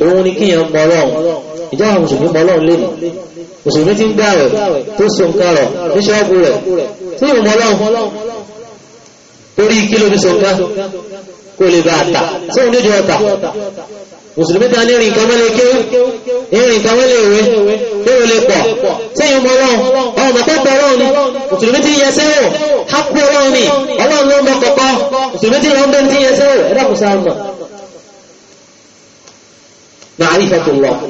òun ni kíyàn mọ ọlọ́run ìjọba mùsùlùmí mọ ọlọ́run lè ní mùsùlùmí ti ń gbà rẹ̀ tó so nǹkan rọ̀ ní ṣọ́ọ̀bù rẹ̀ tí ìwọ̀n ọlọ́run torí kí ló fi so nǹkan kó lè bá àtà tí òun níjọ ọ̀tà mùsùlùmí ta ní rìn kan mọ́lẹ̀ kéwú ìrìn kan mọ́lẹ̀ ìwé kéwú lè pọ̀ tí ìwọ̀n ọlọ́run ọmọ tó pọ̀ ọlọ́run ni mùsùlùmí ti yẹ sẹ́wọ̀ hápú ọlọ́run ni ọlọ́run ló ń bọ معرفة الله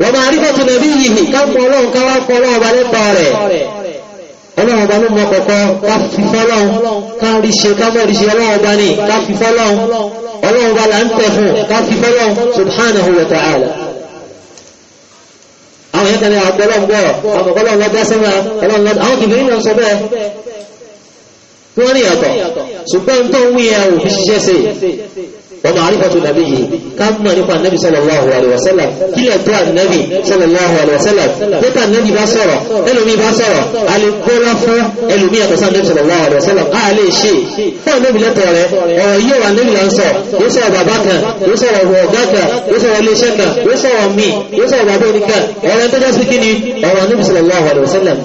ومعرفة نبيه كم فلان كم فلان بلطاره ọlọ́run ọba ló mọ kọ̀kọ́ ká fi fọ́lọ́run ká rí ṣe ká mọ̀ rí ṣe ọlọ́run ọba ní ká fi fọ́lọ́run ọlọ́run ọba là ń tẹ̀ fún ká fi fọ́lọ́run subhanahu wa ta'ala àwọn yẹn tẹ̀lé àgbọ̀lọ́gbọ̀ àkọ́kọ́lọ́ lọ́dá sẹ́wà ọlọ́run lọ́dá àwọn kìbìrì náà sọ bẹ́ẹ̀ kí wọ́n ní yàtọ̀ ṣùgbọ́n tó ń wí ẹ̀ òfin ṣiṣẹ́ sí wa ma'rifatu nabiyyi ká mọ̀ nípa nabi sallallahu alaihi wasallam kílẹ̀ tó ànábì sallallahu alaihi wasallam nípa nabi bá sọ̀rọ̀ ẹlòmí bá sọ̀rọ̀ alẹ́kọ́lá fún ẹlòmí yàtọ̀ sí alaihi wasallam á lè ṣe fún nabi lẹ́tọ̀ rẹ ọ̀rọ̀ yìí wà nabi là ń sọ yóò sọ̀rọ̀ bàbá kan yóò sọ̀rọ̀ ọ̀gá kan yóò sọ̀rọ̀ iléeṣẹ́ kan yóò sọ̀rọ̀ mi yóò sọ̀rọ̀ bàbá oníkan ọ̀rọ̀ tó jásí kí ni ọ̀rọ̀ nabi sallallahu alaihi wasallam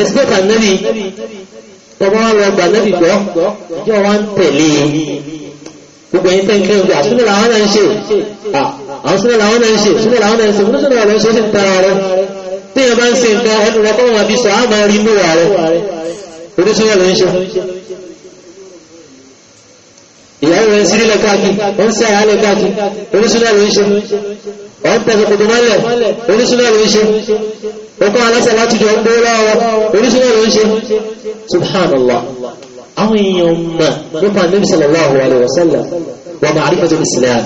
respect nabi tọmọ wọn lọ nabi gbọ́ ìjọ wa gbogbo ẹ̀yin tẹ́ǹkẹ́ ìgbà súnmọ́ làwọn náà ń ṣe àwọn súnmọ́ làwọn náà ń ṣe súnmọ́ làwọn náà ń ṣe fún súnmọ́ làwọn ṣe ń tara rẹ tí yẹn bá ń ṣe nǹkan ẹnu rẹ kọ́wọ́n àbí sọ àmọ́ rí inú rẹ oníṣúná ló ń ṣe ìyàwó rẹ ń sírílẹ̀ káàkiri ó ń sáyà lẹ̀ káàkiri oníṣúná ló ń ṣe ó ń tẹ̀sí kòtò mọ́lẹ̀ oníṣúná ló ń ṣe ó kọ́ alásà láti jọ ń gbé lọ́wọ́ oníṣúná ló ń ṣe subhanallah àwọn èèyàn mọ̀ nípa níbi sallallahu alaihi wasallam wà máa rí pẹ̀tọ́ islam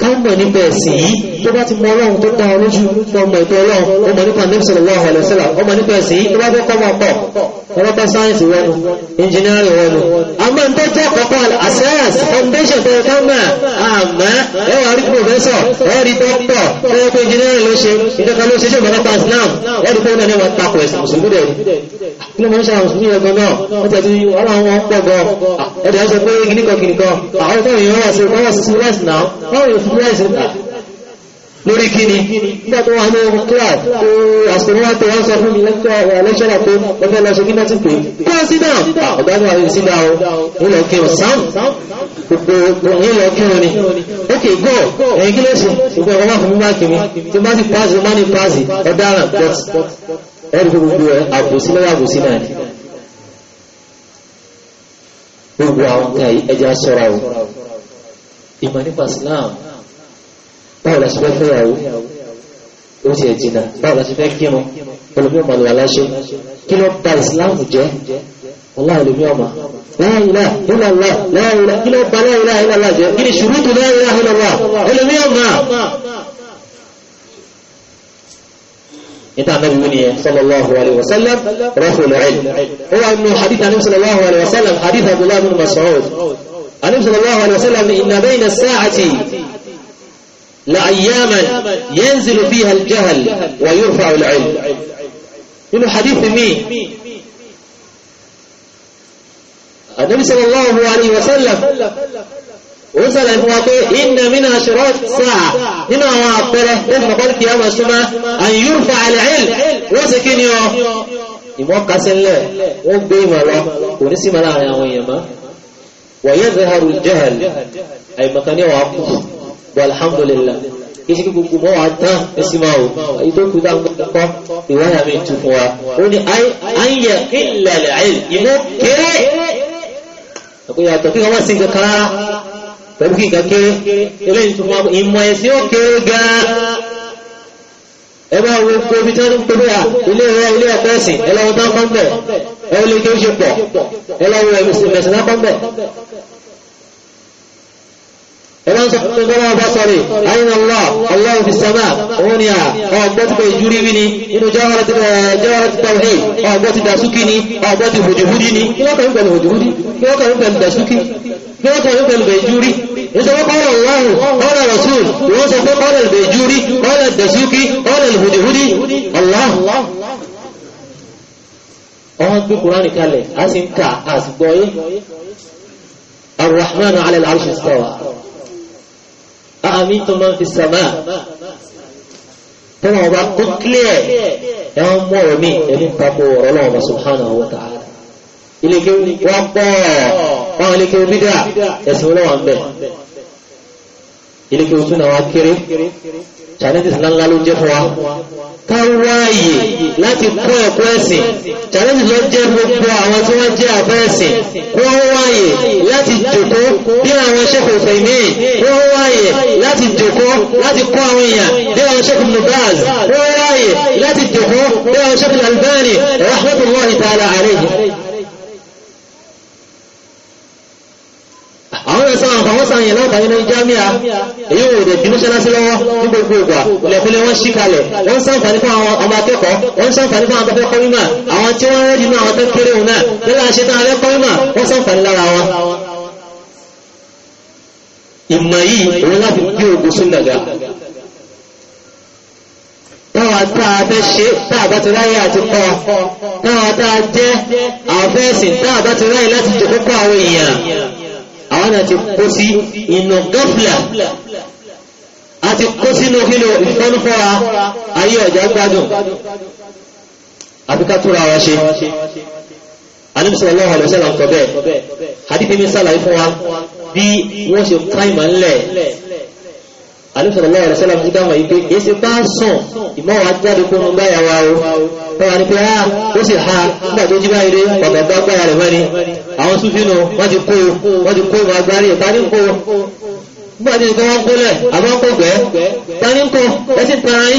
káàmọ̀ nípa ẹ̀sìn yìí tó bá ti mọ ọlọ́run tó dá ọlójú ọmọ ìtọ́ ọlọ́run ọmọ nípa níbi sallallahu alaihi wasallam ọmọ nípa ẹ̀sìn yìí tó bá fẹ́ kọ́ wọ́n bá sáyẹ́nsì wọnú engineering wọnú àmọ́ ń tó jẹ́ kọ́kọ́ assurance foundation tó ẹ̀kọ́ náà àmọ́ ẹ wà rí professor ẹ rí doctor tó ẹ̀kọ́ engineering ló ṣe ìjọba ló ṣe ṣe ìmọ̀lá pass now ẹ rí pẹ́ẹ́nà ní wọn tako ẹ̀sìn mùsùlùmí rẹ̀ kí ló máa ń ṣe àwọn mùsùlùmí ẹ̀gbọ́n náà wọ́n ti àti ọ̀rọ̀ àwọn pọ̀ gan ẹ̀dẹ̀ sọ pé lórí kíni nígbà tó wà ní class tó astronaut wọ́n sọ fún mi lẹ́kṣọ́nà pé wọ́n fẹ́ lọ ṣe kíná ti pé kọ́ sam gbogbo ní lọ ni ok go ẹ̀yìn kí ló sùn gbogbo ẹ̀kọ́ máa fún mi máa kìíní tí bá sì pàṣẹ máa ní pàṣẹ ọ̀daràn but ẹ̀rù gbogbo ẹ̀ ni gbogbo àwọn báwo la ṣe fẹ́ fẹ́yàwó ó ti ẹ̀ jìnà báwo la ṣe fẹ́ kírun olùmí ọmọ lè aláṣẹ kí ló ba ìsìláàmù jẹ́ ọlá olùmí ọmọ láàrínlá ìlàlá láàrínlá kí ló ba láàrínlá ìlàlá jẹ́ kí ni ṣùrùtù láàrínlá ìlàlá olùmí ọmọ إذا النبي مني صلى الله عليه وسلم رفع العلم هو أنه حديث النبي صلى الله عليه وسلم حديث عبد الله بن مسعود النبي صلى الله عليه وسلم إن بين الساعة لأياما ينزل فيها الجهل ويرفع العلم من حديث مين النبي صلى الله عليه وسلم وصل المواطئ إن من أشراط ساعة هنا هو أبتله قلت يا مسلمة أن يرفع العلم وسكين يوم يموقع الله وقيمة الله ونسي ملاعي أويما ويظهر الجهل أي مكان يوم alhamdulillah kìí sí gbogbo mọ́ wa tán ẹsì máa wò èyí tó kú dáa gbọ́gbọ́ ìwáyà mi tún fún wa ó ní ayẹ kí ìlẹ̀lẹ̀ ayé ìmú kéré àkóyàtọ̀ kí wọ́n sì kankan rárá pẹ̀lú kí nǹkan kéré eléyìí tún máa ìmọ̀ ẹ̀sìn ó kéré gan-an ẹ bá wo gbogbo ibi ń pèlú à ilé ẹ̀rọ ilé ẹ̀kọ́ ẹ̀sìn ẹ lọ́wọ́ tán kọ́ ń bẹ̀ ẹ wọlé kí ó ṣe pọ̀ ẹ lọ́wọ́ ẹ̀mí ẹ̀rọ sọ fún ọgbọ́n ọba sọ̀rọ̀ àyìnà lọ ọlọ́run fi sọ́mà òun ni à ọgbọ́n ti pẹ̀ ìjúrí wí ni inú jẹ́wọ́rọ̀ ti tọ́wọ́ ní ọgbọ́n ti dàsúkì ni ọgbọ́n ti hùdìhúdì ni kí wọ́n kàn ń pẹ̀lú hùdìhúdì kí wọ́n kàn ń pẹ̀lú dàsúkì kí wọ́n kàn ń pẹ̀lú bẹ̀júrí ìsọ̀rọ̀ kọ́lọ̀ ọlọ́run kọ́lọ̀ rasul wọ́n sọ pé أأمنتم من في السماء تمام بقى كنت ليه يا مؤمن يمين تقول الله سبحانه وتعالى إليك وقال قال لك بدع يسمونه عن بيه ilé kí o súnà wa kéré challenge ńlá ńlá ló jẹ́ fún wa ká wáyè láti kọ́ ẹ̀kọ́ ẹ̀sìn challenge ló jẹ́ gbogbo àwọn tí wọ́n jẹ́ àfẹ́ ẹ̀sìn wọ́n wáyè láti jòkó bí àwọn ṣẹ́kù fẹ̀mí wọ́n wáyè láti jòkó láti kọ́ àwọn èèyàn bí àwọn ṣẹ́kù mubaz wọ́n wáyè láti jòkó bí àwọn ṣẹ́kù albani rahmatullahi ta'ala alayhi èèyàn náà tàbí lórí jámíà èyí ò rẹ̀ bí mọ́ṣáláṣí lọ́wọ́ ní gbogbo ìgbà lẹ́kúnlẹ̀ wọ́n ṣí kalẹ̀ wọ́n sàǹfààní fún àwọn ọmọ akẹ́kọ̀ọ́ wọ́n sàǹfààní fún àwọn akẹ́kọ̀ọ́ kọ́mímà àwọn tí wọ́n rẹ́dì náà wọ́n kéré òun náà lọ́la àṣetán alẹ́ kọ́mímà wọ́n sàǹfààní lára wọn. ìmọ̀ yìí òun láti gbé ogun súnà ga táwa tá a fẹ́ ṣe tá a bá ti ráyè àti kọ́ táwa tá a jẹ́ àwọn tá a bá ti ráyè láti jòkó kọ́ àwọn èèyàn àwọn náà ti kó sí inú gọ́fìlà a ti kó sínú kílò ìfọ́nfọ́ra ayé ọ̀já gbádùn àbíká túra wa ṣe alẹ́bíṣẹ́ ọlọ́wọ́ alẹ́bíṣẹ́ làǹkọ̀ bẹ́ẹ̀ hadith mi sàlàyé fún wa bí wọ́n ṣe ká ńlẹ̀ àlùfọ̀rọ̀ lọ́wọ́ rẹ̀ sọ́lá fún dáwọn ìpé èsì bá sàn ìmọ̀wà jáde kó mú báyà wa o báwa ni pé á ah, ó sì ha nígbà tó jí báyìí rí ọ̀gá bá gbára rẹ̀ mọ́ni àwọn súnfínú wọ́n ti kó wọ́n ti kó ìmọ̀ agbárí ìta ní kó nígbà tí nǹkan wọ́n kólẹ̀ àbọ̀ ń kó gbẹ́ ta ní kó ẹ sì tan ayé.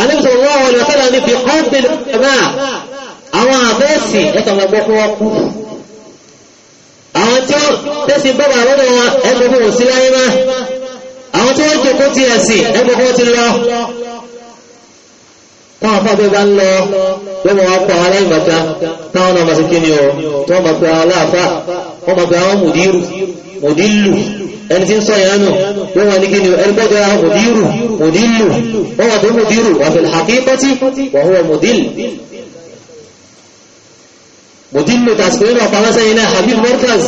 àlùfọ̀rọ̀ lọ́wọ́ rẹ̀ sọ́lá ní fi àwọn tí ó tẹ́sí bọ́bà lọ́dọ̀ wọn ẹgbẹ̀gbẹ̀ ò sí láyé má àwọn tí wọ́n jòkó ti ẹ̀sìn ẹgbẹ̀gbẹ̀ ti lọ táwọn afọ́gbẹ́ bá ń lọ lọ́mọ wọn pa aláìmọ̀ta táwọn náà masìkí ni ọ tí wọ́n máa aláàfà wọ́n máa àwọn mùdírù mùdílù ẹni tí ń sọ ìyanu wọ́n wà ní kí ni ẹni gbọ́dọ̀ mùdírù mùdílù wọ́n wà tó mùdírù wà fil haqiqati wa huwa mùdílù mùdílù tàṣírí ọ̀pá mẹ́sẹ̀ iná habib merkaz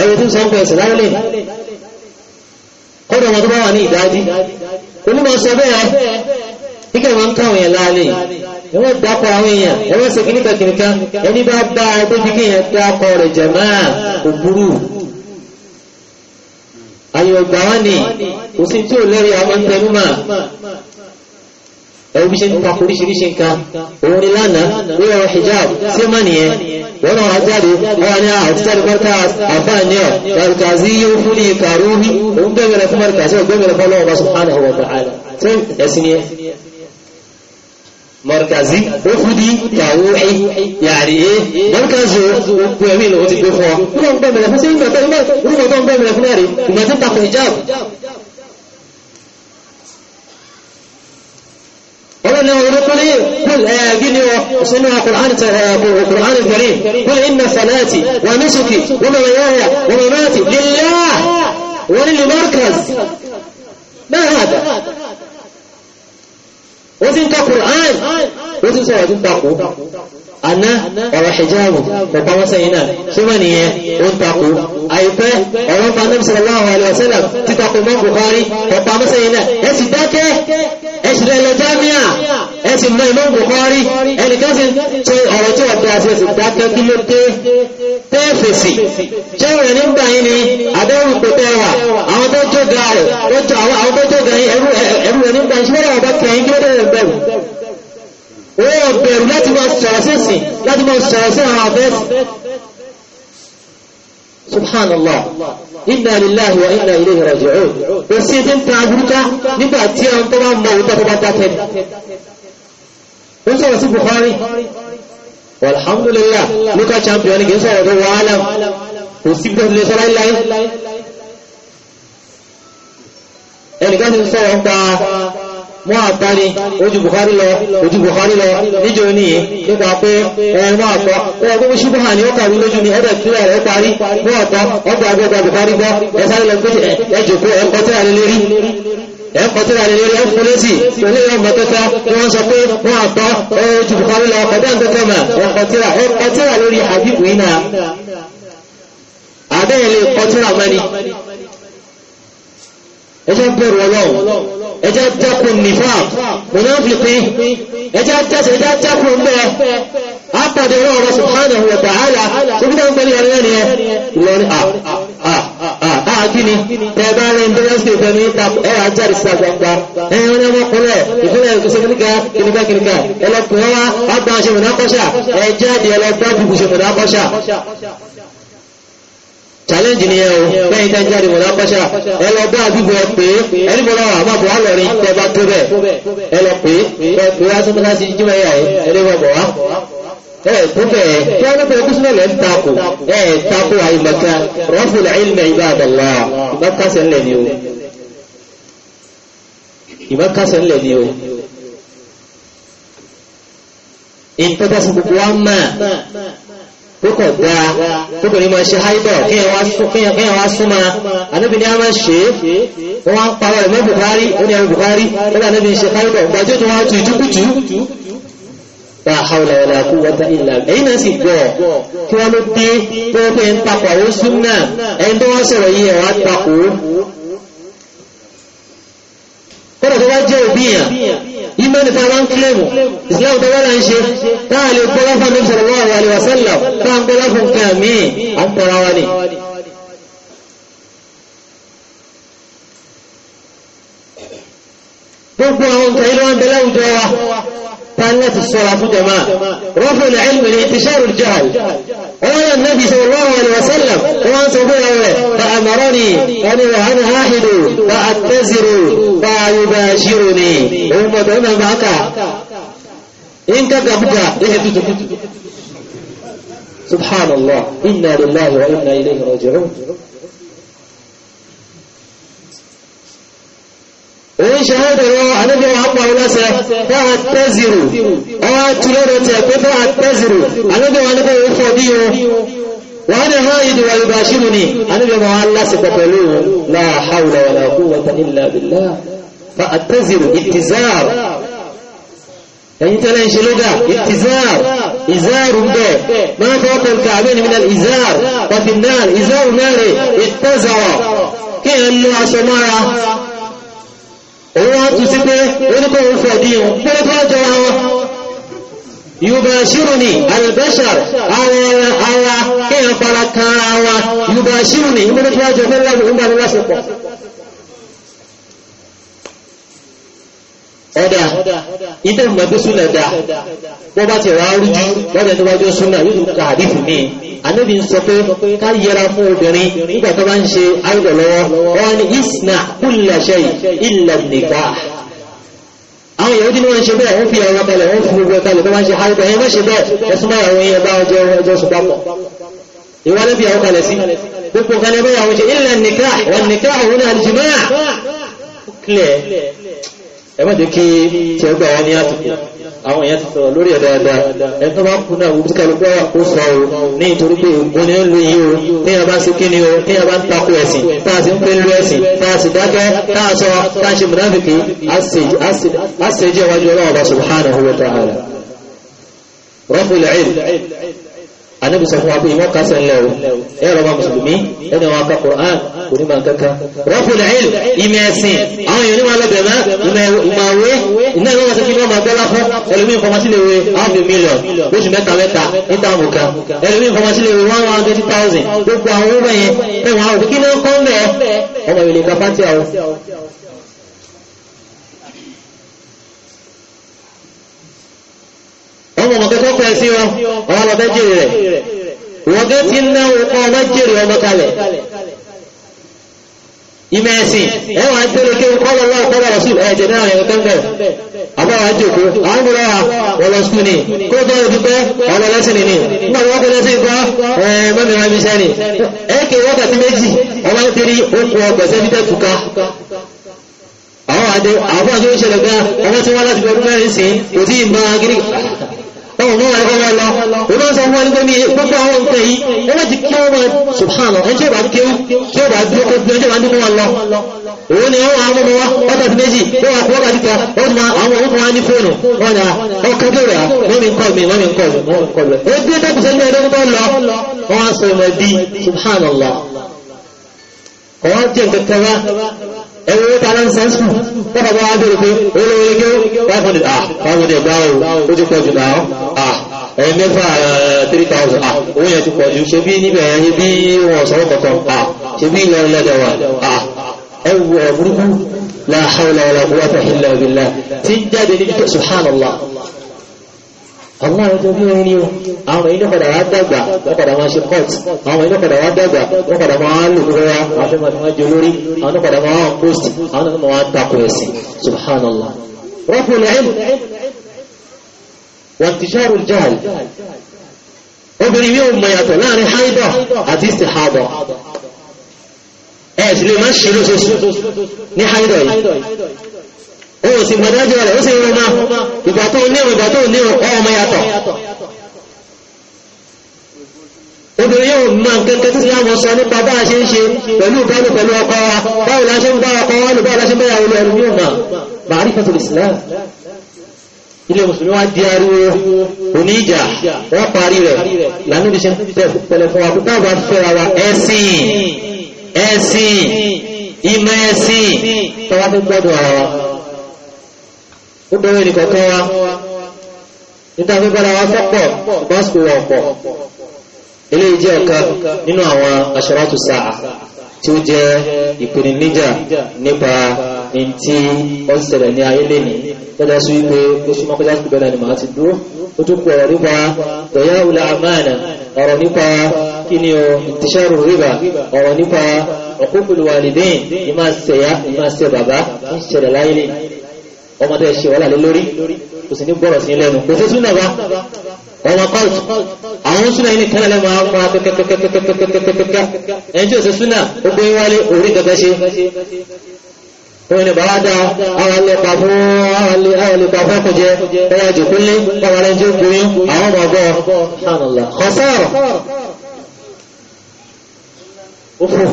ẹ̀rọ tó sọ́kọ̀ ẹ̀sìn láwọlé kọ́dọ̀ wọn tó bá wà ní ìdájí onímọ̀ sọ bẹ́ẹ̀ nígbà wọn ń káwọn yẹn láàlẹ́ ẹ̀wọ́n dákọ̀ àwọn èèyàn ẹ̀wọ́n ṣe kìnnìkà kìnnìkà ẹni bá bá ọdún bí kéèyàn dákọ̀ rẹ̀ jàmáà òbúrú àyọ̀gbà wọn ni kò sí tí ò lẹ́rìí àwọn tẹnumà ẹ̀rù bí ṣe ń takò oríṣiríṣi nǹkan òun ni lánàá ní ọ̀rọ̀ hijab sí ọmọ nìyẹn wọ́n náà jáde ọwọ́ ní ah, àtúntàdé pátá àbáníọ̀ ẹ̀rùkàzí yóò fún ní ìkàrú ní òun gbẹ̀mẹ̀rẹ̀ fún mẹ́rìkàzí ògbẹ̀mẹ̀rẹ̀ fún ọlọ́wọ́ bá subhanahu wa ta'ala tí ẹ̀sìn yẹn mọ̀rìkàzí ó fún ní ìkàrú أنه ركني قل آجلي وصلنا قرآن القرآن الكريم قل إن صلاتي ونسكي ومحياي ومماتي لله وللمركز ما هذا؟ وتنكى قرآن وتنسى وتنكى àná ọ̀rọ̀ hijabu bàbá wọn sẹ́yìn náà ṣíwọ́n nìyẹn ó ń takò àìpẹ́ ọ̀rọ̀ pa Nabi sallallahu alaihi wasallam títakò mọ́ Bukhari ọ̀pá wọn sẹ́yìn náà ẹ sì dákẹ́ ẹ sì lẹ́lọ jámíà ẹ sì mọ ìmọ̀ Bukhari ẹnìkan sì ṣe ọ̀rọ̀ tí wọ́n dáa sí ẹ sì dákẹ́ kí ló dé tẹ́ fèsì ṣé wọn nígbà yín ni àdéhùn kò tẹ́ wọ́n bẹ̀rù láti máa sọ̀rọ̀ sẹ́sìn láti máa sọ̀rọ̀ sí àwọn abẹ́sì subhanallah inna lillahi wa inna ilayhi raji'un kò sí ẹjẹ́ ń ta agbúrúká nígbà tí àwọn tó bá mọ bá dákẹ́ ni wọ́n sọ̀rọ̀ sí Bukhari ń pa mọ́ àtàrí ojú Bukhari lọ ojú Bukhari lọ níjọ ní nípa pé ẹ̀rọ mọ́ àtọ́ ẹ̀rọ gbogbo ṣubú hàn ní ó kàrí lójú ní ẹ̀rẹ̀ tí ẹ̀rẹ̀ parí mọ́ àtọ́ ọgbà agbẹ́gbà Bukhari gbọ́ ẹ̀sáré lọ pé ẹjọ́kó ẹ̀kọ́ tí a lè lérí ẹ̀kọ́ tí a lè lérí ẹ̀kọ́ lẹ́sì pẹ̀lú ọmọ tẹ́tẹ́ tí wọ́n sọ pé wọ́n àtọ́ ojú Bukhari lọ ọkọ̀ tẹ́tẹ́ mà ẹ̀kọ́ tí a lórí àbíkù yìí ẹ̀kọ́ ẹjẹ́ dẹ́kun nìfà mọ̀nàfíkì ẹjẹ́ dẹ́kun ẹjẹ́ dẹ́kun bẹ́ẹ̀ apàdé ọ̀rọ̀ subhanahu wa ta'ala tó bí dáhùn bẹ́ẹ̀ rẹ̀ rẹ̀ lọ́rin àkíní tẹ́ẹ̀bá rẹ̀ ndẹ́rẹ́sì ìfẹ́ni ìtàkù ẹ̀rọ ajáde sí àgbàgbà ẹ̀yìn wọn ọmọ ọkùnrin ìfúnlẹ̀ ìṣẹ́kìníkà kìníkà kìníkà ẹlọ́kùnrin wa ọgbà ṣe mọ̀nàkọ́ṣà ẹ̀jáde ẹlọ́gbà bùbù ṣe mọ̀nàkọ́ṣà challenge ni ẹ o lẹ́yìn tẹ́ ń jáde mọ̀lá kọ́ṣà ẹ lọ bá àdúgbò ẹ pé ẹni mọ̀lá wà má bọ̀ wá lọ́rin tẹ́ bá tó bẹ̀ ẹ lọ pé ẹ pé wá sọ́kọ́lá sí jímọ̀ ẹ̀yà ẹ ẹ lè wọ̀ bọ̀ wá. ẹ tó bẹ̀ kí wọ́n lọ́pọ̀ ẹkúsílẹ̀ lẹ́ ń takò ẹ takò àyùmọ̀ká rọ́fù làílmẹ̀ ibadallah ìmọ̀kásẹ̀ ńlẹ̀ ni o ìmọ̀kásẹ̀ ńlẹ̀ ni o ìtọ́jásí gbogbo wa máa kókò dáa kókò ní máa ṣe haibọ̀ kíyàn wá súnmọ́ anábì ní a máa ṣe wọ́n wá ń parọ́ ẹ̀mọ́ bukari ó ní ẹ̀mọ́ bukari lọ́dọ̀ anábì ṣe haibọ̀ ìgbà tí wá tu ìdúkùtù la hawla wala quwwata illa ẹ̀yin náà sì gbọ́ kí wọ́n ló dé tó ń pè ń papọ̀ àwọn súnmọ́ ẹni tó wọ́n sọ̀rọ̀ yìí ẹ̀wà papọ̀ kọ́dọ̀ tó wá jẹ́ òbí ìmọ̀ni tá a bá ń kílèmù ìsìláàmù tó wọ́n là ń ṣe tá a lè gbọ́lá fún mi sallallahu alaihi wasallam tá a ń gbọ́lá fún nǹkan mi à gbogbo àwọn nǹkan ilé wọn bẹ láwùjọ wa tá a ń láti sọ̀rọ̀ àfúnjẹ máa ilmi ni ìṣẹ́rù jahal قال النبي صلى الله عليه وسلم وأنصبوا فأمرني أن أنا أحد فأتزر فيباشرني هم دون معك إن كبك سبحان الله إنا لله وإنا إليه راجعون òun ṣàhádà lọ ànábì wa pa ọlọ́sẹ̀ bá a tẹ́zìrò ọwọ́ tí lọ́dọ̀ tẹ̀ pé bá a tẹ́zìrò ànábì wa nípa òun fọ̀ bí wọn wọ́n á dẹ̀ hàn yìí wà lùbà ṣírù ni ànábì ìzáàrù ń bẹ̀ máa fọ́ pẹ̀lú kàbẹ́ni ìzáàrù pàfin ìzáàrù mẹ́rin ìtẹ́zàwọ̀ kí ẹ̀ ń aṣọ mọ́ra òun wá tún sí pé oníkó òun fẹ́ di òun pé kọ́ jọ wọn yubashiruni albashar àwọn ara kéèyàn fara kan ara wa yubashiruni ìmúlẹ́tí wájú ọmọ ńlá ìgbàlú lásìkò ọ̀dà ìdẹ́ ìmọ̀gbé súnà dá wọ́n bá ti rà á rújú lọ́dẹ̀ tó wájú súnà yóò tún ka àdífù mi ànábì ń sọ pé ká yẹra fún obìnrin nígbà tó bá ń ṣe àìdọ̀ lọ́wọ́ wọn ni isna kulla shay illa nikah àwọn yahudi ni wọ́n ṣe bẹ́ẹ̀ wọ́n fi àwọn kalẹ̀ wọ́n fi gbogbo kalẹ̀ tó bá ń ṣe àìdọ̀ yẹn má ṣe bẹ́ẹ̀ ẹ̀sùn bá àwọn yẹn bá ọjọ́ ọjọ́ sùn papọ̀ ìwà lẹ́bi àwọn kalẹ̀ sí gbogbo kalẹ̀ bá àwọn ṣe illa nikah wan nikah ẹ̀mọ́jẹ́ kí tí ẹgbẹ́ wọn ní àtùkù àwọn èèyàn ti sọ̀rọ̀ lórí ẹ̀dá ẹ̀dá ẹni tó bá kú náà wùbí kẹlùkọ́ wà kó sọ o ní ìtorí pé ògùn ní lu yìí o ní a bá sí kí ni o ní a bá ń takò ẹ̀sìn tá a sì ń pè ń lu ẹ̀sìn tá a sì dákẹ́ tá a sọ tá a ṣe mùnáfìkì á ṣe jẹ́ wájú ọlọ́wọ́ bá subhanahu wa ta'ala rọ́pùlẹ̀ anabi sọ fún wa pé ìwọ́n ká sẹ́lẹ̀ o ẹ̀rọ wa mùsùlùmí ẹni wọn ká Qur'an kò ní máa kankan rọ́pùl ilm ìmẹ̀ ẹ̀sìn àwọn èèyàn ní wọn lọ bẹ̀rẹ̀ ìmọ̀wé iná ìwọ́n wọn sọ kí wọ́n máa bọ́lá fún ẹlòmíì fọmọsílẹ̀ wé half a million lóṣù mẹ́ta mẹ́ta níta mùkà ẹlòmíì fọmọsílẹ̀ wé one hundred twenty thousand gbogbo àwọn owó yẹn ẹ̀wọ̀n àwọn òkè kí ni ó kọ́ mẹ́ ọmọ ìlú ọmọ ọmọ kẹsọ́ pẹ́ sí wọn ọmọ ọmọ bẹ́ jèrè rẹ̀ wọ́n gẹ́ ti ń náwó kọ́ ọmọ jèrè ọmọ kalẹ̀ ìmọ̀ ẹ̀sìn ẹ̀wọ̀n àtẹ́lẹ̀ kí n kọ́ lọ́wọ́ ọ̀pọ̀lọ́ ọ̀sùn ẹ̀jẹ̀ náà ẹ̀wọ̀n tó ń bẹ̀ àbáwá jòkó àwọn ọmọ wa wọlọ sùn ni kó tó o dúpẹ́ ọlọ lẹ́sìn ni nígbà wọn kọ lẹ́sìn kọ́ ẹ̀ mọ́mìíràn ibi iṣẹ́ ni ẹ̀ kì í wákàtí méjì ọmọ ń tiri okùn ọgbẹ̀sẹ̀ bí tẹ́tùká àwọn àdé àwọn àdé ó ṣẹlẹ̀ gan ọmọ tí wọ́n láti bẹ̀rù mẹ́rin sí kò tí ì báwọn náà rẹ̀ wọ́n lọ wọ́n náà sọ fún ẹni gómi gbogbo àwọn nǹkan yìí wọ́n wọ́n ti kí wọ́n máa subhanahu ẹni tí ó bá ti kéwú tí ó bá ti kó bí ọjọ́ bá ti kó wọn lọ òun ni àwọn ọmọ wa wọ́tà ti méjì wọ́n wà kó ti kọ́ wọ́n ti àwọn ọmọ wa ní fóònù wọ́n ni ọkọ̀ ẹ̀rọ ní tàbí sẹ́ńsù wọ́n bá wá bèèrè pé olórí ike wọ́n fún ìdá ó ti pọ̀ náà ẹ̀rọ mẹ́fà three thousand owó yẹn ti pọ̀ ṣe bí níbẹ̀ ẹ̀yẹ bí wọ́n sọ̀rọ̀ kankan ṣe bí ilẹ̀ ọlọ́run tó bí rin o àwọn ilé padà wá dàgbà wọ́n padà máa ṣe court àwọn ilé padà wá dàgbà wọ́n padà máa lò lọ́wọ́ àwọn tó máa jẹ olórí àwọn tó padà máa post àwọn tó máa takò ẹ̀sìn subhanallah rọ́pò lẹ́yìn wọ́n ti ṣàrù jáàlì obìnrin yóò mọ yàtọ̀ láàrin haidọ̀ àti istihadọ̀ ẹ̀ sì lè má ṣe lóṣooṣù ní haidọ̀ yìí ó sì gbọ̀dájọ́ rẹ̀ ó sì rọ ọmọ ìgbà tó ní ìgbà tó ní ọmọ yàtọ̀ obìnrin yóò mọ kẹ́kẹ́ tí islam sọ nípa bá a ṣe ń ṣe pẹ̀lú ìbánu pẹ̀lú ọkọ wa báwo la ṣe ń bá ọkọ wa lùbáwo la ṣe ń bá ìyàwó ẹrù yóò mọ̀ bàárí fẹ́tọ̀ islam ilé mùsùlùmí wa di ariwo òní ìjà wọ́n parí rẹ̀ lànà ìṣe pẹ̀lẹ́ fún wa kó káwọn bá fẹ́ra wa ẹ̀sìn ẹ̀sìn ìmọ̀ ẹ̀sìn tọ́wọ́ tó gbọ́dọ̀ ọ̀rọ̀ ó bẹ̀rẹ̀ ẹnìkọ̀ọ̀kan wa níta fẹ́ bára wa fọ́pọ̀ bọ́sùkù wa ọ̀pọ̀ eléyìí jẹ́ ọ̀kan nínú àwọn aṣọ́rọ́tù sáà tí ó jẹ́ ìpèníjà nípa ntí ó ṣẹlẹ̀ ní ayé lẹ́ni tọ́jà sí wípé ó súnmọ́ pé lásìkò bẹ́ẹ̀ ni màá ti dúró ó tún kú ọ̀rọ̀ nípa tọ̀yá ìlà àmàna ọ̀rọ̀ nípa kí ni o ìtìṣẹ́rù rírà ọ̀rọ̀ nípa ọ̀kúkúlù wàlìdín ìmáṣẹ̀yà ìmáṣẹ̀ bàbá ń ṣẹlẹ̀ láyé lẹ́ni ọmọ tẹ́ ṣe wọ́lá lé lórí kò sì ní gbọ́rọ̀ sí lẹ́nu kò sí súnà wa ọmọ kọ́ọ̀tù àwọn súnà yìí nìkan lẹ́nu àwọn ọmọ akẹ́kẹ́kẹ́kẹ́kẹ́kẹ́kẹ́kẹ́ ẹni tí ò sí súnà ó gbé wálé orí kẹ́kẹ́ ṣe òun ni bàbá dá àwọn ilé pa fún àwọn ilé pa fún ọkùnjẹ ọwọ́ ìjòkúnlé ọwọ́ rẹ̀ jẹ́ òkúrin àwọn ọmọ ọgbọ́ ọ̀sán ọ̀rọ̀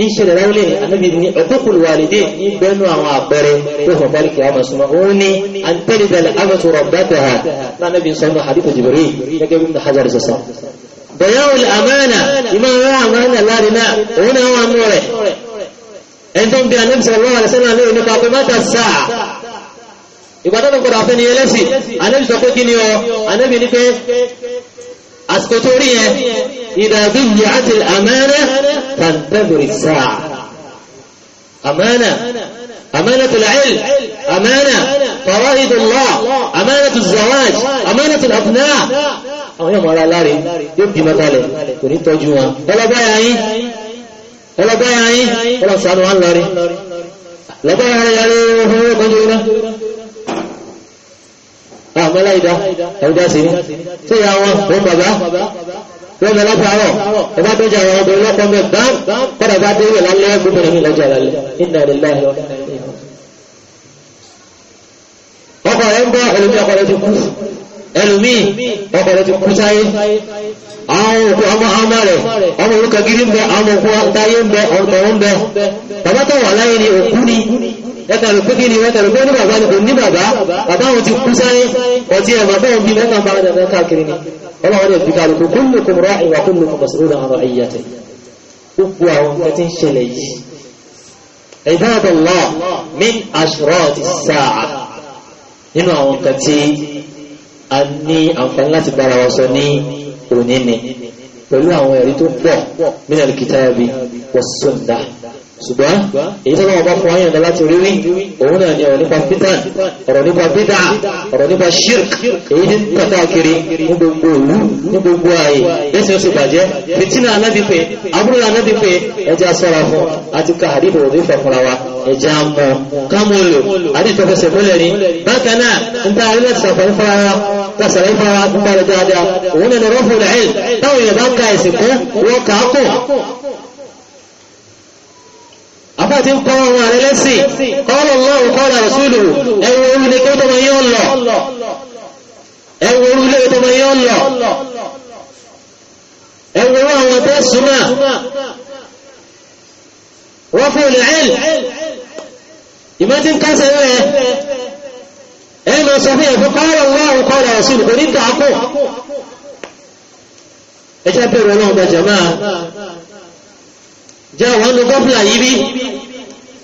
ìṣẹ̀lẹ̀ ráúlẹ̀ anábì ní ọkùnkùn wàlìdé ní bẹ́nu àwọn àpẹẹrẹ tó hàn bálìkì àmàṣùmọ̀ òun ní àntẹ́lẹ̀dẹ̀lẹ̀ agbẹ̀tọ̀rọ̀ bẹ́tẹ̀hà lánàbì sọ́nà àdíkò jìbìrì gẹ́gẹ́ bí hajar sọ́sọ́ bẹ̀yàwòlì àmàna ìmọ̀ rẹ̀ àmàna lárinà òun náà wà mú rẹ̀ ẹni tó ń bí anábì sallallahu alaihi wasallam lórí nípa pé mọ́tà àsìkò tó rí yẹn ìdàbí yìí àti àmánà tàbí sáà àmánà àmánà tó làíl àmánà tọrọ ìdùnlọ àmánà tó zawaj àmánà tó lọ́pùnà àwọn yóò mọ̀ra láre yóò bí mọ́tàlẹ̀ kò ní tọ́jú wọn ọlọ́gbáyà yín ọlọ́gbáyà yín ọlọ́sàánù wọn lọ́rí lọ́gbáyà yín ọlọ́gbáyà yín àwọn aláìdá àwùdá sí ní tí ìyá wọn wọn bàbá wọn lọ lọ́pàárọ̀ ọba tó jẹ àwọn ọmọ ọlọ́pàá mẹ́ bá kọ́dà bá dé ìwẹ̀ lálẹ́ gómìnà ní ìlàjà lálẹ́ iná rẹ̀ láàrin ọkọ̀ rẹ̀ ń bọ́ ẹlòmí ọkọ̀ rẹ̀ ti kú ẹlòmí ọkọ̀ rẹ̀ ti kú sáyé àwọn òkú ọmọ ọmọ rẹ̀ ọmọ orúkọ gírí ń bẹ àwọn òkú táyé ń bẹ ọ̀rọ̀ ń bẹ bàbá tó wà láyé ni òkú ni ẹ̀tàrù pé kí ni ẹ̀tàrù pé ní bàbá ni kò ní bàbá bàbá wọn ti kú sáyé ọtí ẹ̀mà fẹ́ òbí mẹ́ta bá rẹ̀ rẹ̀ káàkiri ni ọlọ́wọ́ rẹ̀ bí kálukú kullukum ra'in wa kullukum mas'ulun 'an ra'iyyatihi ó pu àwọn nǹkan tí ń ṣẹlẹ̀ yìí ibadallah min ashrati sa'a nínú àwọn nǹkan tí a ní àǹfààní láti bára wa sọ ní òní ni pẹ̀lú àwọn ẹ̀rí tó pọ̀ min al-kitabi was-sunnah ṣùgbọ́n èyí tó lọ́wọ́ bá fún ayé ẹ̀dá láti rírí òun náà ni ọ̀rọ̀ nípa fitan ọ̀rọ̀ nípa bídà ọ̀rọ̀ nípa shirk èyí ní tàtà kiri ní gbogbo òwú ní gbogbo ààyè lẹ́sìn oṣù bàjẹ́ fitina anábìpẹ́ àbúrò anábìpẹ́ ẹja sọ́ra fún àti ká àdìbò òbí fọ̀fúnra wa ẹja mọ̀ kámúlò àdìtọ̀fẹsẹ̀ múlẹ̀ ni bákan náà ń ta ilé ṣàfẹ́ fúnra wa kásàrẹ́ fúnra wa ń bá lọ dáadáa òun náà ni rọ́fù àfáàtí ń kọ́ ọmọ rẹ lẹ́sìn kọ́ọ̀lọ́ lọ́wọ́ kọ́ọ̀lọ́ rasúlù ẹwọ orúlé kí ọmọ yẹn lọ ẹwọ orúlé kí ọmọ yẹn lọ ẹwọ orú àwọn tẹ́ súnmọ́ wọ́n fún ilẹ̀ ẹ̀l ìmọ̀ tí ń kásẹ̀ rẹ̀ ẹ̀ lọ sọ fún ẹ̀fọ́ kọ́ọ̀lọ́ lọ́wọ́ kọ́ọ̀lọ́ rasúlù kò ní tààkù ẹjẹ́ bẹ̀rẹ̀ náà gbajàmá jẹ́ àwọn ọdún gọ́fìlà yìí bí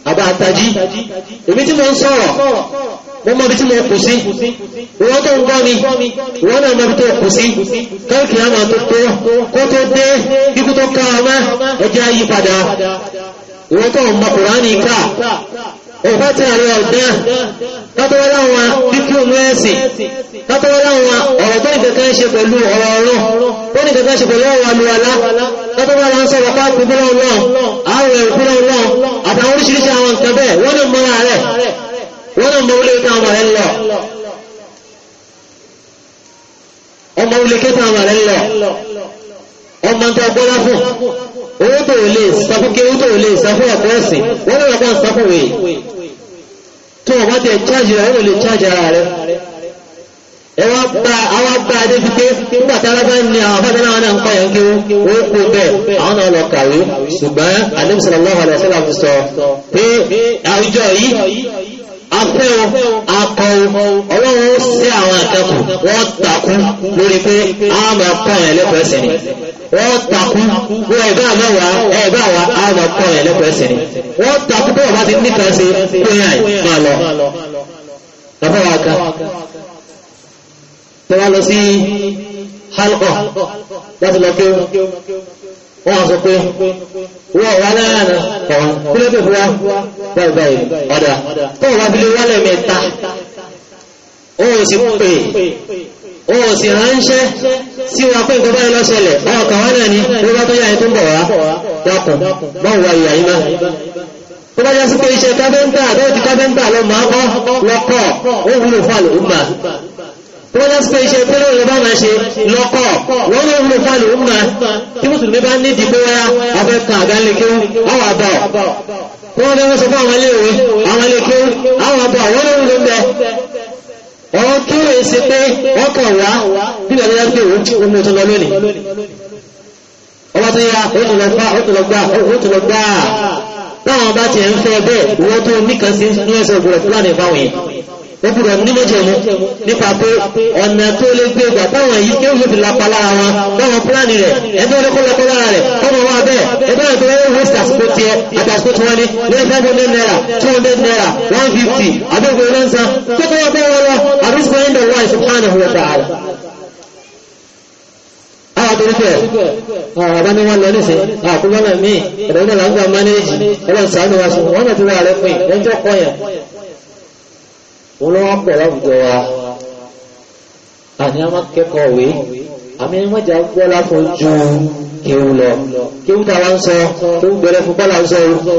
àbá àtají èmi tí mo ń sọ̀rọ̀ wọ́n mọ̀ bí tí mo kù sí wọ́n tó ń gbọ́ mi wọ́n náà mọ̀ bí tó kù sí káàkì àmà tó tó kó tó dé ikú tó ká ọmọ ẹjẹ́ ayé padà wọ́n tó mọ̀ kùránì ká ọ̀pá tí àwọn ọ̀dá látọwọ́lá wọn kíkí òun ẹ̀sìn látọwọ́lá wọn ọ̀rọ̀ tó nìkankan ṣe pẹ̀lú ọ̀rọ̀ ọ̀rọ̀ tó nìkankan ṣe pẹ̀lú ọ̀rọ̀ alúwalá tọ́tọ́ bá wọn sọ̀rọ̀ pa kúndúrọ̀ náà àwọn ìkúrọ̀ náà àtàwọn oríṣiríṣi àwọn nǹkan bẹ́ẹ̀ wọ́n lè mọ ara rẹ̀ wọ́n lè mọ ilé ìta ọmọ rẹ̀ lọ. ọmọ ilé kẹta ọmọ rẹ̀ lọ ọmọ tó gbọ́dá fún owó tó lè sọ́kún kí owó tó lè sọ́kún ọ̀pọ̀ ẹ̀sìn wọ́n lè wọ́n kọ́ sọ́kún wèé tó ọmọ tẹ̀ chájì rẹ̀ wọ́n lè chájì ara rẹ̀ ẹwà gba àwọn gba adébí pé nígbà tí alábá ní àwọn afẹ́fẹ́ náà náà ń kọ́ yẹn kí ó kó bẹ́ẹ̀ àwọn náà lọ kàwé ṣùgbọ́n alẹ́bùsọ̀lọ́wọ́ alẹ́sọ́lá fi sọ pé àwùjọ yìí afẹ́ o akọ o ọlọ́run sí àwọn àtakù wọ́n takú lórí pé àwọn máa kọ́ yẹn lẹ́kọ̀ọ́ ẹ̀sẹ̀ ni wọ́n takú wọ́n ẹ̀bá mẹ́wàá ẹ̀bá wa àwọn máa kọ́ yẹn lẹ́kọ̀ọ́ ni wọ́n takú bí wọ́n bá ti níkan ṣe pé àì máa lọ tọ́wá lọ sí halkọ̀ láti lọ kéwọ́ wọ́n wá sọ pé wọ́n wá láàánà ọ̀hún kí ló dé fún wa báyìí báyìí ọ̀dà tó wá fi lè wálẹ̀ mẹ́ta ó sì pè ó sì ránṣẹ́ sí wa pé nǹkan báyìí lọ ṣẹlẹ̀ ọ̀hún kan wá náà ni bí wọ́n tó yá ẹni tó ń bọ̀ wá dákun báwo wá ìyá yìí tó bá yá sí pé iṣẹ́ kábẹ́ńtà àbẹ́ẹ̀dì kábẹ́ńtà lọ máa kọ́ lọ́kọ̀ ó wúlò fún àlòkù máa wọ́n lẹ́ pé iṣẹ́ pẹ́lú na bá máa ṣe lọ́kọ̀ wọ́n ló wúlò fáàlì ó máa tí mùsùlùmí bá ní ìdìbò wáyá afẹ́ kan àgálẹ̀ kí wọ́n wà sọ fún àwọn iléèwé àwọn iléèké àwọn wọ́n ló kí ṣe pé wá bí yá pé òun mú ọba tó yá ó tún lọ gbá ó tún lọ ó gbúdọ̀ ní méjèèmú nípa pé ọ̀nà tó lè gbé ìgbà táwọn èyí kí ó fi lápá lára wọn báwọn pílánì rẹ̀ ẹgbẹ́ ọlọ́kọ́lọ́kọ́ lára rẹ̀ ọmọ wa bẹ́ẹ̀ ẹgbẹ́ ọ̀tọ́ wọ́n wọ́n ṣe àsìkò tiẹ̀ àtàsìkò tí wọ́n ní ní five hundred naira two hundred naira one fifty àbẹ́gbẹ́ ọ̀rẹ́ ń san tó kọ́ wọn bẹ́ẹ̀ wọ́n lọ àbísí wọn ń dọ̀ wọ́n subhanahu wa ta'ala àtòrífẹ́ ọ̀rọ̀dá ní wọ́n lọ ní sí àkúgbọ́nà míì ẹ̀rọ náà lágbà mánéjì ọlọ́sàn-án ni wọ́n ti wà rẹ̀ pín ẹjọ́ kọyàn wọn lọ́wọ́ pọ̀ láwùjọ wa àní a máa kẹ́kọ̀ọ́ òwe àmì ẹ̀mọ́jà gbọ́ láfún ju kéwù lọ kéwù tá a wá ń sọ kéwù gbẹrẹ fún bọ́lá ń sọ o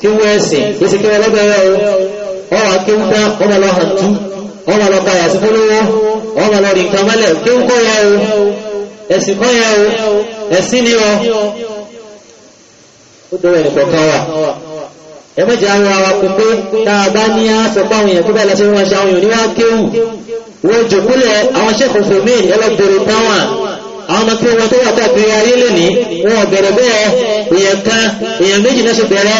kéwù ẹ̀sìn èsì kéwù ọlọ́gbẹ̀rẹ̀ o ọ̀rọ̀ kéwù dá ọmọ lọ hàn tú ọmọ lọ bá yàtí fúnlọ́wọ́ ọmọ lọ rí nǹkan mọ́lẹ̀ kéwù kọ́ yà o ẹ̀sìn kọ́ yà o ẹ̀sìn ni ọ ó dọ̀rọ̀ ẹ̀nìkọ̀ọ̀kan wà ẹmọ́jẹ́ àwọn awakọ̀ pé táa bá ní á sọ pé àwọn èèyàn tó bá lọ́sẹ̀ wọn ṣe àwọn èèyàn níwá kéwù wọ́n jòkúlẹ̀ àwọn ṣẹ́kùn fòmíìn ẹlọ́gbẹ̀rẹ̀ táwọn àwọn ọmọ tí wọ́n tó wà káàkiri ayé lónìí wọn ò bẹ̀rẹ̀ bẹ́ẹ̀ èèyàn kan èèyàn méjì náà ṣe bẹ̀rẹ̀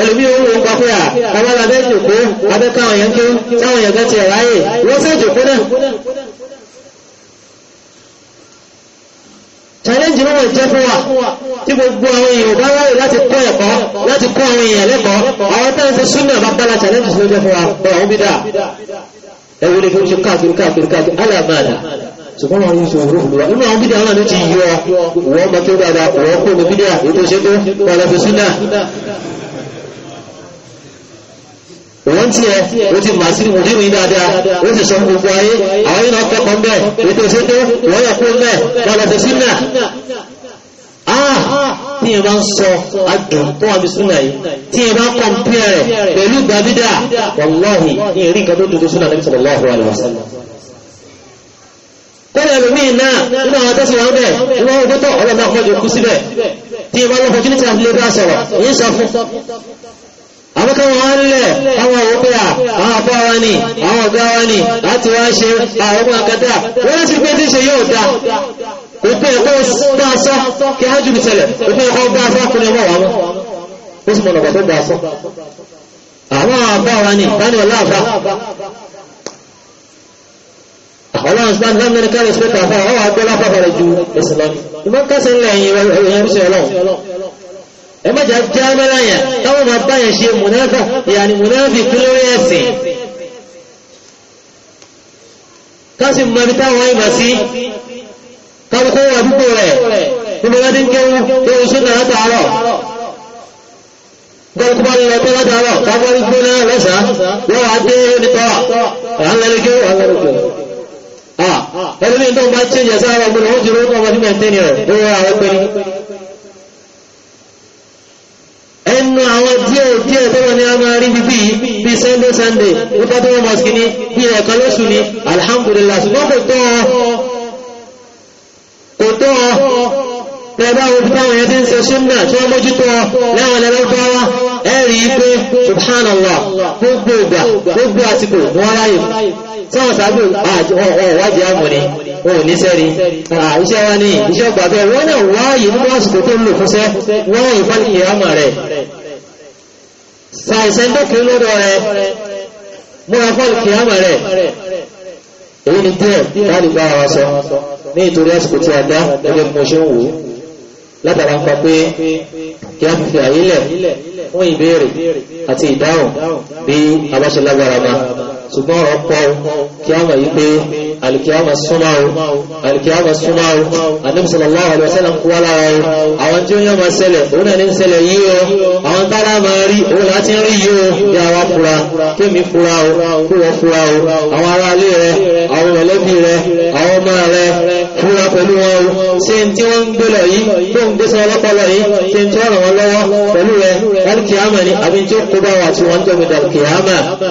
ẹlòmí owó ń gbapò à abala abẹ́ jòkó abẹ́ káwọn challenge ló wọ́n jẹ́ fún wa tí gbogbo àwọn èèyàn bá ráyè láti kọ́ ẹ̀kọ́ láti kọ́ àwọn èèyàn lẹ́kọ̀ọ́ àwọn tẹ́lẹ̀ ti súnmọ̀ bá bá la challenge ló jẹ́ fún wa bọ̀ àwọn bídà ẹ̀wù lè fi ń ṣe káàkiri káàkiri káàkiri alábàdà ṣùgbọ́n wọn yóò sọ òwúrò fún wa nínú àwọn bídà náà ló ti yọ wọ́n mọ kí ó dáadáa wọ́n kó ní bídà ètò ìṣẹ́kọ́ òun tí ẹ o ti máa sí ìwòrí mi dáadáa o ti sọ gbogbo ayé àwọn yìí náà kẹ́kọ̀ọ́ mbẹ́ ètò ìṣètò wọ́n yẹ kó mbẹ́ lọ́lọ́sẹ̀ sí náà ah tí yẹn bá ń sọ àdùn tó wà bíi súnà yìí tí yẹn bá kọ̀m̀pìà rẹ̀ pẹ̀lú gbàbídà wàláhì ní ìrí nǹkan tó dodo súnà níbi sallallahu alaihi wasallam kọ́lẹ̀ lómi náà nínú àwọn tẹ́sí wọn bẹ́ẹ̀ ìwọ́n ò gbẹ́tọ̀ ọlọ́mọ àkọ́jọ kú síbẹ̀ tí yẹn bá lọ́kọ̀ọ́ kí ní sọ̀rọ̀ èyí sọ fún àwọn kan wọ́n ń lẹ̀ àwọn òwúpẹ́à àwọn àbá wa ni àwọn ọ̀gá wa ni láti wá ṣe àwọn ọmọ akẹta wọ́n sì pé tí ṣe yóò dá kò pé ẹ̀kọ́ bá a sọ kí á jù ìṣẹ̀lẹ̀ kò pé ẹ̀kọ́ bá a sọ kúnlẹ̀ wọ̀ wọ́n ó sì mọ̀nà tó bá a sọ. àwọn àbá wa ni bá ní ọ̀la àbá ọlọ́run ṣùgbọ́n ní lọ́mọdé kẹ́rẹ́ sí pé kàfà ọ̀hún àgbẹ̀ lápapọ̀ rẹ̀ ju ẹ̀sìn lọ́nà ìmọ̀ kásẹ̀ ńlẹ̀ ẹ̀yìn ẹ̀rú ẹ má jà jámẹ́lá yẹn káwọn máa bá yẹn ṣe mùnáfà ìyàní mùnáfì kí lórí ẹ̀sìn káṣí mọbi táwọn ìmọ̀ sí kálukú wọn àdúgbò rẹ̀ nínú wọn ti ń kéwú kéwú sódà látàárọ̀ gbọ́dọ̀ bá lọ tọ́ látàárọ̀ kábọ́rí gbóná lọ́sàá wọ́n wá dé nítọ́ à ń lẹ́nu kéwú à ń lẹ́nu kéwú. ẹni ní ìtọ́ bá ń ṣe ìyẹ̀sán àwọn ti rọ́ọ̀kọ́ ọmọdé mẹ́tẹ́ni rẹ̀ lórí ẹnu àwọn díẹ̀ díẹ̀ tọ́rọ ní a máa rí bíbí bí sunday sunday nípa tó wọ́n mọ̀sí ní bí ẹ̀kan lóṣù ní alhamdulillah ṣùgbọ́n kò tọ́ kò tọ́ tẹ́bá òbí táwọn ẹ̀ tí ń ṣe súnmà tí wọ́n mójútó láwọn subhanallah gbogbo ìgbà gbogbo àsìkò sáwọn sáájú ah, ọ̀wádìí àmúni o ní sẹ́ni ah, iṣẹ́ wá ní iṣẹ́ gbàgbẹ́ wọ́n náà wá yìí mú àsìkò tó lò fúnṣẹ́ wọ́n yìí fún ìyàmà rẹ̀ sàìsẹ́ látara ń pa pé kí a fi àyílẹ̀ fún ìbéèrè àti ìdáhùn bí abáṣe lágbára ṣùgbọ́n ọ̀rọ̀ pọ̀ kí ọmọ yìí pé alìkìyàmà súnmáwò alìkìyàmà súnmáwò anẹ́bùsọ̀lọ́wọ́ alẹ́sẹ̀lẹ̀ kú alára o àwọn tí ó yẹ́ máa ṣẹlẹ̀ òun náà ní ń ṣẹlẹ̀ yí o àwọn tára máa rí òun láti rí yí o bí àwa fura kémi fura o kó wọ́n fura o àwọn ará ilé rẹ àwọn mọ̀lẹ́bí rẹ àwọn ọmọ rẹ fura pẹ̀lú wọn o ṣé n tí wọ́n ń gbé lọ yìí tó ń gbéṣẹ́ ọlọ́pọ̀lọ́ yìí ṣé n tí wọ́n ràn wọ́n lọ́wọ́ pẹ̀lú rẹ alìkìyàmà ni àbí tí ó kó bá wà tí wọ́n ń jọ́ mi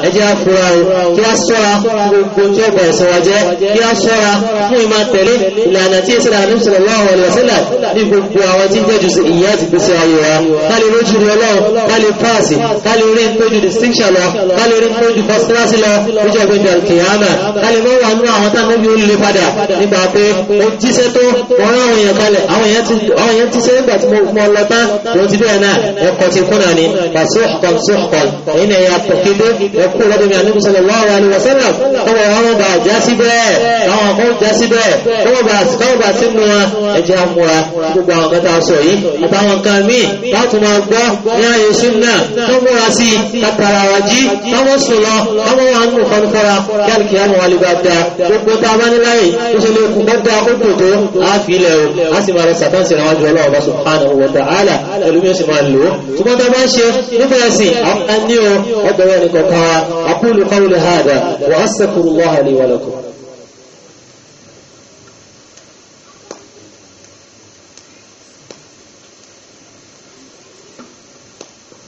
ẹ jẹ́ àfura o kí á sọ́ra gbogbo tí ó bọ̀ ẹ̀sẹ̀ wa jẹ́ kí a ṣọ́ra fún ìmá tẹ̀lé ìlànà tí ìsìnà àdúgbò sallallahu alaihi wasallam ní gbogbo àwọn tí jẹ́jù sí ìyá ti gbèsè ayé wa kálí lójú rí ọlọ́run kálí páàsì kálí orí tójú distinction lọ kálí orí tójú first class lọ lójú ọgbẹ́ ìjọ kìyàmà kálí mọ́ wà nínú àwọn tá níbi olùlé padà nígbà pé ó jíṣẹ́ tó wọ́n rán àwọn èèyàn kalẹ̀ àwọn èèyàn ti ṣe nígbà tí mo lọ tán mo ti bẹ́ẹ̀ náà ẹ̀kọ́ ti kúnà ni pàṣípàkọ̀ ṣípàkọ̀ ẹ̀yìn ẹ̀yà pọ̀kédé ẹ̀kú lọ́dọ̀ mi àníkùsọ̀lọ́wọ́ àwọn àlùwọ̀sẹ́lẹ̀ ọwọ́ àwọn ọba àjásí bẹ́ẹ̀ káwọn kó já síbẹ̀ káwọn bá káwọn bá sí nu wọn ẹjẹ́ amúra gbogbo àwọn kan tá a sọ yìí àtàwọn kan míì wọ́n tún máa gbọ́ ní ààyè súnà tó múra sí i kàtàrà wá jí káwọn sùn lọ káwọn wà nù kọ́nukọ́ra yálì kí àwọn alìgbà da gbogbo tá a bá níláyè ó ṣe lè kú kọ́ta ó dùn tó ilẹ̀ o á sì máa lọ sàtọ́sì náà wájú ọlọ́run bá subhanahu wa ta'ala ẹlòmíràn sì máa lò ó ṣùgbọ́n tá a bá ń ṣe nípa ẹ̀sìn àwọn ẹni o ọgbẹ̀rẹ̀ nìkan kan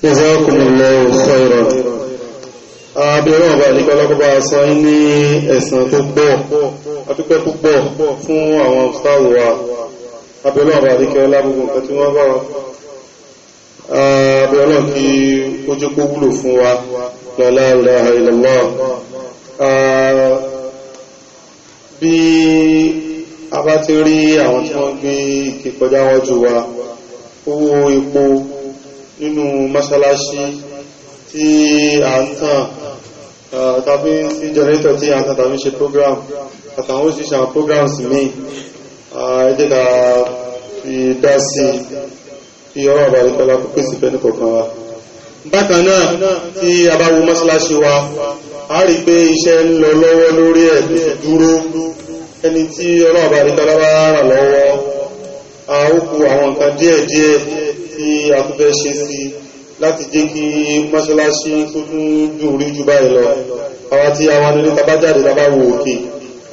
Jazakumullahu khairan abẹ́rẹ́ ọ̀bá ìdíkọ́lọ́gbọ́bá sọ ní ẹ̀sàn tó pọ̀ adúpẹ́ púpọ̀ fún àwọn ọ̀sáwọ̀wà abẹ́rẹ́ ọ̀bá ìdíkọ́lá gbogbo nǹkan tí wọ́n bá wà abẹ́rẹ́ kí ó jẹ́ kó wúlò fún wa la ilaha illallah bí a bá nínú masalasi tí a ń tàn tàbí tí jẹ́rẹ́tọ̀ tí a ń tàn tàbí ṣe program àtàwọn òṣìṣẹ́ àwọn programs mi ẹjẹ́ta fi dá sí kí ọlọ́ àbáríkọlá kó pèsè fẹ́ nìkọ̀ọ̀kan wa bákan náà tí a bá wo mọ́sálásí wa a rí pé iṣẹ́ ń lọ lọ́wọ́ lórí ẹ̀ dúró ẹni tí ọlọ́ àbáríkọlá bá rà lọ́wọ́ a ó kú àwọn nǹkan díẹ̀díẹ̀ tí a tún fẹ́ ṣe sí láti jẹ́ kí mọ́ṣáláṣí tó tún jù rí jù báyìí lọ àwa tí a wà nílé tàbá jáde tàbá wò òkè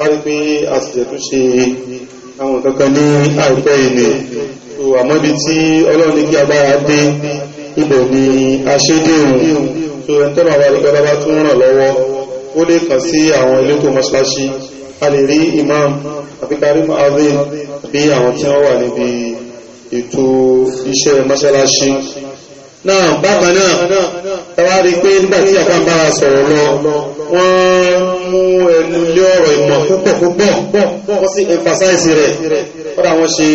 a rí pé a sì jẹ́ tún ṣe àwọn kankan ní àìpẹ́ ìlú tó àmọ́ ibi tí ọlọ́run ní kí agbára dé ibẹ̀ ni a ṣe dé òun tó ẹni tọ́nà àwọn àrígbàdá bá tún ràn lọ́wọ́ ó lè kàn sí àwọn ilé tó mọ́ṣáláṣí a lè rí imam àbíkárí mọ́ àbí àwọn tí wọ́n wà níbi ètò iṣẹ́ mọ́ṣáláṣí náà bákan náà ẹ wá rí i pé nígbà tí àpá ń bá wa sọ̀rọ̀ lọ wọ́n mú ẹnu lé ọ̀rọ̀ ìmọ̀ púpọ̀ púpọ̀ wọ́n sì emphasize rẹ̀ kọ́dà wọ́n ṣe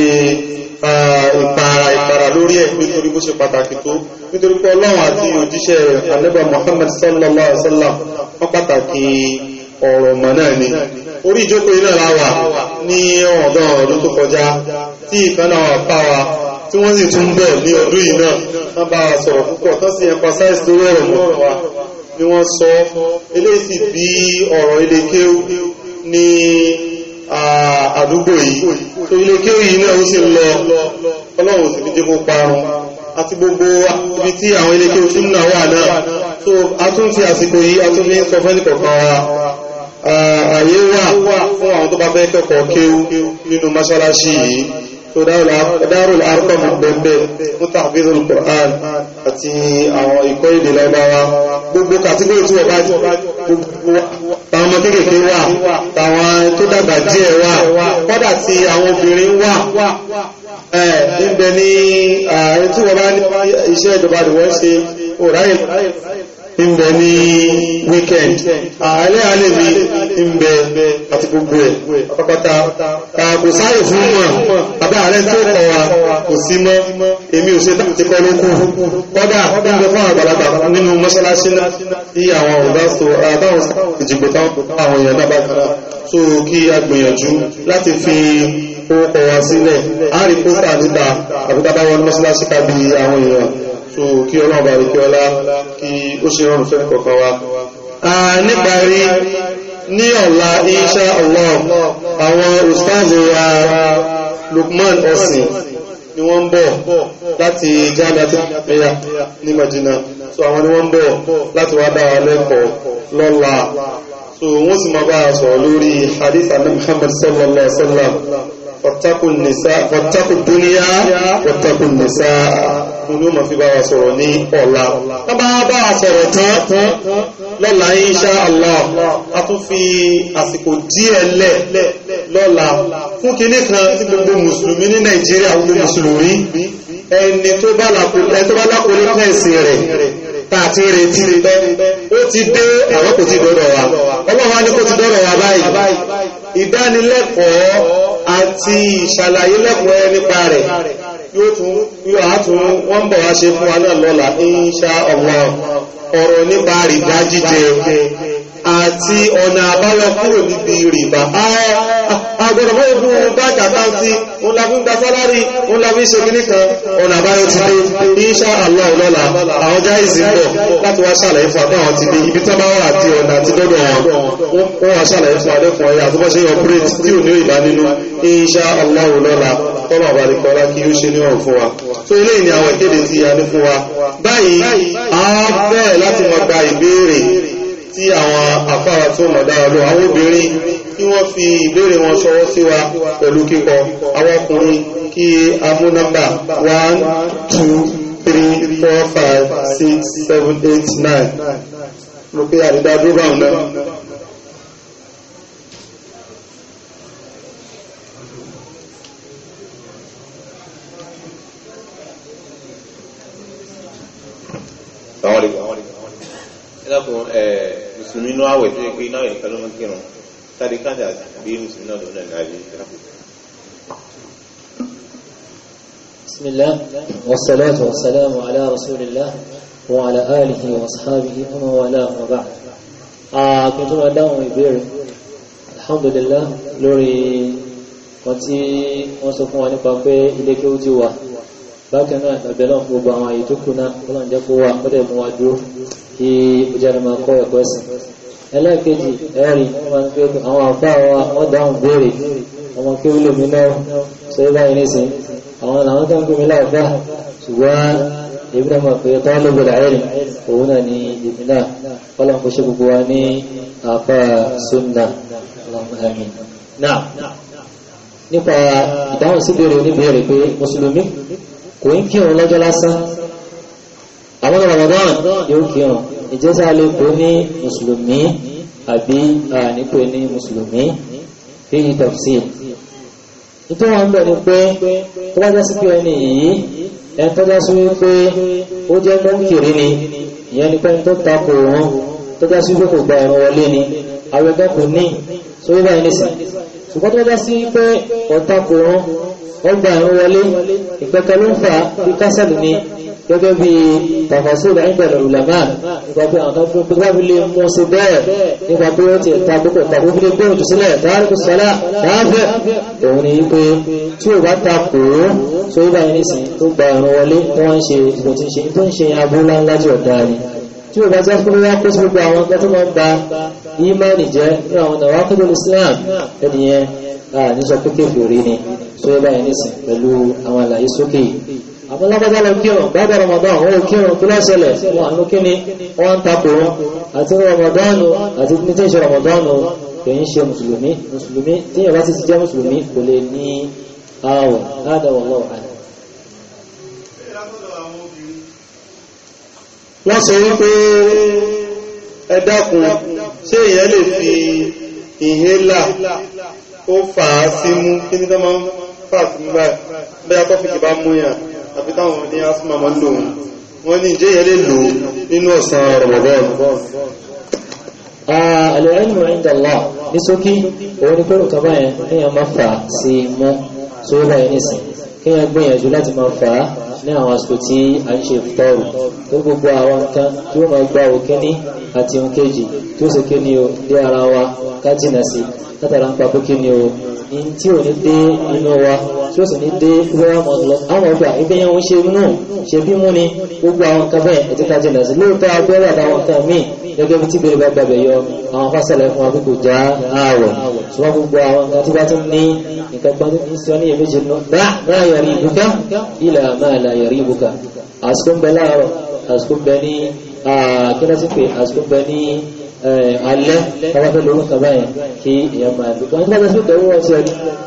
ìpara lórí ẹ̀ nítorí bó ṣe pàtàkì tó nítorí pé ọlọ́run àti òjíṣẹ́ rẹ̀ alẹ́bà sallallahu alaihi wa wọ́n pàtàkì ọ̀rọ̀ mọ̀ náà ni orí ìjókòó iná láwà ní ọ̀dọ́ ọdún tó kọjá tí ìkaná ọ̀pá wa tí wọ́n sì tún bẹ̀ ní ọdún yìí náà wọ́n bá wa sọ̀rọ̀ púpọ̀ tán sí emphasize lórí ọ̀rọ̀ mọ̀ wa ni wọ́n sọ eléyìí sì bí ọ̀rọ̀ ilé kéwú ní àdúgbò yìí tó ilé kéwú yìí náà ó sì ń lọ ọlọ́run sì fi jẹ́ kó parun àti gbogbo ibi tí àwọn ilé tún náà wà náà so a tún ti àsìkò yìí a tún fi ń sọ fẹ́nìkọ̀ọ̀kan wa ààyè wà fún àwọn tó bá fẹ́ kẹ́kọ̀ọ́ kéwú nínú mọ́sálásí yìí tó dárò lárúkọ̀mù bẹ̀m̀bẹ̀ fún tàbíhùn Qur'an àti àwọn ìkọ́ èdè lọ́gbàwá gbogbo kàtíkò tí wọ́n bá jọ àwọn ọmọ kéèkéé wà tàwọn tó dàgbà díẹ̀ wà kọ́dà tí àwọn obìnrin wà ẹ̀ẹ́dínbẹ̀ ní ààrẹ tí wọ́n bá ní iṣẹ́ ìjọba rẹ̀ wọ́n ṣe òráyè ìbẹ̀ ní weekend ààrẹ alẹ́bí ìbẹ̀ àti gbogbo ẹ̀ àpapata kò sáyè fún mọ̀ àbá ààrẹ tó kọ̀ wa kò sí mọ́ èmi ò ṣe láti kọ́ lókù kọ́dà ìgbẹ́ fún àgbàlagbà nínú mọ́ṣáláṣí náà tí àwọn ọ̀gá tó àbáwọn ìjìgbò táwọn èèyàn náà bá kára so kí a gbìyànjú láti fi owó kọ̀ wa sílẹ̀ a rí pósítà níta àbúkábáwọn mọ́ṣáláṣí kábi àwọn èèyàn so kí ọlọ́ọ̀bà rí kí ọlá kí ó ṣe rọrùn fẹ́ kọ̀ọ̀kan wa níparí ní ọ̀la insha Allah àwọn ustazu wa Lukman ọ̀sìn ni wọ́n ń bọ̀ láti Jami'a Ahmadiyya ní Madina so àwọn ni wọ́n ń bọ̀ láti wá dára lẹ́kọ̀ọ́ lọ́la so wọ́n sì máa bá a sọ̀rọ̀ lórí hadith Annabi Muhammad sallallahu alaihi wasallam fattaqun nisa fattaqud dunya wattaqun nisa mo ní ó mọ̀ fi bá wa sọ̀rọ̀ ní ọ̀la bábá bá a sọ̀rọ̀ tán lọ́la insha Allah a tún fi àsìkò díẹ̀ lẹ̀ lọ́la fún kinní kan tí gbogbo mùsùlùmí ní nàìjíríà gbogbo mùsùlùmí ẹni tó bá lákòólé kẹ́sì rẹ̀ tààtí retí ó ti dé àwọn kò ti dọ́rọ̀ wa ọlọ́wọ́ ní kò ti dọ́rọ̀ wa báyìí ìdánilẹ́kọ̀ọ́ àti ìṣàlàyé lẹ́kọ̀ọ́ nípa rẹ̀ yóò tún yóò àtún wọ́n bọ̀ wá ṣe fún wa náà lọ́la insha Allah ọ̀rọ̀ nípa rìbá jíjẹ àti ọ̀nà àbáyọ kúrò níbi rìbá agbọ́dọ̀ mọ́ ogun bá kàtà sí òun la fi ń gba sálárì òun ṣe kí ọ̀nà àbáyọ ti dé insha Allah lọ́la àwọn jáìsì ń bọ̀ láti wá ṣàlàyé fún àbá àwọn ti dé ibi tó bá wà àti ọ̀nà àti dọ́dọ̀ wọn wọ́n wá ṣàlàyé fún àdẹ́kùn ọ̀yà àti ṣe operate insha Allah lọ́la kọ́lọ̀ àbálẹ̀kọ́ ọlá kí ó ṣe ní ọ̀rùn fún wa tó ilé ìní àwọn ìkéde tí a ní fún wa báyìí a bẹ́ẹ̀ láti mọ gba ìbéèrè tí àwọn afára tó mọ̀ dára lọ àwọn obìnrin kí wọ́n fi ìbéèrè wọn ṣọwọ́ sí wa pẹ̀lú kíkọ àwọn ọkùnrin kí a nọ́mbà one two three four five six seven eight nine mo pe àdídá dúró báwọn náà. ẹ̀dàkùn ẹ̀ mùsùlùmí inú àwẹ̀ tó yẹ pé iná ìyẹn kálọ́mọ́ kírun sáré káàdà bí mùsùlùmí náà lòun náà ní ẹ̀dàkùn. بسم الله والصلاة والسلام على رسول الله وعلى آله وأصحابه ومن والاه وبعد ààkùn tó máa dáhùn ìbéèrè alhamdulillah lórí kan tí wọ́n sọ fún wa nípa pé ilé kí ó ti wà bákan náà ìgbàgbẹ́ náà gbogbo àwọn àyè tó kù náà ó lọ́n jẹ́ kó wà ó dẹ̀ mú wa dúró kí ó jẹ́ ọmọ akọ́ ẹ̀kọ́ ẹ̀sìn ẹlẹ́ẹ̀kejì ẹ̀rì àwọn àfá àwọn dáhùn béèrè ọmọ kí ó lè mi náà sọ báyìí nísìn àwọn làwọn tó ń gbé mi láàfá ṣùgbọ́n èmi náà mọ̀ pé tọ́ ló gbọdọ̀ ẹ̀rì òun náà ni èmi náà kọ́lọ̀ kó ṣe gbogbo wa ní àfá sunna amin náà nípa ìdáhùn sí béèrè oníbèèrè pé mùsùlùmí kò ń kírun lọ́jọ́ lásán àwọn ọmọ Ramadan yóò kí hàn ìjẹ́sà lè pè ní mùsùlùmí àbí ànípè ní mùsùlùmí fi tafsir ìtọ́ wọn bẹ̀ ni pé tó bá jásí pé ẹni yìí ẹni tó jásí wípé ó jẹ́ mọ́kìrì ni ìyẹn ni pé ẹni tó takò wọn tó jásí pé kò gba ẹ̀rọ wọlé ni àwẹ̀gá kò ní sórí báyìí nìsín ṣùgbọ́n tó jásí pé ọ̀takò wọn ọgbà ẹ̀rọ wọlé ìpẹ́kẹ́ ló ń fà á bí kásẹ̀lù ni gẹ́gẹ́ bí tàfàṣílì àìbẹ̀rẹ̀ ìlàmà nígbà pé àwọn tó pín lábí lè mọ́ sí bẹ́ẹ̀ nígbà pé wọ́n ti ẹ̀ta púpọ̀ tàbí bí lè gbẹ̀rù tó sílẹ̀ tààrùkù sọ́lá láàbẹ̀ òun ni pé tí ò bá ta kò ó tó yíba yìí nísìn tó gba ẹ̀rọ wọlé tó wọ́n ṣe ìbò ti ṣe tó ń ṣe abú láńlá tí ọ̀dà ni tí ò bá jẹ́ pé wọ́n kó sí gbogbo àwọn nǹkan tó máa ń ba ìmánì jẹ́ ní àwọn ọ̀nà wákò lórí Islam ẹnìyẹn ní sọ pé kéfì orí ni tó yíba yìí nísìn pẹ̀lú àwọn àlàyé sókè yìí àwọn lágbàjá lọ kírùn ramadan wọn ò kírùn kí lọ́sẹ̀lẹ̀ wọn àánú kí ni wọ́n ń ramadan àti ní tí ramadan kìí ṣe mùsùlùmí mùsùlùmí tí yẹn bá ti ti jẹ́ mùsùlùmí kò lè ní ààwẹ̀ ládàwọ̀ lọ́wọ́ àná wọ́n sọ wípé ẹ dákun ṣé èèyàn lè fi ìhélà ó fà á símú kí ní tó máa ń fà símú báyìí bẹ́ẹ̀ tó fi kì bá mú yàn tàbí táwọn ní asma ma ń lò wọn wọ́n ní ìjẹ́ yẹn lè lò nínú ọ̀sán Ramadan al-ilmu inda Allah ní sókí òun ni pẹ́rù kaba yẹn kéèyàn máa fà sí mú tó rẹ̀ nísìn kéèyàn gbìyànjú láti máa fà á ní àwọn àsìkò tí a ń ṣe ìfitọ́rù tó gbogbo àwọn nǹkan tí ó máa gba òkíní àti ohun kejì tó sì kí ni o dé ara wa kájìnà sí látara ń papò kí ni o ní tí ò ní dé inú wa tí ó sì ní dé àwọn ọgbà ibi yẹn ń ṣe inú ni gbogbo àwọn nǹkan bẹ́ẹ̀ ẹ̀tí kájìnà sí lóòótọ́ agbẹ́rẹ́ gẹ́gẹ́ bí tí bèrè bá gbàgbẹ́ yọ àwọn fásẹ̀lẹ̀ fún akókò já ààwẹ̀ ṣùgbọ́n gbogbo àwọn nǹkan tí bá tún ní nǹkan gbọ́n tó ń sọ ní èméjì náà láàárín ìbúká ilẹ̀ àmàlẹ̀ la yaribuka àsìkò ń bẹ láàárọ̀ àsìkò ń bẹ ní kílásípè àsìkò ń bẹ ní alẹ́ tọ́wọ́fẹ́ lórún kàbá yẹn kí èyàn máa bí wọ́n tọ́wọ́ sí ìdẹ̀wọ́ ọ̀sẹ̀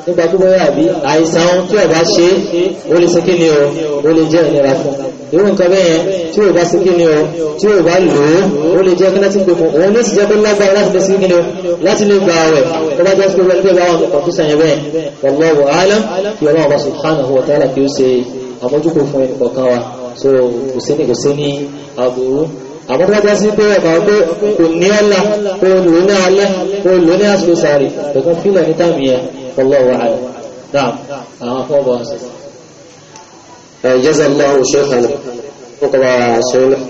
nígbà tó tí ọba bá sí kí ni o tí ò bá lò láti lè gba ọ̀rẹ́ tó bá jẹ́ sí pé wọ́n bá wọn kọ̀ọ̀tù sàn yẹn alam kí ọlọ́run bá subhanahu wa ta'ala kí ó ṣe àmójúkò fún ẹnì kọ̀ọ̀kan wa so kò sí ní kò sí ní aburú àmọ́ tó bá já sí pé ọ̀gá pé kò ní ọ̀la kò lò ní alẹ́ kò lò ní àsìkò sàárì ẹ̀kún fílẹ̀ ní tàbí ẹ̀ ọlọ́wọ́ ààrẹ náà àwọn akọ́ bọ̀ ọ̀sẹ̀. Jazallahu shaykhan ó kọ́ bá ṣe rẹ̀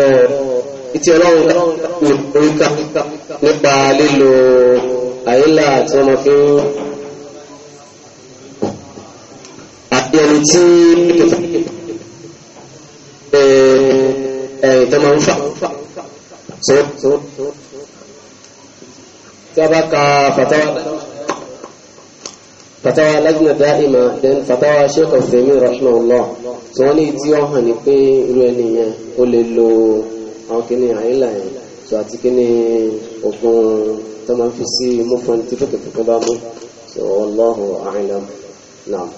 ẹ̀ ìtì ọlọ́run oríkà nípa lílo àyílà tí wọ́n máa fi ń ẹni tí ẹ̀rìn tó máa ń fà tó tí a bá ka fatawa fatawa lajna da'ima then fatawa sheikh ọ̀fẹ̀mí rahimahullah tí wọ́n ní tí wọ́n hàn ní pé irú ẹni yẹn ó lè lo àwọn kìnìún àyílà yẹn so àti kíni ogun tó máa ń fi sí mú fún ẹni tí fòkè fòkè bá mú so Allahu a'lam naam.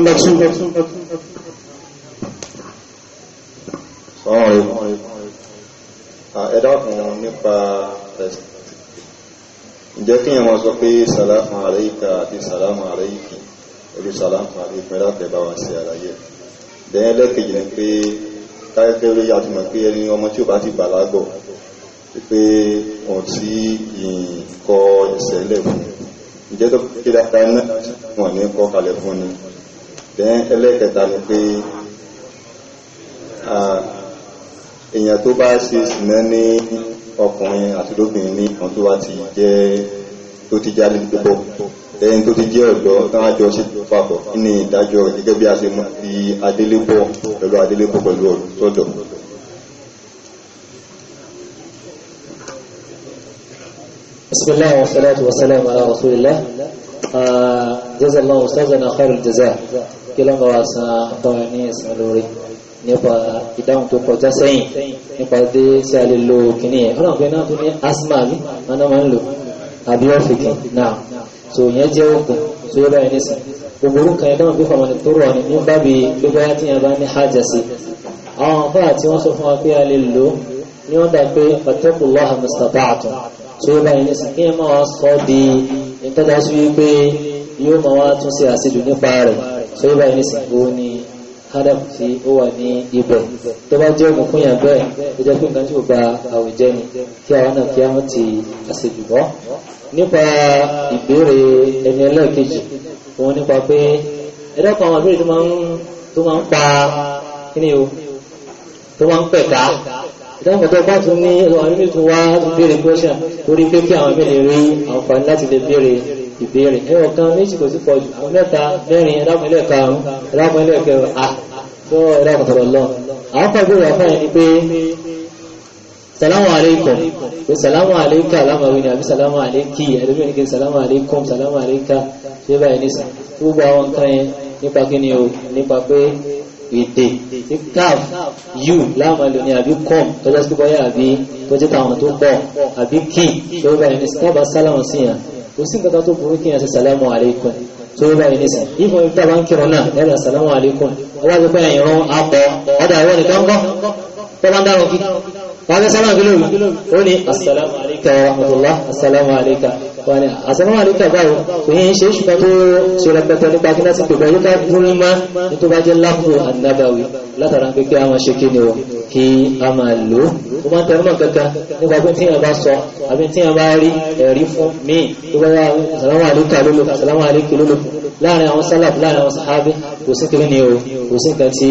Number two. Sọ́wọ́n rẹ̀. Ẹ dákun nípa ǹjẹ́ kí ẹ̀wọ̀n sọ pé sàlámù àríkà àti sàlámù àríkì orí sàlámù àríkì láti bá wa sí àlàyé. Bẹ́ẹ̀ lẹ́kẹ̀jì ni pé káyẹ́kẹ́ ló yà ti mọ̀ pé ẹni ọmọ tí ó bá ti bàlágọ̀ pé ohun tí ìkọ ìṣẹ̀lẹ̀ fún. Ǹjẹ́ tó kí dáadáa náà wọ̀n ní kọ́ kalẹ̀ fún ni then ẹlẹ́kẹta ni pé èèyàn tó bá ṣe ṣìnà ní ọkùnrin àti lóbìnrin ní ìkan tó wá ti jẹ́ tó ti jáde púpọ̀ lẹ́yìn tó ti jẹ́ ọ̀dọ́ táwájọ sí papọ̀ ní ìdájọ́ rẹ̀ gẹ́gẹ́ bí a ṣe mọ̀ bí adélébọ̀ pẹ̀lú adélébọ̀ pẹ̀lú ọ̀dọ́ بسم الله والصلاة والسلام على رسول الله جزا الله أستاذنا خير الجزاء كلا واسا طواني اسم لوري nípa ìdáhùn tó kọjá sẹ́yìn nípa dé sí a lè lo kìíní ẹ̀ ọ̀nà ọ̀gbẹ́ náà tó ní asma àbí ọ̀nà máa ń lò àbí ọ̀fìkì náà so yẹn jẹ́ òkun tó yẹ báyìí nísìn gbogbo orúkọ yẹn dáhùn pípa mọ̀nì tó rọ̀ ní ní bábi gbogbo ayá tí yẹn bá ní hajj sí àwọn ọ̀fà tí wọ́n sọ fún wa pé a lè lò ní wọ́n dà pé ọ̀tẹ́kùlọ́ àmì sàbáàtọ̀ tó yẹ báyìí nísìn kí yẹn máa di ìtọ́ka sí wípé yóò máa wá tún ṣe àṣejù nípa rẹ̀ tó yẹ báyìí nísìn ó ní adam tí ó wà ní ibẹ̀ tó bá jẹ́ òkú fún yàn bẹ́ẹ̀ tó jẹ́ pé nǹkan tí kò gba àwùjẹ́ ni kí àwọn náà kí á mọ̀ ti àṣejù bọ́ nípa ìbéèrè ẹni ẹlẹ́ẹ̀kejì òun nípa pé ẹ̀dá àwọn àbúrò tó máa ń pa kí ni o tó máa ń pẹ̀ka ìdáhùnkọ̀tọ́ bá tún ní ọ̀rẹ́mí tún wá béèrè pẹ́ṣà orí pé kí àwọn ìbẹ̀rẹ̀ rí àǹfààní láti lè béèrè ìbéèrè ẹwọ kan méjì kò sí pọ̀ mẹ́ta mẹ́rin ẹ̀dàpínlẹ̀ karùn-ún èdè tí káf yù láwọn ẹlò ní àbí kọ́m tó jẹ́ sípọ́ yá àbí tó jẹ́ táwọn tó pọ̀ àbí kí tó bá ẹni sábà sálámù sí yàn kò sí nǹkan tó burú kí yàn ṣe sàlámù àlékún tó bá ẹni sàn ìfọ̀ ìta bá ń kírun náà ẹ̀rọ sàlámù àlékún ọwọ́ àti pé ẹ̀yìn rán apọ̀ ọ̀dà ẹ̀wọ́ ní kánkọ́ tó bá ń dáràn kí wọ́n fẹ́ sálámù kí lóru ó ní asàlámù wà ní àsánwà ní kàbáwò kò yí ń ṣe ṣùgbọ́n tó ṣe rẹpẹtẹ nípa kí láti pèbẹ̀ yóò káàkùn mọ́ ní tó bá jẹ́ lápò àdábàwì látara pé kí a máa ṣe kí ni wọ kí a máa lò ó máa tẹ̀lé mọ̀ kankan nípa pé tí yẹn bá sọ àbí tí yẹn bá rí ni o kò sí nǹkan tí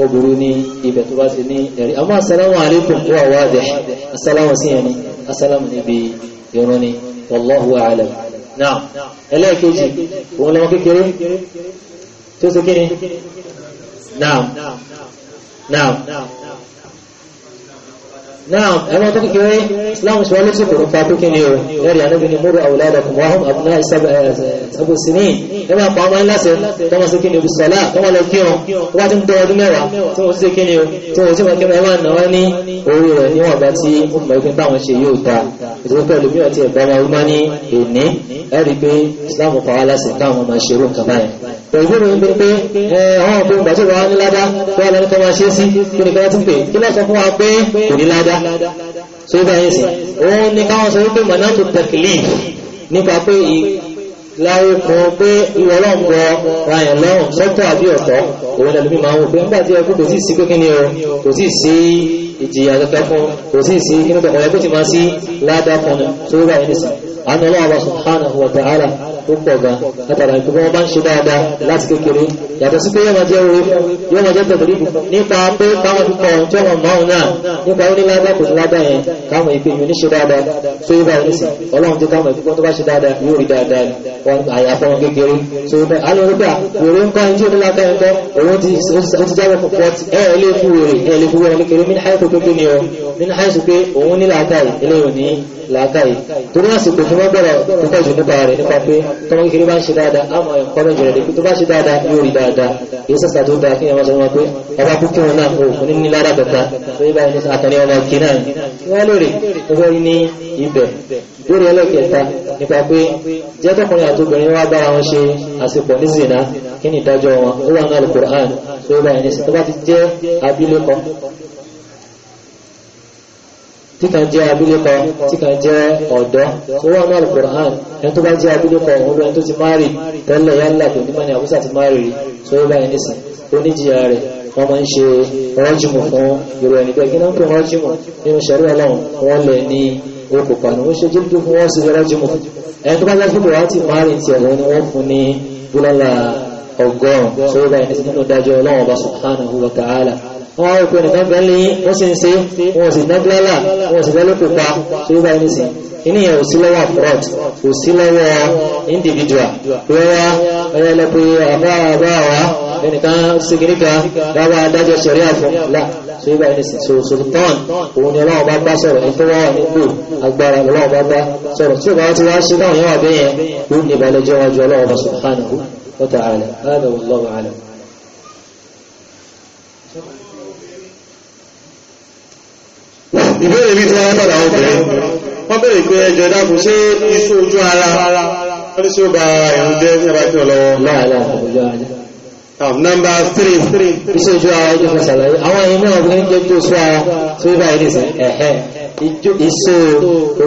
ó burú ní ibẹ̀ ni àsánwà níbi wallahu a'lam náà ẹlẹ́ẹ̀kejì òun lọ́wọ́ kékeré tó ṣe kí ni náà náà náà ẹ̀wọ́n tó kékeré islam ṣe wá lẹ́sẹ̀ kòrò pa kókè ní o lẹ́rìí anábì ni múrò àwòládàkùn wáhùn àbúná ìsàbò síní ẹgbẹ́ àpá ọmọ ńláṣẹ tọ́mọ sí kíni òbí sọ́lá tọ́mọ lọ kí wọn tó bá ti ń tọ́ ọdún mẹ́wàá tí wọ́n ti ṣe kíni o tí wọ́n ti wọ́n kíni ẹ̀wọ́n náà ní pé islam pa wá láṣẹ káwọn máa ṣerú nǹkan báyìí pẹ̀lú ìwé pé àwọn ọ̀pọ̀ ìgbà tí wọ́n á ní ládá tó wà lẹ́nu tó máa ṣe sí kí ni kí wọ́n ti pè kí lọ́sọ̀ fún wa pé kò ní ládá so ibà yẹn sì òun ni káwọn sọ wípé mọ̀nà tó tẹ̀kìlì nípa pé láwọn kan pé ìwọ ọlọ́mọ rayàn lọ́rùn sọ́tọ̀ àbí ọ̀tọ̀ òun ẹlòmí máa ń wò pé nígbà tí o kò ìjìyà kẹkẹ fún kò sí sí inú kẹkọrẹ kó ti máa sí ládàá kan tó rà ẹni sí àánú ọlọ́wọ́ subhanahu wa ta'ala ó pọ̀ ga látara ìpín wọn bá ń ṣe dáadáa láti kékeré yàtọ̀ sí pé yọ́mọ̀ jẹ́ orí yọ́mọ̀ jẹ́ tẹ̀lé nípa pé káwọn púpọ̀ tí wọ́n máa náà nípa ó ní ládá kò ní ládá yẹn káwọn ìpín yìí ní ṣe dáadáa tó yíba ẹni sí ọlọ́run tí káwọn ìpín tó bá ṣe dáadáa yóò tó ni, ní ọ nínú àìsù pé òun ní làákàyè eléyò ní làákàyè torí àsìkò tí wọ́n bẹ̀rẹ̀ tó pọ̀jù nípa rẹ̀ nípa pé tọmọ kékeré bá ń ṣe dáadáa àmọ́ ẹ̀kọ́rọ̀ jẹ̀rẹ̀ dé tó bá ṣe dáadáa yóò rí dáadáa èyí sẹ́sà tó dáa kí ẹ̀ wọ́n sọ wọn pé ọba kú kí wọn náà kò fún ní lára ni wọ́n lórí ọgbẹ́ ní ibẹ̀ lórí ẹlẹ́kẹta nípa pé jẹ́ tọkùnrin ni ìdájọ́ wọn ó wà ní Al-Qur'an tó yí báyìí ní sọ tó bá ti jẹ́ abilékọ tí kan jẹ́ abílékọ tí kan jẹ́ ọ̀dọ́ tó wà náà Al-Qur'an ẹni tó bá jẹ́ abílékọ òun lóyìn tó ti máa rí tẹ́lẹ̀ yálà kò ní mọ́ni àbúsà ti máa rí rí tó bá ẹni sìn oníjìyà rẹ̀ wọ́n máa ń ṣe rọ́jùmù fún yorùbá ẹni bẹ́ẹ̀ kí náà ń pè rọ́jùmù nínú ṣẹ̀rí ọlọ́run wọ́n lẹ̀ ní oko pàánù ó ṣe jíndú fún wọ́n sí rọ́jùmù tó bá ní búlọ́lá ọgọ́rùn bá ẹni sínú dájọ́ subhanahu wa ta'ala wọ́n wọ́n ìpínlẹ̀ kan bẹ́ẹ̀ lẹ́yìn wọ́n sì ń ṣe wọ́n sì nẹ́gbẹ́lá wọ́n sì lẹ́lẹ́ pupa tó yóò bá yín sí ìníyàn ò sí lọ́wọ́ abroad kò sí lọ́wọ́ individual lọ́wọ́ ẹlẹ́pẹ́ àbá àbá wa ẹnìkan sígìríkà dábà adájọ́ sẹ̀rí àfọ̀nlá tó yóò bá yín sí so sultan òun ni ọlọ́wọ́ bá bá sọ̀rọ̀ ẹni tó wà nípò agbára ọlọ́wọ́ bá bá subhanahu wa ta'ala hada wallahu a'lam ìbéèrè bí tí wọ́n lọ́dọ̀ obìnrin wọ́n béèrè pé ẹjọ́ dákun ṣé iṣu ojú ara wọ́n sí ó ba ẹ̀rùn jẹ́ ní ẹbá kí ọlọ́wọ́ nọ́mbà 3 iṣu ojú ara ojú fẹsẹ̀ lọ́wọ́ àwọn ẹ̀yìn náà ń jẹ́ tó sọ ara tó bá ẹ̀rìn sẹ́ ẹ̀hẹ́ iṣẹ́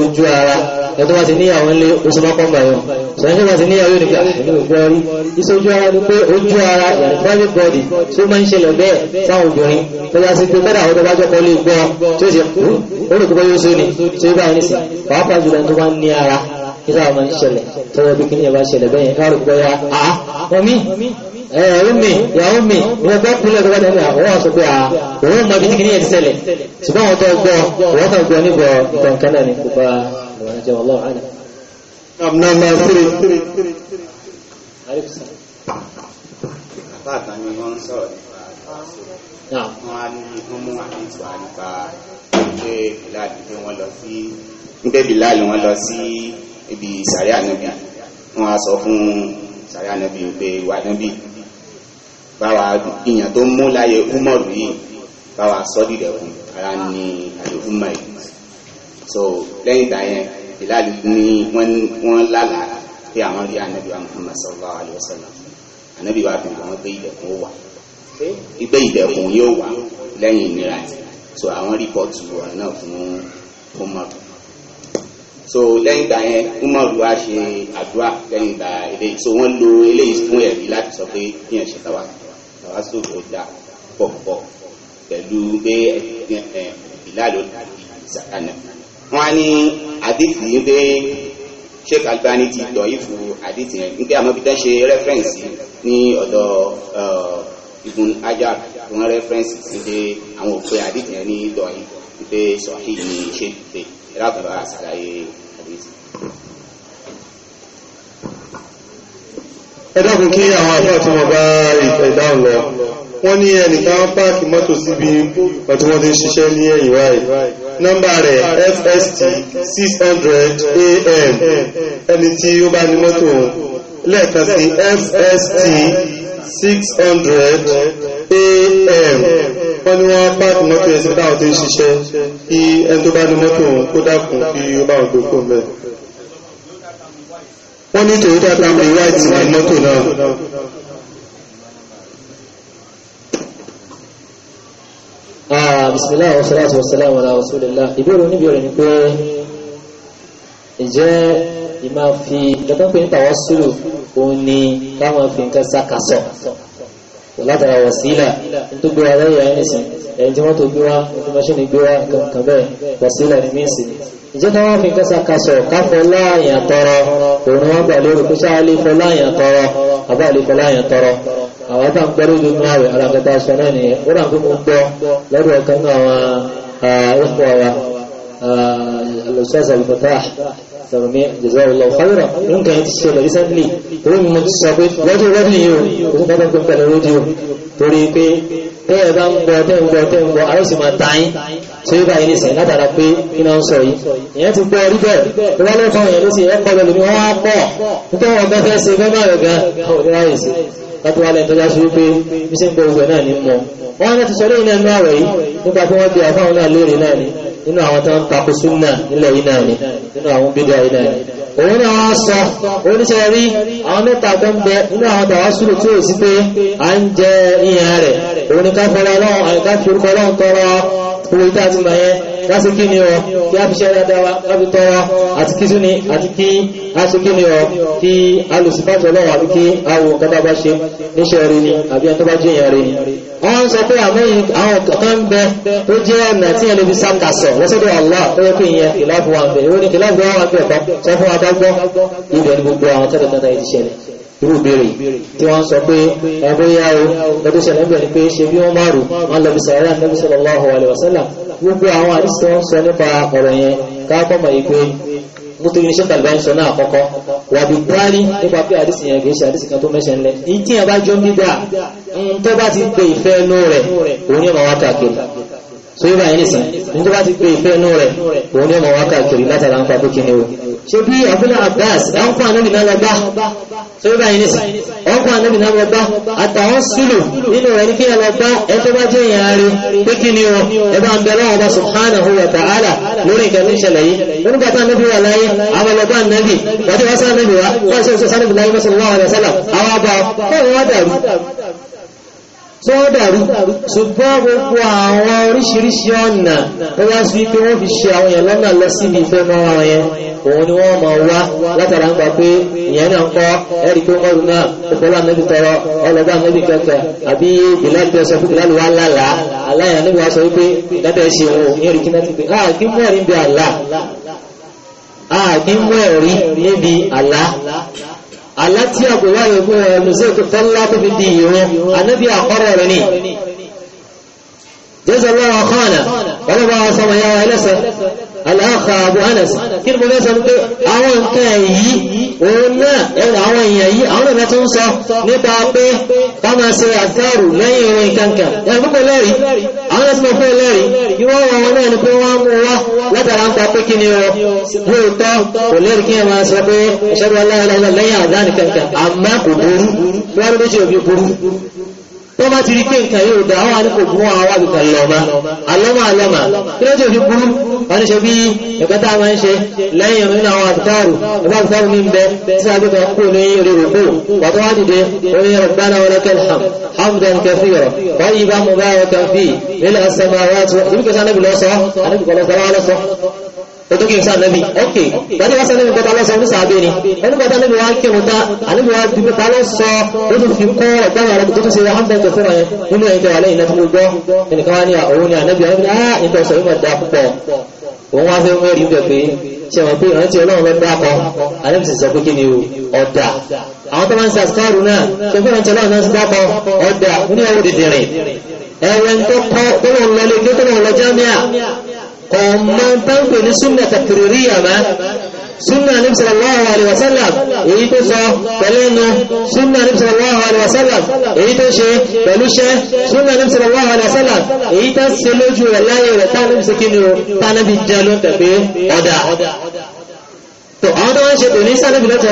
ojú ara ẹ̀tọ́ bá ti níyàwó ńlé oṣùmọ́kọ́ mọ̀yàn ṣẹ̀yìn bá ti níyàwó nígbà ìgbọ́rí iṣẹ́ ojú ara ni pé ojú ara yàrá private body tí ó máa ń ṣẹlẹ̀ bẹ́ẹ̀ fáwọn obìnrin tó yá sí pé bẹ́ẹ̀ àwọn ọdọ́ bá jọ́kọ́ lè gbọ́ tí ó ṣe kú ó lè kókó ni tí ó bá ní sí pàápàá jùlọ tó bá ní ẹ̀ẹ́rùmí eh, yàúmí wọ́n bá kúlẹ̀ tó bá dẹ̀ àwọn àṣọ pé à ah, òun mọ̀ bí kíkiri ẹ̀dí ṣẹlẹ̀ ṣùgbọ́n àwọn tó gbọ́ wọ́n tó gbọ́ níbọ̀ ìtànkan náà ní kò bá ìwọ̀n jẹ́ ọlọ́run àná. Abnama siri. Bàbá àtàní wọ́n ń sọ̀rọ̀ nípa wọ́n á ní wọ́n mú àdìsọ nípa pé Bìláàlì pé wọ́n lọ sí pé Bìláàlì wọ́n lọ sí ibi ìsàrí ànábì wọ́n á sọ fún ìsàrí ànábì pé ìwà ànábì báwa ìyàn tó mú láyé umaru yìí báwa sọ́dí dẹ̀kun ara ní àlè umaru yìí so lẹ́yìn ìgbà yẹn ìlàlù ní wọ́n lálàá pé àwọn rí anabi wa muhammad sallallahu alayhi wa sallam anabi wa bí wọn gbé ìdẹ̀kun wà gbé ìdẹ̀kun yóò wà lẹ́yìn ìnira so àwọn rìpọ́tù ọ̀rọ̀ náà fún umaru so lẹ́yìn ìgbà yẹn umaru wa ṣe àdúrà lẹ́yìn ìgbà eléyìí so wọ́n lo eléyìí fún ẹ̀rí láti sọ pé kíyàn ṣe tàwa tàwásù tó dà pọ̀pọ̀ pẹ̀lú pé ìlàlọ́ tàbí ìsàkánà. wọ́n á ní àdìsí ń pé sheikh Albani ti dọ̀ yìí fún àdìsí yẹn ń pé àwọn bíi tán ṣe rẹ́fẹ̀rẹ̀nsì ní ọ̀dọ̀ ibùn Hajar tó ń rẹ́fẹ̀rẹ̀nsì sí pé àwọn òpin àdìsí yẹn ní dọ̀ yìí ń pé sọ̀hí ni ṣe ń ẹ̀rọ àgbàlá àṣàlàyé àdìsí ẹ̀dàkùn kí àwọn àfáà tí wọ́n bá ìdáhùn lọ wọ́n ní ẹnìkan páàkì mọ́tò síbi ọ̀tí wọ́n ti ń ṣiṣẹ́ ní ẹ̀yìn wáyé nọ́mbà rẹ̀ fst 600 am ẹni tí ó bá ní mọ́tò òun lẹ́ẹ̀kan sí fst 600 am wọ́n ní wọ́n páàkì mọ́tò ẹ̀sìn táwọn ti ń ṣiṣẹ́ kí ẹni tó bá ní mọ́tò kó dákun kí ó bá wọn gbé mẹ́rin wọ́n ní Toyota Camry white ní mọ́tò náà ah, bisimilahi wa salatu wa salamu ala rasulillah ìbéèrè oníbèèrè ni pé ìjẹ́ ìmá fi ìjọba pé nípa wọ́n sùúrù òun ni káwọn fi nǹkan sákàsọ̀ látara wọ̀sílà tó gbé wa lẹ́yìn àyẹ̀nìsìn ẹ̀yìn tí wọ́n tó gbé wa information gbé wa kankan bẹ́ẹ̀ wọ̀sílà ni mí sí ni ìjẹ́ ká wọ́n fi kẹsà kasọ̀ ká fọlá àyàn tọrọ òun wọ́n gbà lórí kó sáà lè fọlá àyàn tọrọ àbá lè fọlá àyàn tọrọ àwọn tá ń gbẹ́rú ló mú àwẹ̀ alákọ̀tà náà nìyẹn ó rà pé mo gbọ́ lọ́dọ̀ ọ̀kan náà àwọn ẹ̀kọ́ wa ah, الأستاذ أبو فتاح سامي جزاه الله خيرا ممكن يتشكل recently torí mo ti sọ pé lọ́jọ́ lọ́dún yìí o kò sí pátá tó ń tẹ̀lé rédíò torí pé tẹ́ ẹ bá ń gbọ́ tẹ́ ń gbọ́ tẹ́ ń gbọ́ àrùn sì máa ta yín tí ó bá yín nìsín látara pé kí náà ń sọ yìí ìyẹn ti gbọ́ rí bẹ́ẹ̀ tó bá lọ́kọ̀ yẹn ló sì yẹn kọ́ lọ́lùmí wọ́n á pọ̀ nítorí wọn bẹ́ fẹ́ ṣe fẹ́ bá rẹ̀ gan àwọn òdíra yìí sí láti wá lẹ́yìn tó já sí wípé bí sí ń gbọ́ gbogbo náà ní mọ́ wọn á ti sọ lóyìn náà ní àwẹ̀ yìí nípa pé wọ́n bí àfáwọn náà lóore náà ni nínú àwọn tó ń takò súnà nílẹ̀ iná ni nínú àwọn bídà iná ni òun ni àwọn sọ òun ní sẹ́rí àwọn mẹ́ta tó ń bẹ nínú àwọn tàwa sùúrù tí ó sì pé à ń jẹ ìyẹn rẹ̀ òun ni ká fọlọ́ ọlọ́run orúkọ ọlọ́run tọrọ owó ìdá àti mọ̀ láti kí ni ọ kí a fi ṣe dáadáa láti tọrọ àti kí súnni àti kí a ṣe kí ni ọ kí a lò sí bàtọ̀ lọ́wọ́ àti kí a wò kọ́tà bá ṣe níṣẹ́ rẹ ni àbí ẹni tó bá jẹ́ èèyàn rẹ ni. wọ́n sọ pé àmọ́yìn àwọn kan bẹ tó jẹ́ ọ̀nà tí ẹni fi sàkàsọ̀ lọ́sọ̀dọ̀ Allah tó yẹ kó ìyẹn kìláàfù wa ń bẹ̀ ìwé ni kìláàfù wa ń bẹ̀ kọ́ sọ fún wa bá gbọ́ ibẹ̀ ni gbogbo àwọn tẹ́lẹ̀ tẹ́lẹ̀ ti ṣẹlẹ̀ irú ìbéèrè tí wọ́n sọ pé ẹgbẹ́yà o ẹgbẹ́ ṣẹlẹ̀ ẹgbẹ́ ni pé ṣe bí wọ́n márù wọ́n lọ bí sàárà nẹ́bí sallallahu alaihi wasallam gbogbo àwọn àdísọ́ sọ nípa ọ̀rọ̀ yẹn káàkọ́mọ̀ yìí pé mútúrí so yíba yẹn nìsàn nígbà bá ti pé ìfẹ́ inú rẹ̀ òun ni ọmọ wa káàkiri látara ń pa pé o ṣe bí abúlé abbas ọkọ anábì náà lọ bá so yíba yẹn nìsàn ọkọ anábì náà lọ bá àtàwọn sílù nínú rẹ̀ ní kí ẹ lọ bá ẹ tó bá jẹ́ ìyá rẹ̀ pé kíni o ẹ bá ń bẹ lọ́wọ́ bá subhanahu wa ta'ala lórí nǹkan ní ìṣẹ̀lẹ̀ yìí nínú bàtà anábì wà tó dàrú ṣùgbọ́n gbogbo àwọn oríṣiríṣi ọ̀nà tó wá sí pé wọ́n fi ṣe àwọn èèyàn lọ́nà lọ síbi ìfẹ́ mọ́ àwọn yẹn òun ni wọ́n mọ̀ wá látara ń gbà pé ìyẹn náà ń kọ́ ẹ̀rí pé wọ́n rú náà ọ̀pọ̀lọ́ àmẹ́bí tọrọ ọlọ́gbà àmẹ́bí kẹkẹ àbí ìlànà sọ ah kí mú ẹ̀rí ah kí mú ẹ̀rí àlátí àgbòwà ìgbò ẹ̀mùsẹ́ tó tọ́lá tó fi di ìran anábí àkọ́rọ̀ rẹ̀ ní jẹ́sọ̀lọ́wọ́ kọ́ọ̀nà wọ́n lọ́wọ́ sọmọ yàwó ẹlẹ́sẹ̀ aláàfà abu anas kí ni mo fẹ́ sọ pé àwọn nǹkan èyí òun náà ẹ̀rọ àwọn èèyàn yìí àwọn ọ̀nà tó ń sọ nípa pé ká máa ṣe àtàrù lẹ́yìn orin kankan ẹ̀rọ púpọ̀ lẹ́rìí àwọn ẹ̀sìn òfin lẹ́rìí ìwọ́ wọn wọn náà ni pé wọ́n mú wá tó bá ti rí pé nǹkan yóò dá wà ní kò gún àwọn àgbẹ̀kọ̀ lọ́mà alọ́mà alọ́mà kí ló tó fi burú wọ́n ní ṣe bí ẹ̀kọ́ tá a máa ń ṣe lẹ́yìn nínú àwọn àtàrù ẹ̀kọ́ àtàrù ní bẹ tí a gbẹ̀kọ̀ kú ní orí rògbò wàtọ́ wá dìde orí rabbana wa lakal hamd hamdan ọdún kí n sá nẹ́bí ọkè gbádé wá sẹ́lẹ́bí gbọ́ta lọ́sọ ní sàábé ni ẹni gbọ́ta níbi wá kí òun dá àníbi wá bí pípa lọ́sọ ó tún fi kọ́ ọ̀gbọ́n àrẹ́bí tó tún ṣe wá bẹ́ẹ̀ tó fún ẹ nínú ẹ̀jẹ̀ wà lẹ́yìn lẹ́tí gbọ́ ẹnìkan wá ní ah, òun ni ànẹ́bí ah, ẹni á ìtọ́ sọ yóò dá púpọ̀ òun wá fẹ́ mẹ́rin bẹ̀ pé ṣe wọn pé ìrántí ọlọ́run lọ́dá kan ànẹ́bí sì sọ pé kí ni àwọn tó máa ń ṣe àṣìkáàrù náà ṣe fẹ́ ìrántí ọlọ́run lọ́dá kan ọ̀dà ní ọ̀rọ̀ dìdìrìn ẹ̀rẹ́ tó kọ́ tó lọ́ọ́ lọ́lé tó lọ́ọ́ lọ jámíà ọmọ táǹkì ní súnà tàkìrìrí àmá súnà ní sallallahu alaihi wasallam èyí tó sọ pẹ̀lú ẹnu ní sallallahu alaihi wasallam èyí tó ṣe pẹ̀lú ṣẹ́ súnà ní sallallahu alaihi wasallam èyí tó ṣe lójú rẹ̀ láyé rẹ̀ tánàbí sí kíni o tánàbí jẹ́ ló tẹ̀pé ọ̀dà ṣe tò ní sánàbí lọ́tọ̀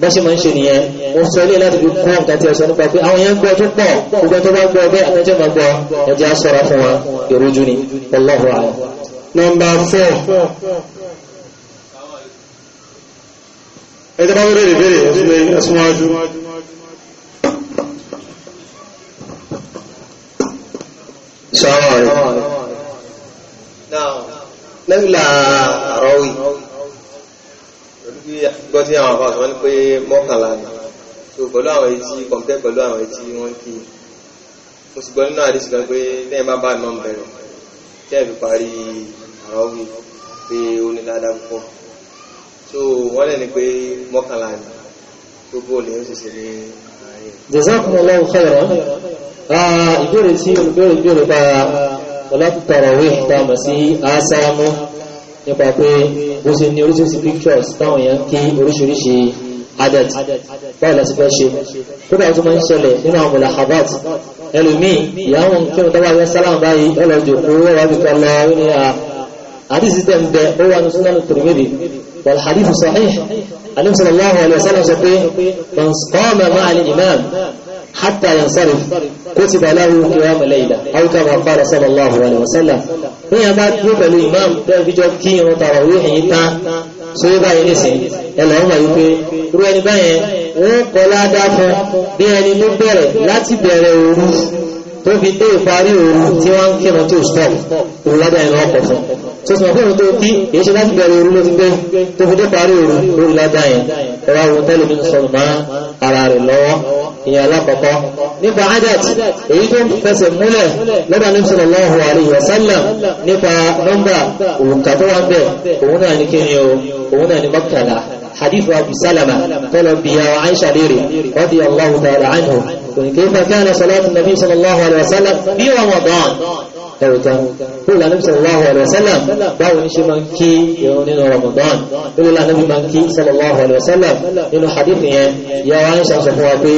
bọ́ṣe máa ń ṣe nìyẹn mo sọ ilé láti fi kún ọ̀gá tí ẹ sọ nípa pé àwọn yẹn ń gbọ́ tó pọ̀ gbogbo tó bá gbọ́ ọbẹ̀ àtẹ́jẹ́ máa gbọ́ ẹjẹ́ á sọ̀rọ̀ fún wa ìrújú ni ọlọ́run àlọ́. nọmba fọ́ ẹjẹ́ bá wọlé ìbéèrè ẹ̀sùn wájú. sọ́wọ́n rẹ̀ lẹ́yìn làárọ̀ wí tí gbọ́ tí àwọn àfáà wọ́n ní pé mọ́kànlá ni so pẹ̀lú àwọn èyí tí kọ̀m̀pẹ́ pẹ̀lú àwọn èyí tí wọ́n kí mo sì gbọ́ nínú àdísì kan pé lẹ́yìn bá bá ìmọ̀ bẹ̀rẹ̀ tí ẹ̀ fi parí àwọn wí pé ó ní ládàá púpọ̀ so wọ́n lè ní pé mọ́kànlá ni tó bó lè ó sì ṣe ní àárín. Jazakumullahu khairan ìbéèrè tí olùbéèrè nípa pé bó ṣe ní oríṣiríṣi pictures táwọn èèyàn kí oríṣiríṣi adet báyìí láti fẹ́ ṣe kódà tó máa ń ṣẹlẹ̀ nínú àwọn mọ̀lá habat ẹlòmíì ìyàwó kí wọn tọ́wọ́ fẹ́ sálámù báyìí ọlọ́jọ́ ah, owó wà bí kan lọ ní a àdìsí tẹ̀ ń حتى yansarif كتب له bá láwọn أو كما قال صلى الله عليه وسلم. wasallam ní a bá dúró pẹ̀lú imam bẹ́ẹ̀ fi jọ kí irun tààrà orí ẹ̀yìn tán so yóò báyìí nìsín ẹ̀lọ́ wọn wáyé pé irú ẹni báyẹn wọ́n kọ́ ládá fún bí ẹni ló bẹ̀rẹ̀ láti bẹ̀rẹ̀ òru tó fi dé ìparí òru tí wọ́n ń kírun tó stop òru ládá ẹ̀rọ ọkọ̀ fún tó sì mọ̀ òun tó kí èyí ṣe láti bẹ̀rẹ̀ òru ló ti gbé tó fi dé parí òru lórí ládá yẹn ẹ̀rọ àwọn tẹ́lẹ̀ mi sọ̀rọ̀ mọ́ ara rẹ̀ lọ́wọ́ ìyẹn alákọ̀ọ́kọ́ nípa adat èyí tó ń fẹsẹ̀ múlẹ̀ lọ́dọ̀ ní sallallahu alaihi wa sallam nípa nọ́mbà òǹkà tó wà bẹ̀ òun náà ní kíni o òun náà ní mọ́kànlá hadith wa bisalama tọ́lọ̀ biya wa aisha lérè radiyallahu ta'ala anhu kò ní kéfà ẹ̀rùta fún ìlànà sallallahu alaihi wasallam báwo ní ṣe máa ń kí ìrun nínú Ramadan nínú ìlànà bí máa ń kí sallallahu alaihi wasallam nínú hadith yẹn ya wa ń ṣàṣọ fún wa pé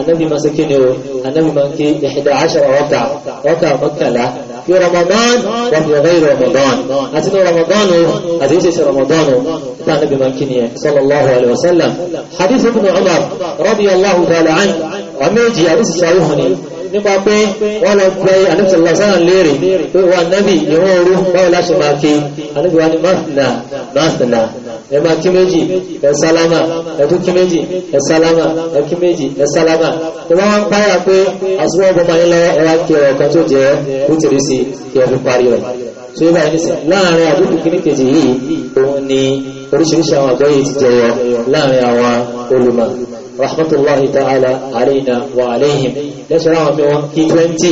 anábì máa ṣe kí ni o anábì máa ń kí ihda ashara rọ́kà rọ́kà mọ́kànlá في رمضان وفي غير رمضان أتنو رمضان أتيسيس رمضان كان بمكانية صلى الله عليه وسلم حديث ابن عمر رضي الله تعالى عنه وميجي أليس شايفني nípa pé wọ́n lọ pẹ́ àníṣàlá sáà léèrè pé wà nábì ní wọ́n rú báwọn láṣẹ máa ké àníṣàlá ní máàtìnà máàtìnà ẹ máa kí méjì ẹ sálámà ẹ tún kí méjì ẹ sálámà ẹ kí méjì ẹ sálámà ẹ máa ń báyà pé àsùnwọ̀n ọmọ yín lọ́wọ́ ẹ wá kí ọ̀rọ̀ kan tó jẹ́ rahmatullahi ta'ala alaina wa alaihim lẹ́sọ̀rọ̀ àwọn mìíràn kí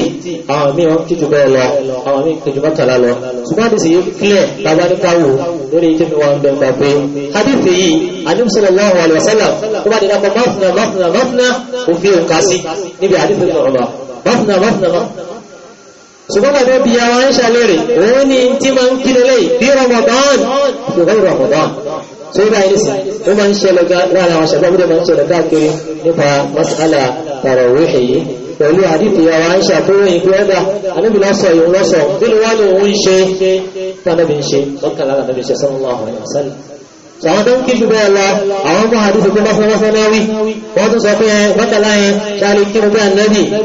20 àwọn mìíràn kí jù bẹ́ẹ̀ lọ àwọn mìíràn kí jù mọ́kànlá lọ ṣùgbọ́n àdìsí yìí clear bàbá ní káwò lórí ìjẹ́ mi wọn bẹ̀rẹ̀ gbàgbé yìí anim sallallahu so yíba yìí sìn ó máa ń ṣẹlẹ̀ lára àwọn ṣàgbọ́n máa ń ṣẹlẹ̀ káàkiri nípa masala tarawih yìí pẹ̀lú àdìtì àwọn àìṣà tó ròyìn pé ọ́dà anábì lọ́sọ̀ yìí lọ́sọ̀ kí ni wọ́n ní òun ń ṣe tánàbì ṣe mọ́kànlá sallallahu alaihi wasallam àwọn tó ń kí jù bẹ́ẹ̀ lọ àwọn fún àdúgbò tó bá fọwọ́ fọwọ́ wí wọ́n tún sọ pé ẹ bákàlá yẹn ṣáàlì kí mo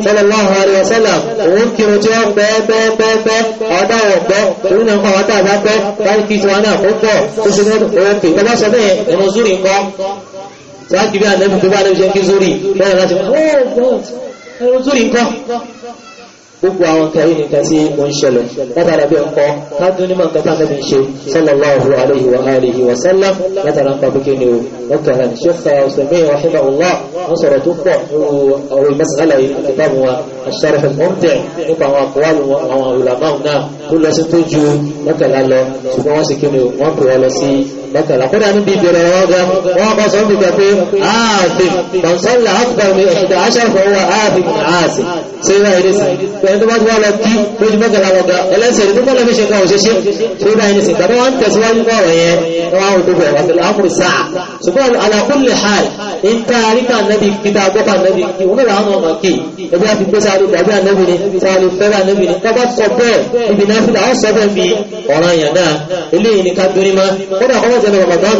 sallallahu alaihi wasallam òun kí mo tí ó pẹ́ pẹ́ pẹ́ pẹ́ ọ̀dáwọ̀ pẹ́ òun náà kọ́ ọ̀dá àbá pẹ́ báyìí kí tiwọn náà kó pọ̀ tó ṣe mẹ́rin òkè tó bá sọ bẹ́ẹ̀ ẹ̀rọ zúrì ànẹ́bì tó bá ànẹ́bì gbogbo àwọn kẹrin nìkan tí ó ń ṣẹlẹ̀ látara bí ọkọ̀ káàdùn nímọ̀ nǹkan tánà bí ń ṣe sallallahu alaihi wa alihi wa sallam látara ń pàbíkẹ́ ni o wọ́n kẹrẹ fẹ́ mọ́tẹ̀ nípa àwọn àkọwàlù àwọn olùlàmọ́ wọ́n sì kí ni wọ́n pè wọ́n lọ sí mọ́kànlá kódà níbi ìbẹ̀rẹ̀ ààfin mọ̀nsọ́lá àkùbà mi ẹ̀ṣẹ̀dá ẹni tó bá ti wá lọ kí tó ti mọ́kànlá lọ ga ẹlẹ́sẹ̀ ní púpọ̀ lọ́fíṣẹ́ kan òṣèṣe tó bá ẹni sìnkà bá wọ́n tẹ̀síwájú bọ́ ọ̀rọ̀ yẹn wọ́n á tó bọ̀ wàtí láàmùrù sáà ṣùgbọ́n alákùnlé hàì ń ta àríkà nẹ́bí kíta gbọ́pà nẹ́bí kí wọ́n lọ́wọ́ àwọn ọmọ kí ẹbí wá fi gbé sáré dàbí ànẹ́bí ni sáré fẹ́rẹ́ ànẹ́bí ni tọ́ bá sọ bẹ́ẹ̀ ibi náà fi làwọn sọ bẹ́ẹ̀ bí ọ̀ràn ni ká dúrí ma kódà kọ́mọ̀ sẹ́nu ramadan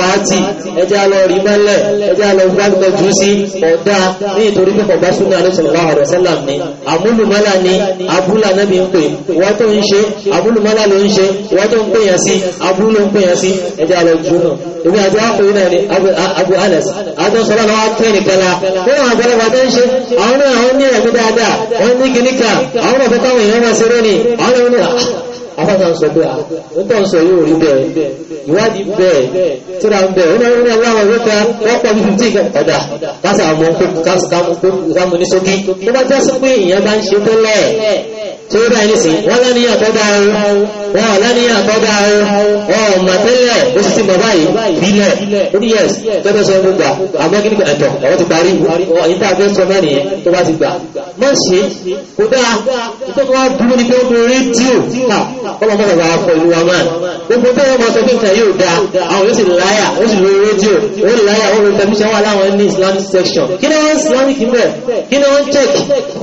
náà ohun tá ẹjá lọ rí mẹ́lẹ̀ ẹjá lọ gbágbẹ́ jù sí ọ̀dá ní ìtorí pé kọ̀gbá súnà ní sallallahu alaihi wasallam ni àmúlùmọ́lá ni abúlà náà bí ń pè wọ́n tó ń ṣe àmúlùmọ́lá ló ń ṣe wọ́n tó ń pè yẹn sí abúlò ń pè yẹn sí ẹjá abu anas àjọ sọ́lá lọ́wọ́ tẹ́rì kẹla fún àgbàlagbà tó ń ṣe àwọn náà wọ́n ní ẹ̀mí dáadáa wọ́n ní kìníkà àwọn ọ̀fẹ́ táwọn èèyàn máa afáta ń sọ pé à ń tọ́ ń sọ yóò rí bẹ́ẹ̀ ìwádìí bẹ́ẹ̀ tíra ń bẹ́ẹ̀ ó náà láwọn ìwé kan wọ́n pọ̀ ní fìtí ọ̀dà káṣà àwọn kámú ní sókí tó bá jásí pé ìyẹn bá ń ṣe tó lẹ̀ tí ó dá ẹni sìn wọ́n lánìyàn tó dá o wọ́n lánìyàn tó dá o wọ́n mà tẹ́lẹ̀ ó sì ti mọ̀ báyìí bílẹ̀ lórí yẹs tọ́tọ́ sọ gbogbo àmọ́ kí ni ẹ̀tọ́ ẹ̀rọ ti parí ìta àgbẹ̀ sọ mẹ́rin yẹn tó bá ti gbà. mọ̀ ṣe kó dáa ìtọ́kọ̀ wá dúró ní pé ó ń rédíò kọ́lọ́mọ́sà bá kọ ìlú wa máa gbogbo tó wọ́n mọ́ sọ fífẹ́ yóò dá àwọn yóò sì láyà ó sì lórí rédíò ó láyà ó lórí tẹlifíṣàn wà láwọn ní islamic section kí ni wọ́n islamic mẹ́ kí ni wọ́n check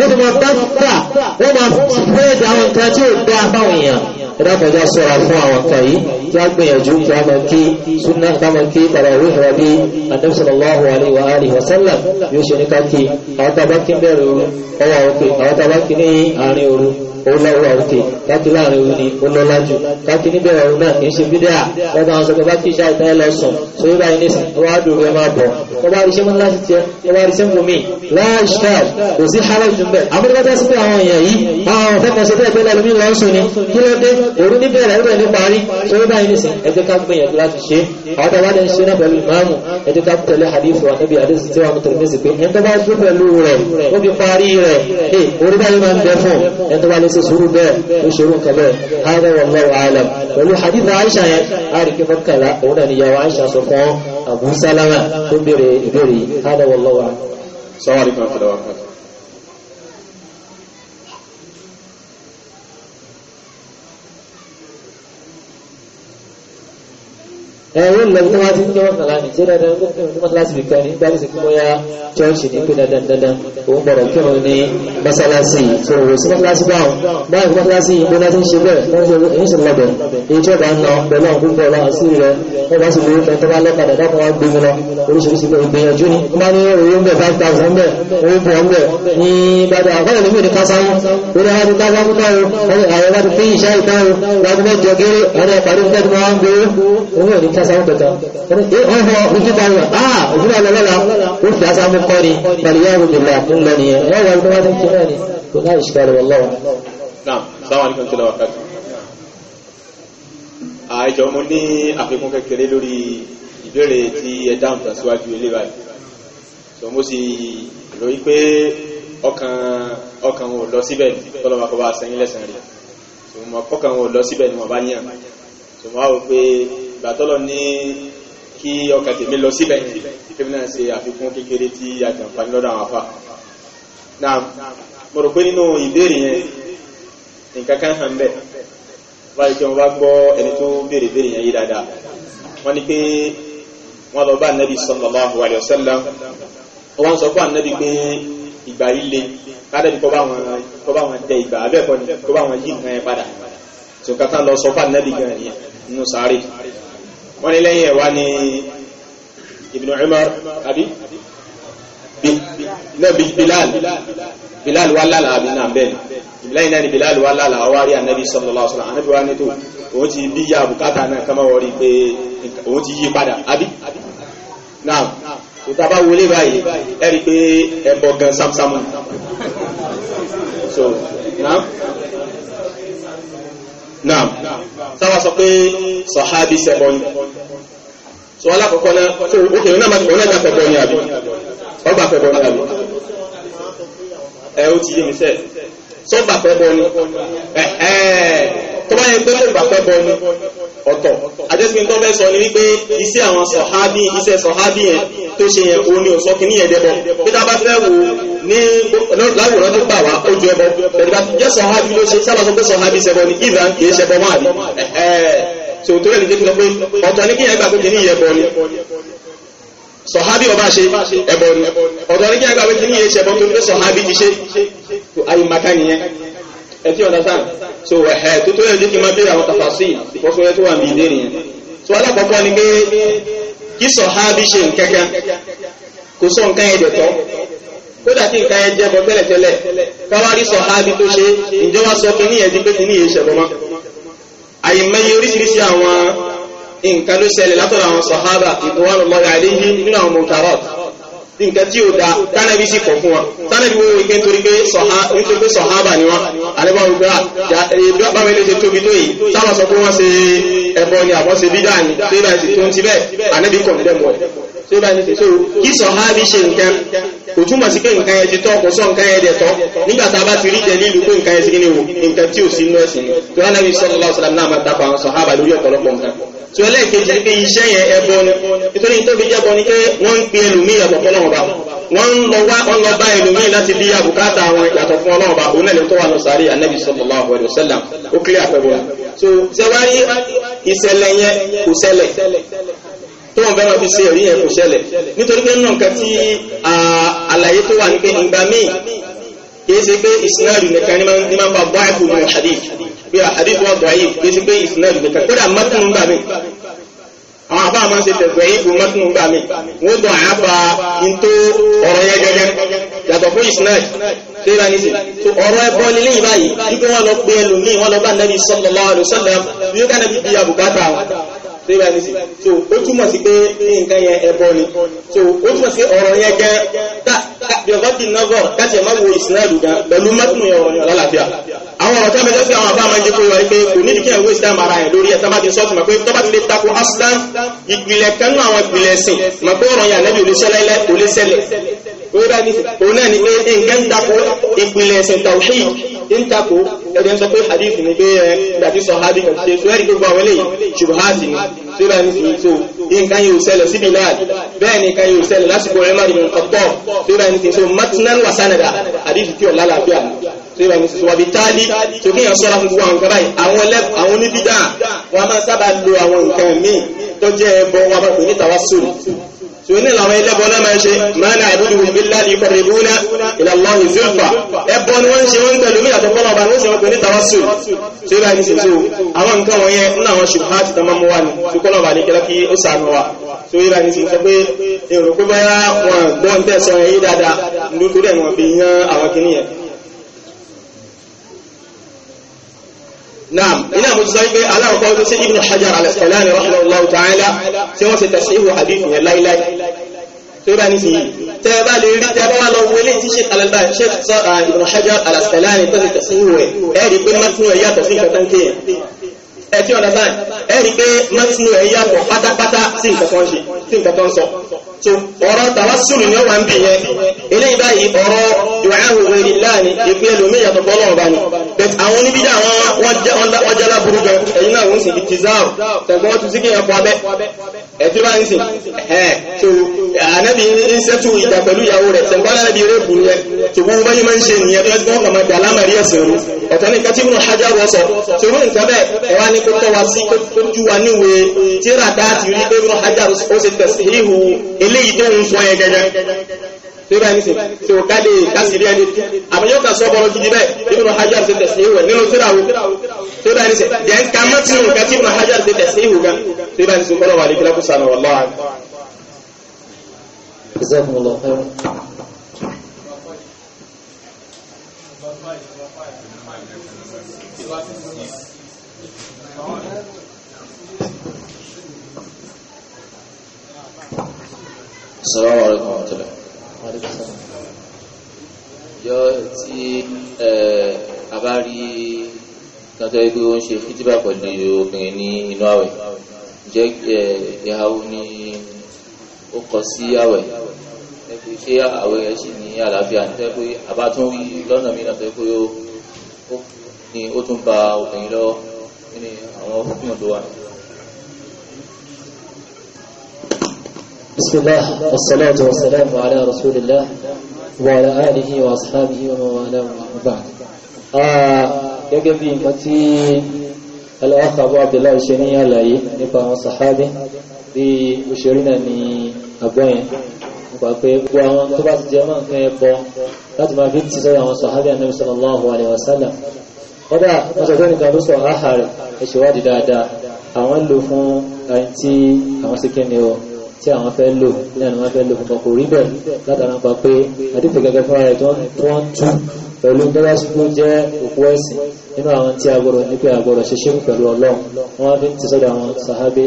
ó ti mọ bá fà wọ́n máa spread àwọn nǹkan tí ó dá fáwọn èèyàn ìdákọjá sọ́ra fún àwọn kan yìí tí a gbìyànjú kí a máa kí súnà ká máa kí tàràwí ìhra bí Ànábì sallallahu alaihi wa alihi wa yóò ṣe ní ká àwọn tàbá bẹ̀rẹ̀ òru ọwọ́ àwọn tàbá kí ní àárín òru olówó òkè káàkiri láàrin òun ni olólájú káàkiri níbẹ̀ òun náà kì í ṣe bídíà wọ́n bá wọn sọ pé bá kí ìṣá ìtàn ẹ lọ sùn so yóò báyìí nísìn wọ́n á dùn rẹ máa bọ̀ wọ́n bá ríṣẹ́ mọ́lá sí tiẹ̀ wọ́n bá ríṣẹ́ mú mi láàṣà kò sí hara jù bẹ́ẹ̀ amúdébátá sí pé àwọn èèyàn yìí àwọn ọ̀fẹ́ kan ṣe bẹ́ẹ̀ pé lẹ́nu mi lọ sùn ni kí ló dé òru ní bẹ̀rẹ̀ rẹ̀ ní parí so yóò báyìí nísìn ẹ ṣe sùúrù bẹ́ẹ̀ ó ṣe orúkọ bẹ́ẹ̀ hada wallahu alam pẹ̀lú hadith aisha yẹn àríkí fọ́kànlá òun náà níyàwó aisha sọ fún abu salama tó béèrè ìbéèrè hada wallahu alam. sọ́wọ́n àríkí wọn fẹ́lẹ́ ẹ̀yìn lọ bí wọ́n ti ń jẹ́ mọ́kànlá ní ṣe dandan ní mọ́kànlásì nìkan ní gbárí sí kúmọ́ ya chọ́ọ̀ṣì ní pé dandan dandan òun gbọ́dọ̀ kírun ní mọ́sálásì tó wò sí mọ́kànlásì báwọn báyìí mọ́kànlásì ìgbó láti ń ṣe bẹ́ẹ̀ lọ́wọ́ ṣe lọ́bẹ̀ èyí tí ó bá ń lọ pẹ̀lú àwọn púpọ̀ láwọn sí rẹ̀ wọ́n bá sì lórí kan tó bá lọ́kadà dákun wá gbé mi lọ oríṣiríṣi pé ìgbìyànjú ni wọ́n bá ní owó ń bẹ̀ five thousand bẹ̀ owó bọ̀ ń bẹ̀ ní bàbá àkọ́yọ̀ lómi ní kásáwó orí àwọn ti kásáwó náà àwọn láti pín ìṣá ìtàn o láti mẹ́jọ kéré àwọn ẹ̀pàdé ń tẹ́tí wọn á ń gbowó owó ẹ̀ ní kás sáwọn kankan wọ́n fọ ojú ta wà á ojú náà lọ́la ó fi àṣà mú kọ́ ni pẹ̀lú yá òun bìlà ń lọ nìyẹn wọ́n wà ní àfikún kékeré lórí ìbéèrè tí ẹ dáhùn tàṣíwájú ilé báyìí so mo sì lóyún pé ọkàn ò lọ síbẹ̀ tọ́lọ́mà kọ́ bá sẹ́yìn lẹ́sàn rí so mo ọkàn ò lọ síbẹ̀ ni wọ́n bá níyàn so mo wá wò pé ìgbàtọ́lọ̀ ní kí ọkà tèmi lọ síbẹ̀ ìfẹ́mi náà ṣe àfikún kékeré tí a jàǹfàní lọ́dọ̀ àwọn afá náà mo rò pé nínú ìbéèrè yẹn nǹkan kan hàn bẹ́ẹ̀ wáyé kí wọ́n bá gbọ́ ẹni tó béèrè béèrè yẹn yí dáadáa wọ́n ní pé wọ́n lọ bá nẹ́bí sallallahu alaihi wasallam wọ́n ni kọ́ wọ́n ní lẹ́yìn ẹ̀wà ni ibn Umar àbí bilal bilal wà lálà àbí náà bẹ́ẹ̀ lẹ́yìn náà ni bilal wà lálà àwárí ànábi sallallahu alaihi wasallam ànábi wà ní tó òun ti bí ya bùkátà náà kama wọ́rí pé òun ti yí padà àbí náà ìtàbá wọlé báyìí ẹ̀rí pé ẹ̀bọ̀ gan samsamu náà náà sáwà sọ pé sọ̀hábí sẹ́bọ̀ ni so alákọ̀ọ́kọ́ náà tó òkè náà máa tẹ̀wọ́n náà fẹ̀bọ̀ ni àbí ọgbà fẹ̀bọ̀ ni àbí ẹ ó ti yé mi sẹ́ sọ́gbà fẹ́bọ̀ ni ẹ̀ẹ́ tó bá yẹ pé ó gbà ni ọ̀tọ̀ àjọsí tó fẹ́ sọ ni wípé iṣẹ́ àwọn sọ̀hábí iṣẹ́ sọ̀hábí yẹn tó ṣe yẹn òun ni ò sọ kí ní yẹn dẹbọ bí tá a bá fẹ́ wò ní láwùrán tó gbà wá ó ju ẹbọ pẹ̀lú bá jẹ́ sọ̀hábí ló ṣe sábà sọ pé sọ̀hábí ṣẹbọ ni ìlà kì í ṣẹbọ máa bí tòótọ́ rẹ̀ lè jẹ́ ni kí yẹn gbà pé kì í yẹbọ ni sọ̀hábí ọba ṣe ẹbọ ni ọ̀tọ̀ ni kí yẹn gbà pé kì í tó ń pẹ́ sọ̀hábí ti ṣe àyè màkà nìyẹn ẹtí ọ̀dá sáà so ẹ̀hẹ́ tó tó yẹn díkì máa bèèrè àwọn tàfàṣì pọ̀sọ̀ tó wà ní ìdí nìyẹn so alákọ̀ọ́kọ́ ni pé kí sọ ha bí ṣe nkẹ́kẹ́ kò sọ nǹkan ẹ̀dẹ̀ tọ́ kódà kí nǹkan ẹ̀ jẹ́ bọ́ tẹ́lẹ̀tẹ́lẹ̀ káwá rí sọ ha bí tó ṣe ìjọba sọ kíní ẹ̀ di pé kíní yẹn ṣẹ̀bọ̀ mọ́ àyìnmẹ́yẹ oríṣiríṣi àwọn nǹkan ló ṣẹlẹ̀ látọ̀dọ̀ àwọn sọ̀hábà nǹkan tí ó da tánàbí sì kọ̀ fún wa tánàbí wọ́n wípé nítorí pé sọ̀hábà ni ah, eh, wọ́n àlẹ́bà ògbà báwọn ilé ṣe tóbi tó yìí táwọn sọ pé wọ́n ṣe ẹbọ ni àbọ̀ ṣe bídà ni tó ibà ti tó ń ti bẹ́ẹ̀ ànẹ́bí kọ̀ nílẹ̀ mọ̀ tó ibà ti tó kí sọ̀hábì ṣe nǹkan kò túmọ̀ sí pé nǹkan yẹn ti tọ́ kò sọ nǹkan yẹn dẹ̀ tọ́ nígbà tá a bá ti rí jẹlí ìlú pé nǹkan yẹn ti kí ni wò nǹkan tí ò sí nọ́ọ̀sì ni tó yánà bí sọ́lọ́lá ọ̀sán náà máa tapọ̀ àwọn sọ̀hábà lórí ọ̀pọ̀lọpọ̀ nǹkan tí ó lẹ́ẹ̀kejì ní pé iṣẹ́ yẹn ẹbọ ni nítorí tó fi jẹ́bọ ni pé wọ́n ń pe ẹlòmíì yàtọ̀ fún ọlọ́run ọba wọ́n ń lọ wá wọ́n lọ bá ẹlòmíì láti bí àbùkátà àwọn yàtọ̀ fún ọlọ́run ọba òun ẹ̀lẹ́ tó wà lọ sáré anabi sallallahu alaihi wasallam ó kílẹ̀ àpẹẹrẹ rẹ̀ so ṣẹwárí ìṣẹ̀lẹ̀ yẹn kò ṣẹlẹ̀ tó wọn fẹ́ràn fi ṣe ẹ̀rí yẹn kò ṣẹlẹ̀ nítorí pé nínú nǹkan tí àlàyé tó wà ní pé ìgbà míì kì í ṣe pé ìsinárì nìkan ní máa ń bá bọ́ àìkú ní hadith pé àdìsí wọn dọ̀ yìí kí sí pé ìsinẹ́ẹ̀dì nìkan kódà mọ́tún ń gbà mí àwọn àbá máa ń ṣe tẹ̀sẹ̀ yìí fún mọ́tún ń gbà mí wọ́n dọ̀ àáfà ntó ọ̀rọ̀ yẹn gẹ́gẹ́ yàtọ̀ fún ìsinẹ́ẹ̀dì tó yẹ láyé sí tó ọ̀rọ̀ ẹbọ nílé yìí báyìí wípé wọ́n lọ pé ẹlòmíì wọ́n lọ bá nẹ́bí sallallahu alaihi wasallam síbẹ̀ ní sí so ó túmọ̀ sí pé nǹkan yẹn ẹbọ ni so ó túmọ̀ sí ọ̀rọ̀ yẹn gan bíọ̀gọ́tì nọ́gọ̀ káṣẹ̀ má wo ìsinádù gan pẹ̀lú mẹ́tùnú ọ̀rọ̀ yẹn lálàáfíà àwọn ọ̀rọ̀ tábẹ́jọ́ sí àwọn àbáwọn jẹ́ kó wọ pé kò ní ìdíkẹ́ ìwé ìsìlámù ara ẹ̀ lórí ẹ̀tọ́ bá ti sọ́ọ̀tù mọ̀ pé tọ́ba ti lè tako aslan ìpìlẹ̀ kanú àwọn ìpìlẹ̀ ẹ̀sìn mọ̀ pé ọ̀rọ̀ yẹn ànẹ́bí ò lè orílẹ̀ ní òun náà ni pé nǹkan ń takò ìpìlẹ̀ ẹ̀sìn tàwùsí ń takò ẹ̀dẹ̀ ń sọ pé hadith ni pé ẹ̀ dàbí sọ hadith ṣe sọ́ẹ́rì gbogbo àwọn eléyìí ṣubuhati ni síra ní sùn tó nǹkan yóò ṣẹlẹ̀ síbi náà bẹ́ẹ̀ ni nǹkan yóò ṣẹlẹ̀ lásìkò ẹ̀rọ márùn ún ọ̀tọ̀ síra ní sùn matinan wa sanada hadith tí ò lálàáfíà síra ní sùn wàbí táálí tó kí yàn sọ́ra fún gbogbo àwọn kaba yìí àwọn oníbídà wọn máa sábà lo àwọn nǹkan míì tó jẹ́ ẹbọ wọn bá pè ní tàwa sóòlù sùnì làwọn ẹlẹ́bọ náà máa ń ṣe máa ń àbúrò ìbí láti ìkọ̀rẹ̀ ìbú náà ìlàlọ́ ìzúlùpà ẹbọ ni wọ́n ń ṣe wọ́n pẹ̀lú ìyàtọ̀ fọ́nà ọba ní ìṣẹ̀wọ́n pẹ̀lú tàwásù ṣe bá ní ṣe àwọn nǹkan wọ̀nyẹ nínú àwọn ṣùgbọ́n àti tàmà mú ní tó kọ́nà ọba ní kẹ́lá kí ó sànù wa tó yíra ní ṣe pé èrò pé báyà wọn gbọ́n tẹ̀sán yìí dáadáa nítorí ẹ̀ wọn fi yan àwọn kìnìyàn نعم إلى مجزئين على قول سيد ابن حجر على السلام رحمه الله تعالى سوى ستشعيه حديثه لا إله سورة نسيه تابع ليري تابع لو ولي تشيخ على الباب شيخ ابن حجر على السلام تشعيه ايه بمتنوع يا تصيح تنكيه ẹ̀tí ọ̀dàbáyì ẹ̀rí pé mẹ́tínú ẹ̀ yàtọ̀ pátápátá tí nǹkan ṣe tí nǹkan sọ tó ọ̀rọ̀ tàwásùlù ni ó wà ń bì yẹn eléyìí báyìí ọ̀rọ̀ ìwàáhù rẹ̀ láàrin ìpín ẹlòmíì yàtọ̀ bọ́lọ̀ ọ̀bá ni but àwọn oníbídà wọn jẹ́ láburú gan ẹ̀yìn náà wọ́n sì ti záàrù tẹ̀gbọ́n tún sí kí yẹn fọ abẹ́ ẹ̀tí bá ń sìn ẹ̀ẹ́ tó ànábì ń sẹ́tù ìjà pẹ̀lú ìyàwó rẹ̀ tẹ̀gbọ́n ànábì rẹ̀kù ní ẹ ṣùgbọ́n báyìí máa ń ṣe nìyẹn tó ẹgbẹ́ ọkọ̀ máa dà lámàrí ẹ̀sìn rú ọ̀tọ̀ ní kẹtí ìrùn hajjá wọ́n sọ ṣòro nǹkan bẹ́ẹ̀ ẹ̀wá ní kó tọ́ wa sí kó jú wa níwe tí ràdá ti rí pé ìrùn hajjá ó ṣe tẹ̀sí ihu eléyìí tó ń sọ yẹn gẹ́gẹ́ tí bá ní sè tí o ká lè kásìrí ẹni àmọ́ yóò kà sọ bọ́lọ́ gidi bẹ́ẹ̀ Ibn Hajar ṣe tẹ̀sí ìwẹ̀ nínú tíráwó tí bá ní sè dẹ́n ká mọ́tì nǹkan tí Ibn Hajar ṣe tẹ̀sí ìwù gan tí bá ní sè wà ní kíláàkù sànà wọ́lọ́wà ìṣẹ́gun lọ fún. Assalamu alaikum wa rahmatullah. Yọ tí e, a bá rí tọ́jọ́ pé ó ń ṣe fíjìbà pẹ̀lú obìnrin ní inú àwẹ̀. Jẹ́ e, ìyàwó ní ó kọ sí àwẹ̀ ẹ̀kú ṣé àwẹ̀ yẹn ṣì ní àlàáfíà nítorí pé àbá tún rí lọ́nà mi náà pé ó ní ó tún ba obìnrin lọ́wọ́ nínú àwọn fíìmù tó wà. بسم الله والصلاة والسلام على رسول الله وعلى آله وأصحابه ومن والاه وبعد gẹ́gẹ́ bí nǹkan tí aláwọ̀ àbọ̀ abdullahi ṣe ní àlàyé nípa àwọn sàhábí bí òṣèré náà ni àgbọ́ yẹn nípa pé gbogbo àwọn tó bá ti jẹ́ máa ń fẹ́ bọ láti máa fi ti sọ́rọ̀ àwọn sọ̀hábí ànábì sallallahu alaihi wasallam kọ́dà wọ́n sọ nìkan ló sọ áhà rẹ̀ ẹ̀ṣẹ̀wádìí dáadáa àwọn lò fún àyíntí àwọn síkẹ́ ọ tí àwọn fẹ́ lò lẹ́nu wọn fẹ́ lò fún ọkọ̀ orí bẹ̀ látara pa pé àdìsí gẹ́gẹ́ fún ara tó wọ́n tú pẹ̀lú dọ́wọ́sùkú jẹ́ òkú ẹ̀sìn nínú àwọn tí a gbọ́dọ̀ ní pé a gbọ́dọ̀ ṣe ṣéun pẹ̀lú ọlọ́run wọ́n fi ti sọ́dọ̀ àwọn sàhábé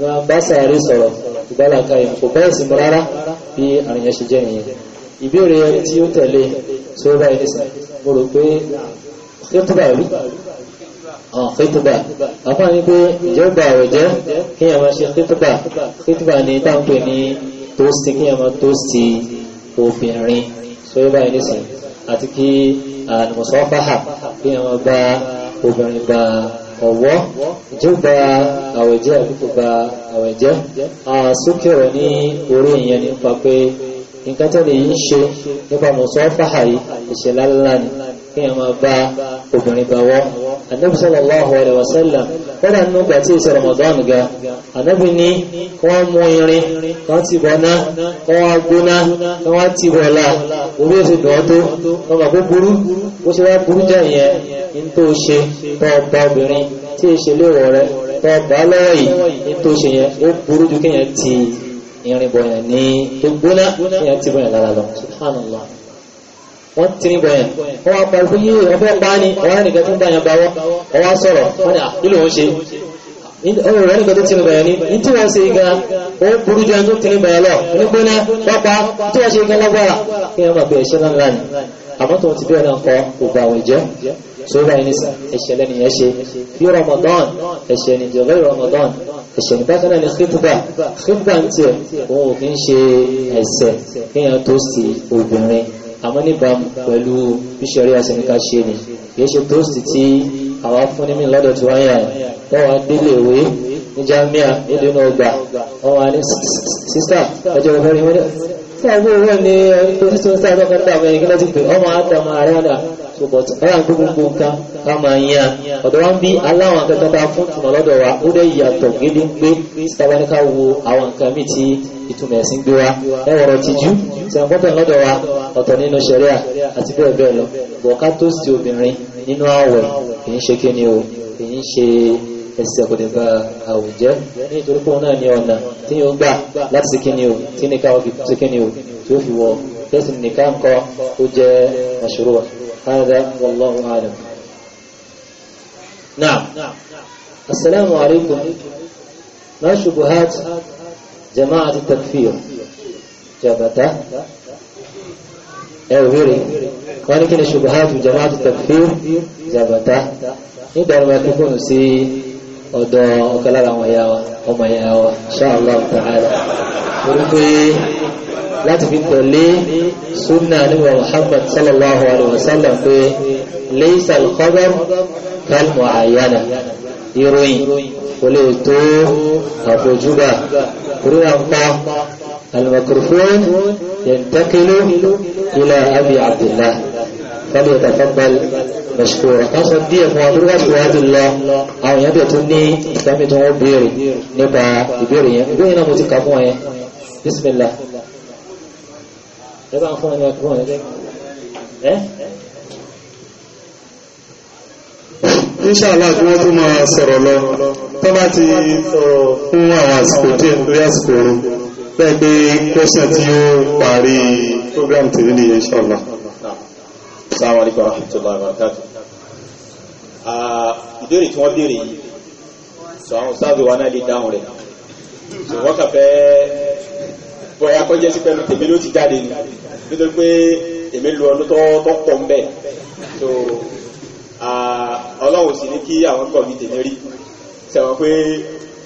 wọ́n bá sàárè sọ̀rọ̀ ìgbàlàkà yẹn kò bẹ́ẹ̀ sí rárá bí àrùnyẹn ṣe jẹ́ nìyẹn ìbéèrè ẹni tí ó tẹ̀lé tí ó bá ẹni sàn mo خطبة أفاني بي جوبا وجه كي يماشي خطبة خطبة ني تانكو ني توسي كي يما توسي وفيرين سوي باي نسي àti kí àlùmọ̀sọ́fáhà kí yما bá obìnrin bá ọwọ́ jọba àwẹ̀jẹ́ àkókò bá àwẹ̀jẹ́ àsókè rẹ̀ ní orí ìyẹn nípa pé nǹkan tẹ́lẹ̀ yìí ń ṣe nípa mọ̀sọ́fáhà yìí ìṣẹ̀lá ńlá ni kí a máa bá obìnrin gbàwọ́ anábì sallallahu alaihi wasallam kọ́dà nínú gbà tí ìṣẹ́ Ramadan ga anábì ní wọ́n mú irin kan ti bọ̀ná kan wá gbóná kan wá ti bọ̀lá orí èsì dùn ọ́tó kan bà kó burú ó ṣe wá burú jà yẹn ní tó ṣe tọ́ ọba obìnrin tí ìṣẹ̀lẹ̀ wọ̀ rẹ tọ́ ọba lọ́wọ́ yìí ní tó ṣe yẹn ó burú ju kéèyàn ti irin bọ̀yàn ní tó gbóná kéèyàn ti bọ̀yàn lára lọ subhanallah wọ́n tiri bẹ̀yẹn wọ́n wá parí fún yíyí ọbẹ̀ pani wọ́n rẹ̀ nìkan tó ń bá yẹn bawọ́ wọ́n wá sọ̀rọ̀ wọ́n yà nílò wọ́n ṣe ọ̀rọ̀ rẹ̀ nìkan tó tiri bẹ̀yẹn ni ní tí wọ́n ṣe gan ó burú jẹ́ tó tiri bẹ̀yẹn lọ ní gbóná pápá tí wọ́n ṣe gan lágbára kí wọ́n máa bẹ̀rẹ̀ ṣẹ́ náà láàyè àmọ́ tó ti bẹ́ẹ̀ náà kọ́ kò bá àwọn ìjẹ́ sóra ẹni ni jọ̀lẹ́ Ramadan ẹ̀ṣẹ̀ ní bákan náà ni khidba khidba àmọ́ níbàámu pẹ̀lú bíṣẹ̀rí àṣẹníká ṣe ni kìí ṣe tóòsì tí àwọn afúnnímì lọ́dọ̀ tí wọ́n yà wọ́n délé ìwé ní jamia nílùú náà wọ́n wá ní sísá ọjọ́ ìfẹ́ ni wọ́n dẹ̀ sáàgbé ìwé ni ẹni tó sísun sáà lọ́kàn dà mọ́ ẹ̀yìn láti pè ọmọ àtàmà àrẹ ọ̀dà ṣùgbọ́n ọ̀rọ̀ gbogbo nǹkan ká máa wa ó dẹ̀ yàtọ̀ gédéńgbé sábà ní ká wo àwọn ìtumọ̀ ẹ̀sìn gbé wa ẹwọ̀rọ̀ tìjú tí a gbọ́bẹ̀ lọ́dọ̀ wa ọ̀tọ̀ nínú ṣẹ̀ríà àti bẹ́ẹ̀ bẹ́ẹ̀ lọ bọ̀ká tó sì obìnrin nínú àwẹ̀ kì ṣe kí ni o kì ṣe ẹsẹ̀ kò lè bá àwùjẹ nítorí pé òun Assalamu alaikum. جماعة التكفير جابته ẹ̀rù rírì wọ́n ní kí ni ṣubhatu jamaatu takfir jabata nítorí wọn kí fóònù sí ọ̀dọ̀ ọ̀kan lára àwọn ẹ̀yà wa ọmọ ẹ̀yà wa ṣáàlá ta'ala orí pé láti fi tẹ̀lé súnà nígbà Muhammad sallallahu alaihi wasallam pé laysa al-khabar kal mu'ayyana ìròyìn kò lè tó àpòjúbà ríra ń pa الميكروفون ينتقل إلى أبي عبد الله فليتفضل مشكورا قصد دي فوادر واسواد الله أو يبتني سمتهم بيري نبا بيري بين متكفوه بسم الله نبا أخوانا يكفوه إيه inṣàlá kí wọ́n tún máa sọ̀rọ̀ lọ tó bá ti sọ̀rọ̀ fún àwọn àsìkò díẹ̀ lórí àsìkò oorun bẹ́ẹ̀ pé kọ́sẹ̀ tí ó parí program tèmi nìyẹn inṣàlá. Assalamu alaikum warahmatullahi wabarakatuh. Ah, ìbéèrè tí wọ́n béèrè yìí sọ àwọn sáàbì wa náà lè dáhùn rẹ̀ sọ wọ́n kà fẹ́ bọ́yá kọjá sí pẹ̀lú tèmi ló ti jáde ni nítorí pé èmi lu ọdún tó pọ̀ ń bẹ̀ Ah, ọlọ́run sì ní kí àwọn kọ̀ ní tèmi rí sẹ̀wọ̀n pé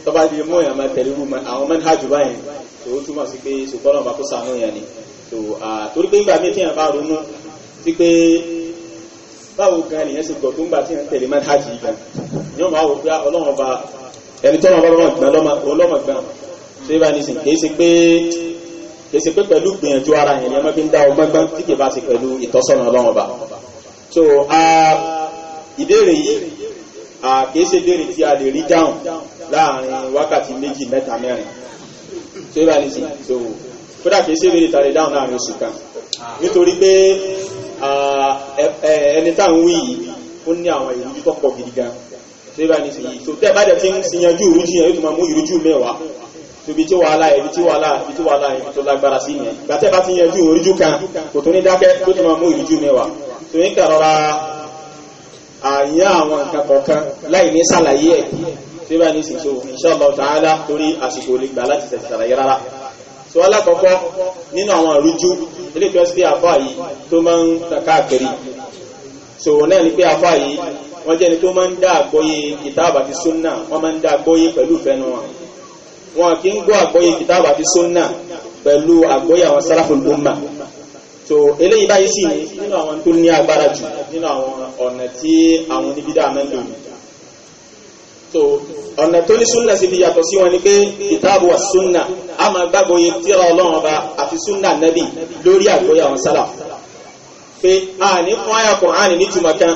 tó bá di mú ìyàmá tẹ̀lé rú àwọn mẹ́nhàjù báyìí tó túmọ̀ sí pé ṣùgbọ́n ọba kó sànú ìyàn ni tó torí pé nígbà míì tí yàn bá ronú sí pé báwo gan nìyẹn ṣe gbọ̀ tó ń gbà tí yàn tẹ̀lé mẹ́nhàjù yìí gan ni ó máa wò pé ah, ọlọ́run ọba ẹni tó máa lọ́mọ gbọ́n lọ́mọ gbọ́n tó yẹ bá ní sìn kìí ṣe pé kìí ṣe pé pẹ̀lú gbìyànjú ara yẹn ni ẹ má fi ń dá ọgbọ́n gbọ́n tí kìí bá ṣe pẹ̀lú ìtọ́sọ́nà ọlọ́run ọba ìbéèrè yìí àkéése béèrè tí a lè rí dáhùn láàrin wákàtí méjì mẹ́ta mẹ́rin tó yẹ bá ní sí so kódà kéése béèrè tàlẹ̀ dáhùn láàrin oṣù kan nítorí pé ẹni táwọn wí yìí ó ní àwọn ìrújú tó pọ̀ gidi gan tó yẹ bá ní sí yìí so tẹ́ bá dẹ̀ ti ń sinyanjú ìrújú yẹn yóò tún máa mú ìrújú mẹ́wàá ibi tí wàhálà ibi tí wàhálà ibi tí wàhálà ibi tó lágbára sí yẹn gbàtẹ́ bá ti yanjú ìrújú kan kò tún ní dákẹ́ tó tún máa mú ìrújú mẹ́wàá so yín kà àyán àwọn nǹkan kọ̀ọ̀kan láì ní sàlàyé ẹ̀ tí bá ní sísò inshallah ta'ala torí àsìkò lè gbà láti sàlàyé rárá so alákọ̀ọ́kọ́ nínú àwọn àrújú ilé tó sí àfá yìí tó máa ń tàkàkiri so náà ni pé àfá yìí wọ́n jẹ́ni tó máa ń dá àgbọ́yé kìtàbà ti súnnà wọ́n máa ń dá àgbọ́yé pẹ̀lú ìfẹ́nu wọn wọn kì ń gbọ́ àgbọ́yé kìtàbà ti súnnà pẹ̀lú àgbọ́yé so eléyìí báyìí sì nínú àwọn tó ní agbára jù nínú àwọn ọ̀nà tí àwọn oníbídà mẹ́lò ní so ọ̀nà tó ní súnnà sí bí yàtọ̀ sí wọn ni pé kìtàbù wà súnnà a máa gbàgbọ́ yẹ tíra ọlọ́run ọba àti súnnà nẹ́bì lórí àgbóyà wọn sálà pé a ní fún àyà Kùránì nítumọ̀ kan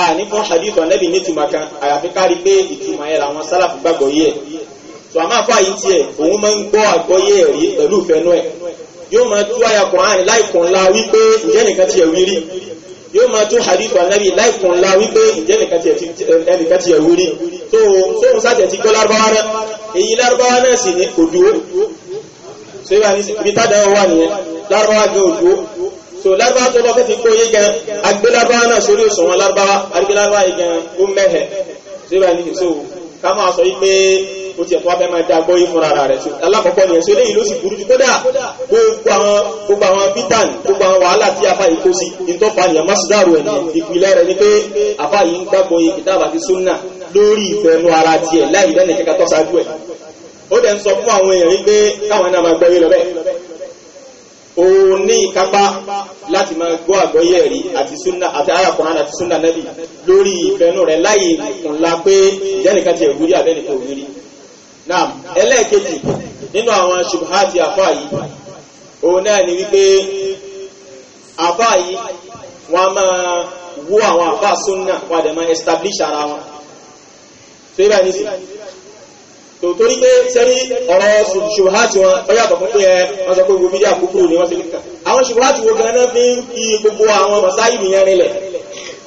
a ní fún hadith ọ̀nẹ́bì nítumọ̀ kan àyàfi kárí pé ìtumọ̀ yẹn làwọn sálà fún gbàgbọ́ yẹ so àmọ́ àfọ àyíntì òun máa ń gbọ́ àgbọ́yé ẹ̀rí pẹ̀lú ìfẹ́nú yóò máa tú àyà Kùránì láìkùn ńlá wípé ǹjẹ́ nìkan ti ẹ̀wí rí yóò máa tú hadith Ànábì láìkùn ńlá wípé ǹjẹ́ nìkan ti ẹ̀wí rí tó sóhun sáàtẹ̀ ti gbọ́ lárúbáwá náà èyí lárúbáwá náà sì ní kò dúró so ibà ní ibi tádà wà nìyẹn lárúbáwá ní òdúró so lárúbáwá tó lọ́fẹ́ fi kó yé gan agbé lárúbáwá náà sórí òṣùwọ̀n lárúbáwá agbé lárúbáwá yé gan ó mẹ́hẹ̀ so ibà ní so ká máa sọ yí pé ó ti ẹ̀tọ́ abẹ́ máa dá gbọ́ yìí fúnra rẹ̀ tó alákọ̀ọ́kọ́ ni ẹ̀sọ́ eléyìí ló sì burú jù kódà gbogbo àwọn bítàn gbogbo àwọn wàhálà tí afa yìí kó sí ìtọ́fà ni àmásídàrú ẹ̀ nìyẹn ìpìlẹ̀ rẹ̀ ni pé afa yìí ń gbàgbọ́ yìí kìtàbà àti súnà lórí ìfẹ́nu ara tiẹ̀ láì lẹ́nu kẹ́kẹ́ tó ṣáájú ẹ̀ ó dẹ̀ ń sọ fún àwọn èèyàn wípé káwọn náà máa gbọ́ yìí lọ bẹ́ẹ̀ òun ní ìkápá láti máa gbọ́ àgbọ́yé ẹ̀rí àti súnà àti arákùnrin àti súnà nẹ́bì lórí ìfẹ́nu rẹ̀ láì kùnlá pé ìjẹ́nìkan ti ẹ̀gúrí àbẹ́nìkan ògiri naam ẹlẹ́ẹ̀kejì nínú àwọn ṣubhati àfáà òun náà ni wípé àfáà yìí máa wó àwọn àfáà súnnà máa establish ara wọn tó yíba ní sí tó torí pé sẹ́rí ọ̀rọ̀ ṣubhati wọn ó yàtọ̀ pé ẹ wọ́n sọ pé gbogbo mídíà kúkúrú ni wọ́n ti lè kà àwọn ṣubhati wo gan-an fi ń fi gbogbo àwọn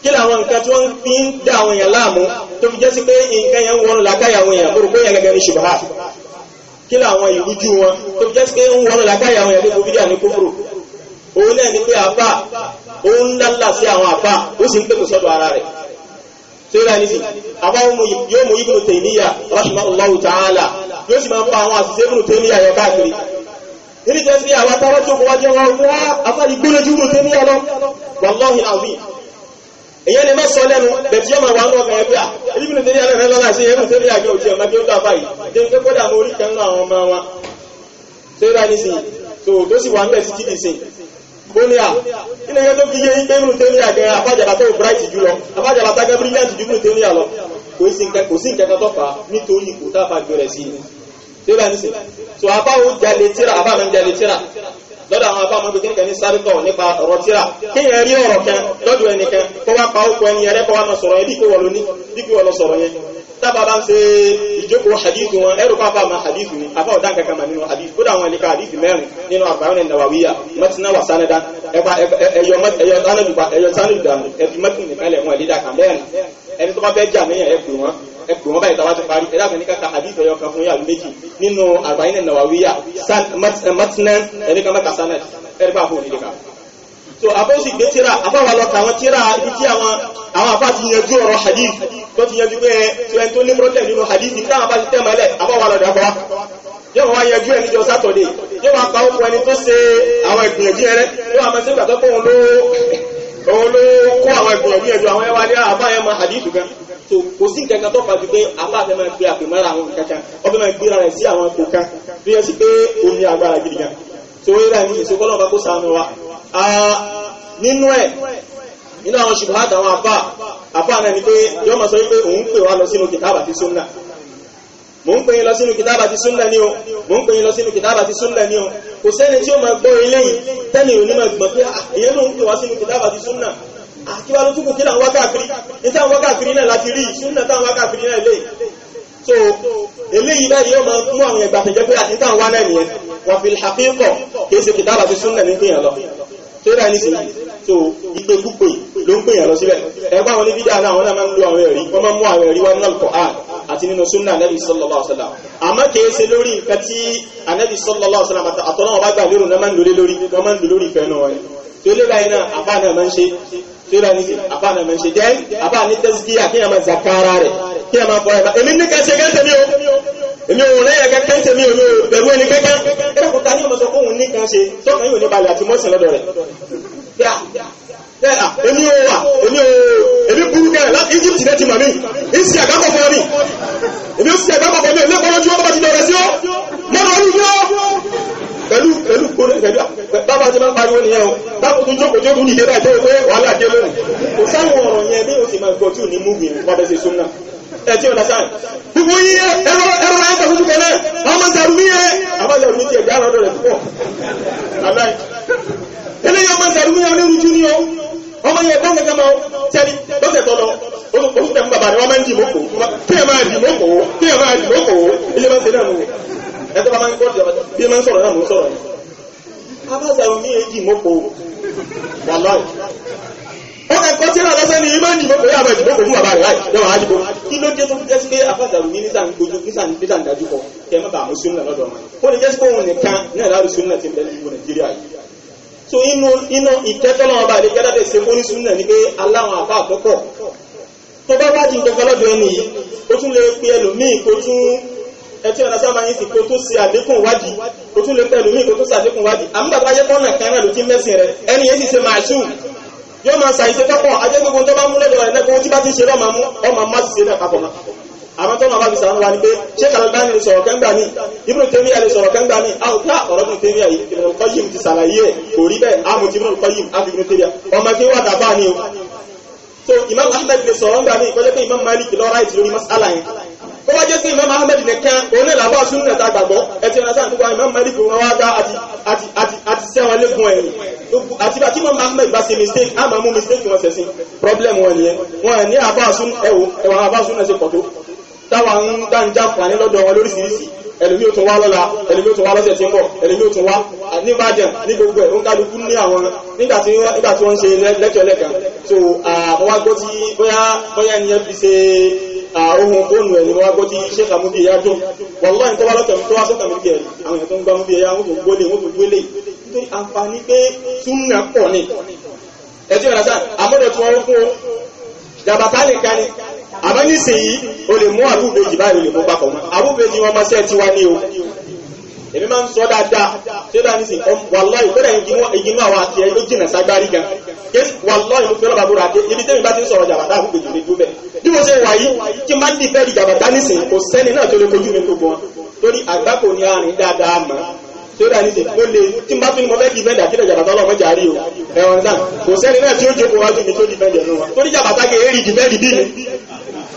kí làwọn nǹkan tí wọ́n fi ń dá àwọn èèyàn láàmú tó fi jẹ́ sí pé nǹkan yẹn ń wọnú àwọn èèyàn mo rò pé yẹn gẹ́gẹ́ ní ṣùgbọ́n kí làwọn ìrújú wọn tó fi jẹ́ sí pé ń wọnú làákàyà àwọn èèyàn ní kòfídíà ní kókòrò òun náà ni pé àfà òun lálà sí àwọn àfà ó sì ń pè ta'ala yóò sì máa bá àwọn àṣìṣe Ibn Taymiyyah yọ káàkiri níbi jẹ́ sí àwọn atárọ́jọ́ kọwàjẹ́ wọn wá afárí gbóná ju èyàn lè má sọ lẹ́nu bẹ̀tí ọmọ wà lọ́gbà ẹgbẹ́ à ìbínú tẹ́lẹ̀ rẹ̀ lọ́la sí ẹ̀rọ tẹ́lẹ̀ àjọ òjì ọ̀nà tí ó dáa báyìí tí ó tẹ́ kọ́dà mọ́ orí kan náà àwọn ọmọ wọn tó rà nísìn tó tó sì wà nílẹ̀ títí nìsìn bóníà ilé yẹn tó fi yé ipé ìbínú tẹ́lẹ̀ àjọ àbájára tó bright jù lọ àbájára tá brilliant jù ìbínú tẹ́lẹ̀ lọ kò sí nǹkan tó fà nítorí ipò tá a bá gbẹrẹ sí tó rà nísìn tó àbáwo jalè tíra àbá lọ́dọ̀ àwọn afáàmọ́ bí kíkẹ́ ní sárítọ̀ nípa ọ̀rọ̀ tíra kí yẹn rí ọ̀rọ̀ kan lọ́dọ̀ ẹnìkan kó wá pa ókú ẹni ẹrẹ́kọ́ wá sọ̀rọ̀ ẹ bí kí wọ́n lọ ní bí kí wọ́n lọ sọ̀rọ̀ yẹn tábà bá ń ṣe ìjókòó hadith wọn ẹrù kó afáàmọ́ hadith ni afá ọ̀dá kankan mà nínú hadith kódà àwọn ẹnìkan hadith mẹ́rin nínú àgbáyọ̀nẹ̀ nàwàwíyà mẹ́tínà wà sánadá ẹyọ sánadù dànù ẹbí mẹ́tínà nìkan lẹ̀ wọn ẹ̀dídà kan lẹ́yìn ẹni tó bá fẹ́ jà níyàn ẹ pè wọn ẹ pè wọ́n báyìí tàbá ti parí ẹ̀dá fẹ́ni káka àdìsọ yọ kan fún yàrá méjì nínú àgbáyìn nàwàwíyà martinez ẹni kan sanet ẹni bá fún òdìdíkà so àbọ̀sì gbé tíra àbáwá lọ kà àwọn tíra ibi tí àwọn àwọn àbá ti yanjú ọ̀rọ̀ hadith tó ti yanjú pé ẹ tó ní problem nínú hadith ní táwọn àbá ti tẹ́ mọ́lẹ̀ àbáwá lọ dàgbà yóò wá yẹjú ẹni jọ sátọ̀dé yóò wá pa ókùn ẹni tó ṣe àwọn ìgbìyànjú ẹrẹ yóò wá mọ sí ìgbà tó kó òun ló kó àwọn ìgbìyànjú ẹjọ àwọn ẹwà ní àbáyẹmọ hadith gan so kò sí nǹkan kan tó fà ju pé afáfẹ́ máa gbé àpèmọ́ra àwọn nǹkan kan ọbẹ̀ máa gbéra rẹ̀ sí àwọn ipò kan tó yẹ sí pé ó ní agbára gidi gan so ó rà ní ìsokọ́lọ́ ọba kó sànù wa nínú ẹ̀ nínú àwọn ṣùgbọ́n àtàwọn àfà àfà náà ni pé yọ́ máa sọ wípé òun pè wá lọ sínú kìtàbà ti sunna mò ń pè yín lọ sínú kìtàbà ti sunna ni o mò ń pè yín lọ sínú kìtàbà ti sunna ni o kò sẹ́ni tí ó máa gbọ́ eléyìí tẹ́lẹ̀ òní máa gbọ́ pé ah, ìyẹn ló ń pè wá sínú kìtàbà ti sunna àkíwá ló túnkù kí náà wákàkiri ní táwọn wákàkiri náà láti rí súnà táwọn wákàkiri náà lè so eléyìí náà yóò máa mú àwọn ẹgbà tẹ̀jẹ́ pé àti táwọn wá náà nìyẹn wọ́n fi àkíkọ̀ kìí ṣe kìtàbà sí súnà ní pìyàn lọ tó rà nísìn so ìgbé púpè ló ń pìyàn lọ síbẹ̀ ẹgbẹ́ àwọn oníbídà náà wọn náà máa ń lo àwọn ẹ̀rí wọ́n máa mú àwọn ẹ̀rí wọn náà kọ̀ á àti nínú súnà Ànábì sallallahu alaihi wasallam àmọ́ kìí ṣe lórí nǹkan tí Ànábì sallallahu alaihi wasallam àtọ́nà wọn bá gbà lérò náà máa ń lò lórí wọn máa ń lò lórí ìfẹ́ náà wọn tó lé báyìí náà àbá náà máa ń ṣe tó lé báyìí àbá náà máa ń ṣe jẹ́ àbá ní tẹ́síkíyà kí ẹ̀mà zakara rẹ̀ kí ẹ̀mà fọ́ ẹ̀mà èmi ní kẹsẹ̀ kẹsẹ̀ mi o èmi òun rẹ̀ yẹ̀kẹ́ kẹsẹ̀ mi o mi ò bẹ̀rù ẹni kẹ́kẹ́ ẹ̀rọ̀kùn ta ní ọmọ sọ fún òun ní kan ṣe tọ́kàn yóò ní balẹ̀ àti mọ́sìn lọ́dọ̀ rẹ̀ èmi ò wà èmi ò èmi burú kẹrẹ láti Egypt rẹ ti mà mí ń sì àgbàkọ̀ fún mi èmi ó sì àgbàkọ̀ fún mi ò lè kọ́ lọ́jọ́ bá sí ọ́ mọ́rọ̀ pẹ̀lú pẹ̀lú pẹ̀lú bábá tí máa pariwo o báwo tó jókòó tó dúdú ìdébà tó pé wàhálà dé lónìí kò sáwọn ọ̀rọ̀ yẹn o sì máa gbọ́ tí ò ní mú yẹn wọ́n gbogbo ọmọ yẹ onírúurú ni ó tẹ́lí lọ́sẹ̀ tọ́lọ orúkọ bàbá rẹ̀ wọ́n máa ń dì mọ́kò kí ẹ máa dì mọ́kò kí ẹ máa dì mọ́kò ilé máa ẹ tó bá máa ń kọ́ọ̀tì ọ̀bàjá bí ẹ máa ń sọ̀rọ̀ náà mò ń sọ̀rọ̀ ni abáza omi èjì mọ́pọ̀ wàláì ó kà kọ́ tí ìrànlọ́sẹ́ ni ìmọ̀ ní mọ́pọ̀ yàrá ìdìbò fún bàbá rẹ̀ láì lọ́wọ́ àjìbò kí ló dé tó fi jẹ́sí pé abáza omi níta ń gbójú níta ń gbéta ń dájú kọ kẹ má bàa mú sunna lọ́dọ̀ wọn ó lè jẹ́sí pé òun nìkan ní ẹ̀rọ àrùn sunna ti ń bẹ́ẹ̀ nàìjíríà yìí so inú inú ìkẹ́tọ́lọ́ ọba bá ẹtí ọ̀nà sábà yín sì kó tó ṣe àdínkù wádìí kó tó lè pẹ̀lú mí kó tó ṣe àdínkù wádìí àmúgbà tó bá yẹ kọ́nà kan náà ló ti mẹ́sìn rẹ ẹni yẹn sì ṣe màṣù yóò máa ṣàìṣe tọ́pọ̀ ajẹ́gbogbo tó bá mú lẹ́dọ̀ rẹ̀ lẹ́gbogbo tí bá ti ṣe lọ́mọ mú ọmọ má ti ṣe náà papọ̀ mọ́ àwọn tó máa bá fi sàánú wa ni pé ṣé kàlọ́gbá ni sọ̀rọ̀ kẹ́ńgbà ni Ibn Taymiyyah ni sọ̀rọ̀ kẹ́ńgbà ni àwùjá ọ̀rọ̀ Ibn Taymiyyah yìí Ibn Qayyim ti ṣàlàyé ẹ̀ kò rí bẹ́ẹ̀ àmọ̀ tí Ibn Qayyim àti Ibn Taymiyyah ọmọ kí wà dàbà ni o so Imam Ahmed ni sọ̀rọ̀ ńgbà ni ìkọ́jẹ́ pé Imam Malik lọ́ra ìtìlórí mas'ala yẹn bó bá jẹ́ pé Imam Ahmed nìkan oní ìlàbọ̀ súnmọ̀ ta gbàgbọ́ ẹ̀tì ọ̀nàṣà nípa Imam Malik wọn wá gbá àti sẹ́wọ̀n lẹ́gùn ẹ̀ àti bá tí Imam Ahmed bá ṣe mistake á máa mú mistake wọn ṣẹ̀sìn problem wọn nìyẹn wọn ní àbá súnmọ̀ ẹ̀wọ̀ ẹ̀wọ̀ àbá súnmọ̀ ṣe pọ̀ tó táwọn ń dáńjà pàní lọ́dọ̀ wọn lóríṣiríṣi ẹlòmí ò tún wá lọ́la ẹlòmí ò tún wá lọ́sẹ̀ tí ń bọ̀ ẹlòmí ò tún wá ní Ìbàdàn ní gbogbo ẹ̀ ó ń kálukú ní àwọn nígbàtí wọ́n ń ṣe lẹ́kẹ̀ọ́lẹ́kàn so àwọn agbó tí bóyá bóyá ẹni ẹ fi ṣe Ah, ohun fóònù ẹ̀ ni wọ́n gbọ́ tí iṣẹ́ kàmúdì ìyá dùn wọ́lọ́yìn tó bá lọ́tẹ̀mí tó wá sọ́tẹ̀mí bí ẹ̀ àwọn èèyàn tó ń gbámúdì ẹ̀yà wọ́n tó gbólé wọ́n tó gbólé nítorí àǹfààní pé súnà pọ̀ ni ẹtí ọ̀nà sáà àmọ́dọ̀ tí wọ́n fún o jàbàtà nìkan ni àmọ́ nísìnyí o lè mú àbúbejì báyìí o lè mú papọ̀ mọ́ àbúbejì wọn máa ṣẹ́ tiwa ní o èmi máa ń sọ dáadáa tí ó dá nísìn wàlọ́ ìkọ́dà ìgbìmọ̀ àwọn àti ẹgbẹ́ jìnà sagbárí gan wàlọ́ ìlú fẹ́rọ̀ bàbá rà dé ibi tẹ́mi bá ti ń sọ̀rọ̀ jàbàtà àbúgbò jù ní dúbẹ̀ bí mo ṣe wà yìí kí má dì bẹ́ẹ̀ di jàbàtà nísìn kò sẹ́ni náà tó lè kojú mi gbogbo wọn torí àgbákò ni àárín dáadáa mọ́ tí ó dá nísìn mo lè tí má tún ni mo fẹ́ di bẹ́ẹ̀ àkílẹ̀ jàbàtà ọlọ́mọ jàrí o ẹ̀wọ̀n náà kò sẹ́ni náà tí ó jókòó wájú mi tó di bẹ́ẹ̀ jẹ̀ nù wọn torí jàbàtà kì í rí di bẹ́ẹ̀ di bí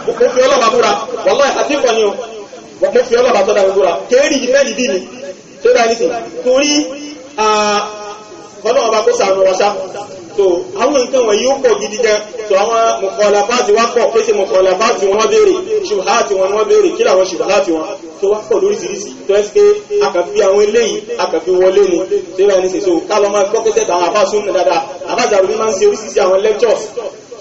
mi mo fi ọlọ́mọ àti ìkọ́ni o mo fi ọlọ́ba tó gbogbo ra kéèrì yìí mẹ́rin bí ni tó dá ní sùn torí ọlọ́ọ̀ba kó sàánú wa sá so àwọn nǹkan wọ̀nyí ó pọ̀ gidi gan so àwọn mọ̀kànlá wá pọ̀ pèsè mọ̀kànlá wọn béèrè ṣùgbọ́n wọn wọn kí làwọn ṣùgbọ́n láti wọn tó wá pọ̀ lóríṣiríṣi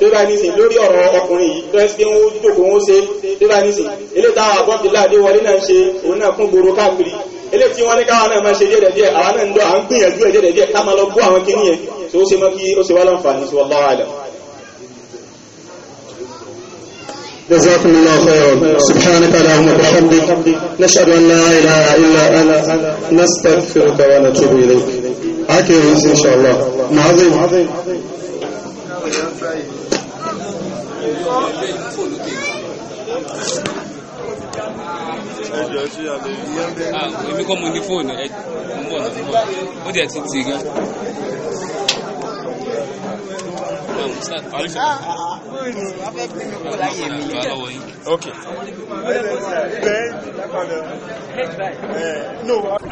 tí ó bá ní sìn lórí ọ̀rọ̀ ọkùnrin yìí tó ẹ́sì pé wọ́n jòkó wọ́n ṣe tí ó bá ní sìn ilé táwọn àbọ́bìlá àdéwọlé náà ṣe òun náà fún gbòòrò káàkiri ilé tí wọ́n ní káwọn náà máa ṣe díẹ̀ díẹ̀ àwọn náà ń dọ́ à ń gbìyànjú ẹ̀ díẹ̀ díẹ̀ ká máa lọ bú àwọn kìíní yẹn tó ó ṣe mọ́ kí ó ṣe wá láǹfààní sí wallahu a'lam. جزاكم الله خيرا سبحانك اللهم وبحمدك نشهد ان لا اله الا انت نستغفرك ونتوب اليك عاكر ان شاء الله عظيم عظيم ẹjọ́ sí alẹ́ yìí. èmi kọ́ mo ní fóònù ẹ ń bọ̀ lọ́dún bọ̀ ó dẹ̀ ti tì gan. Okay.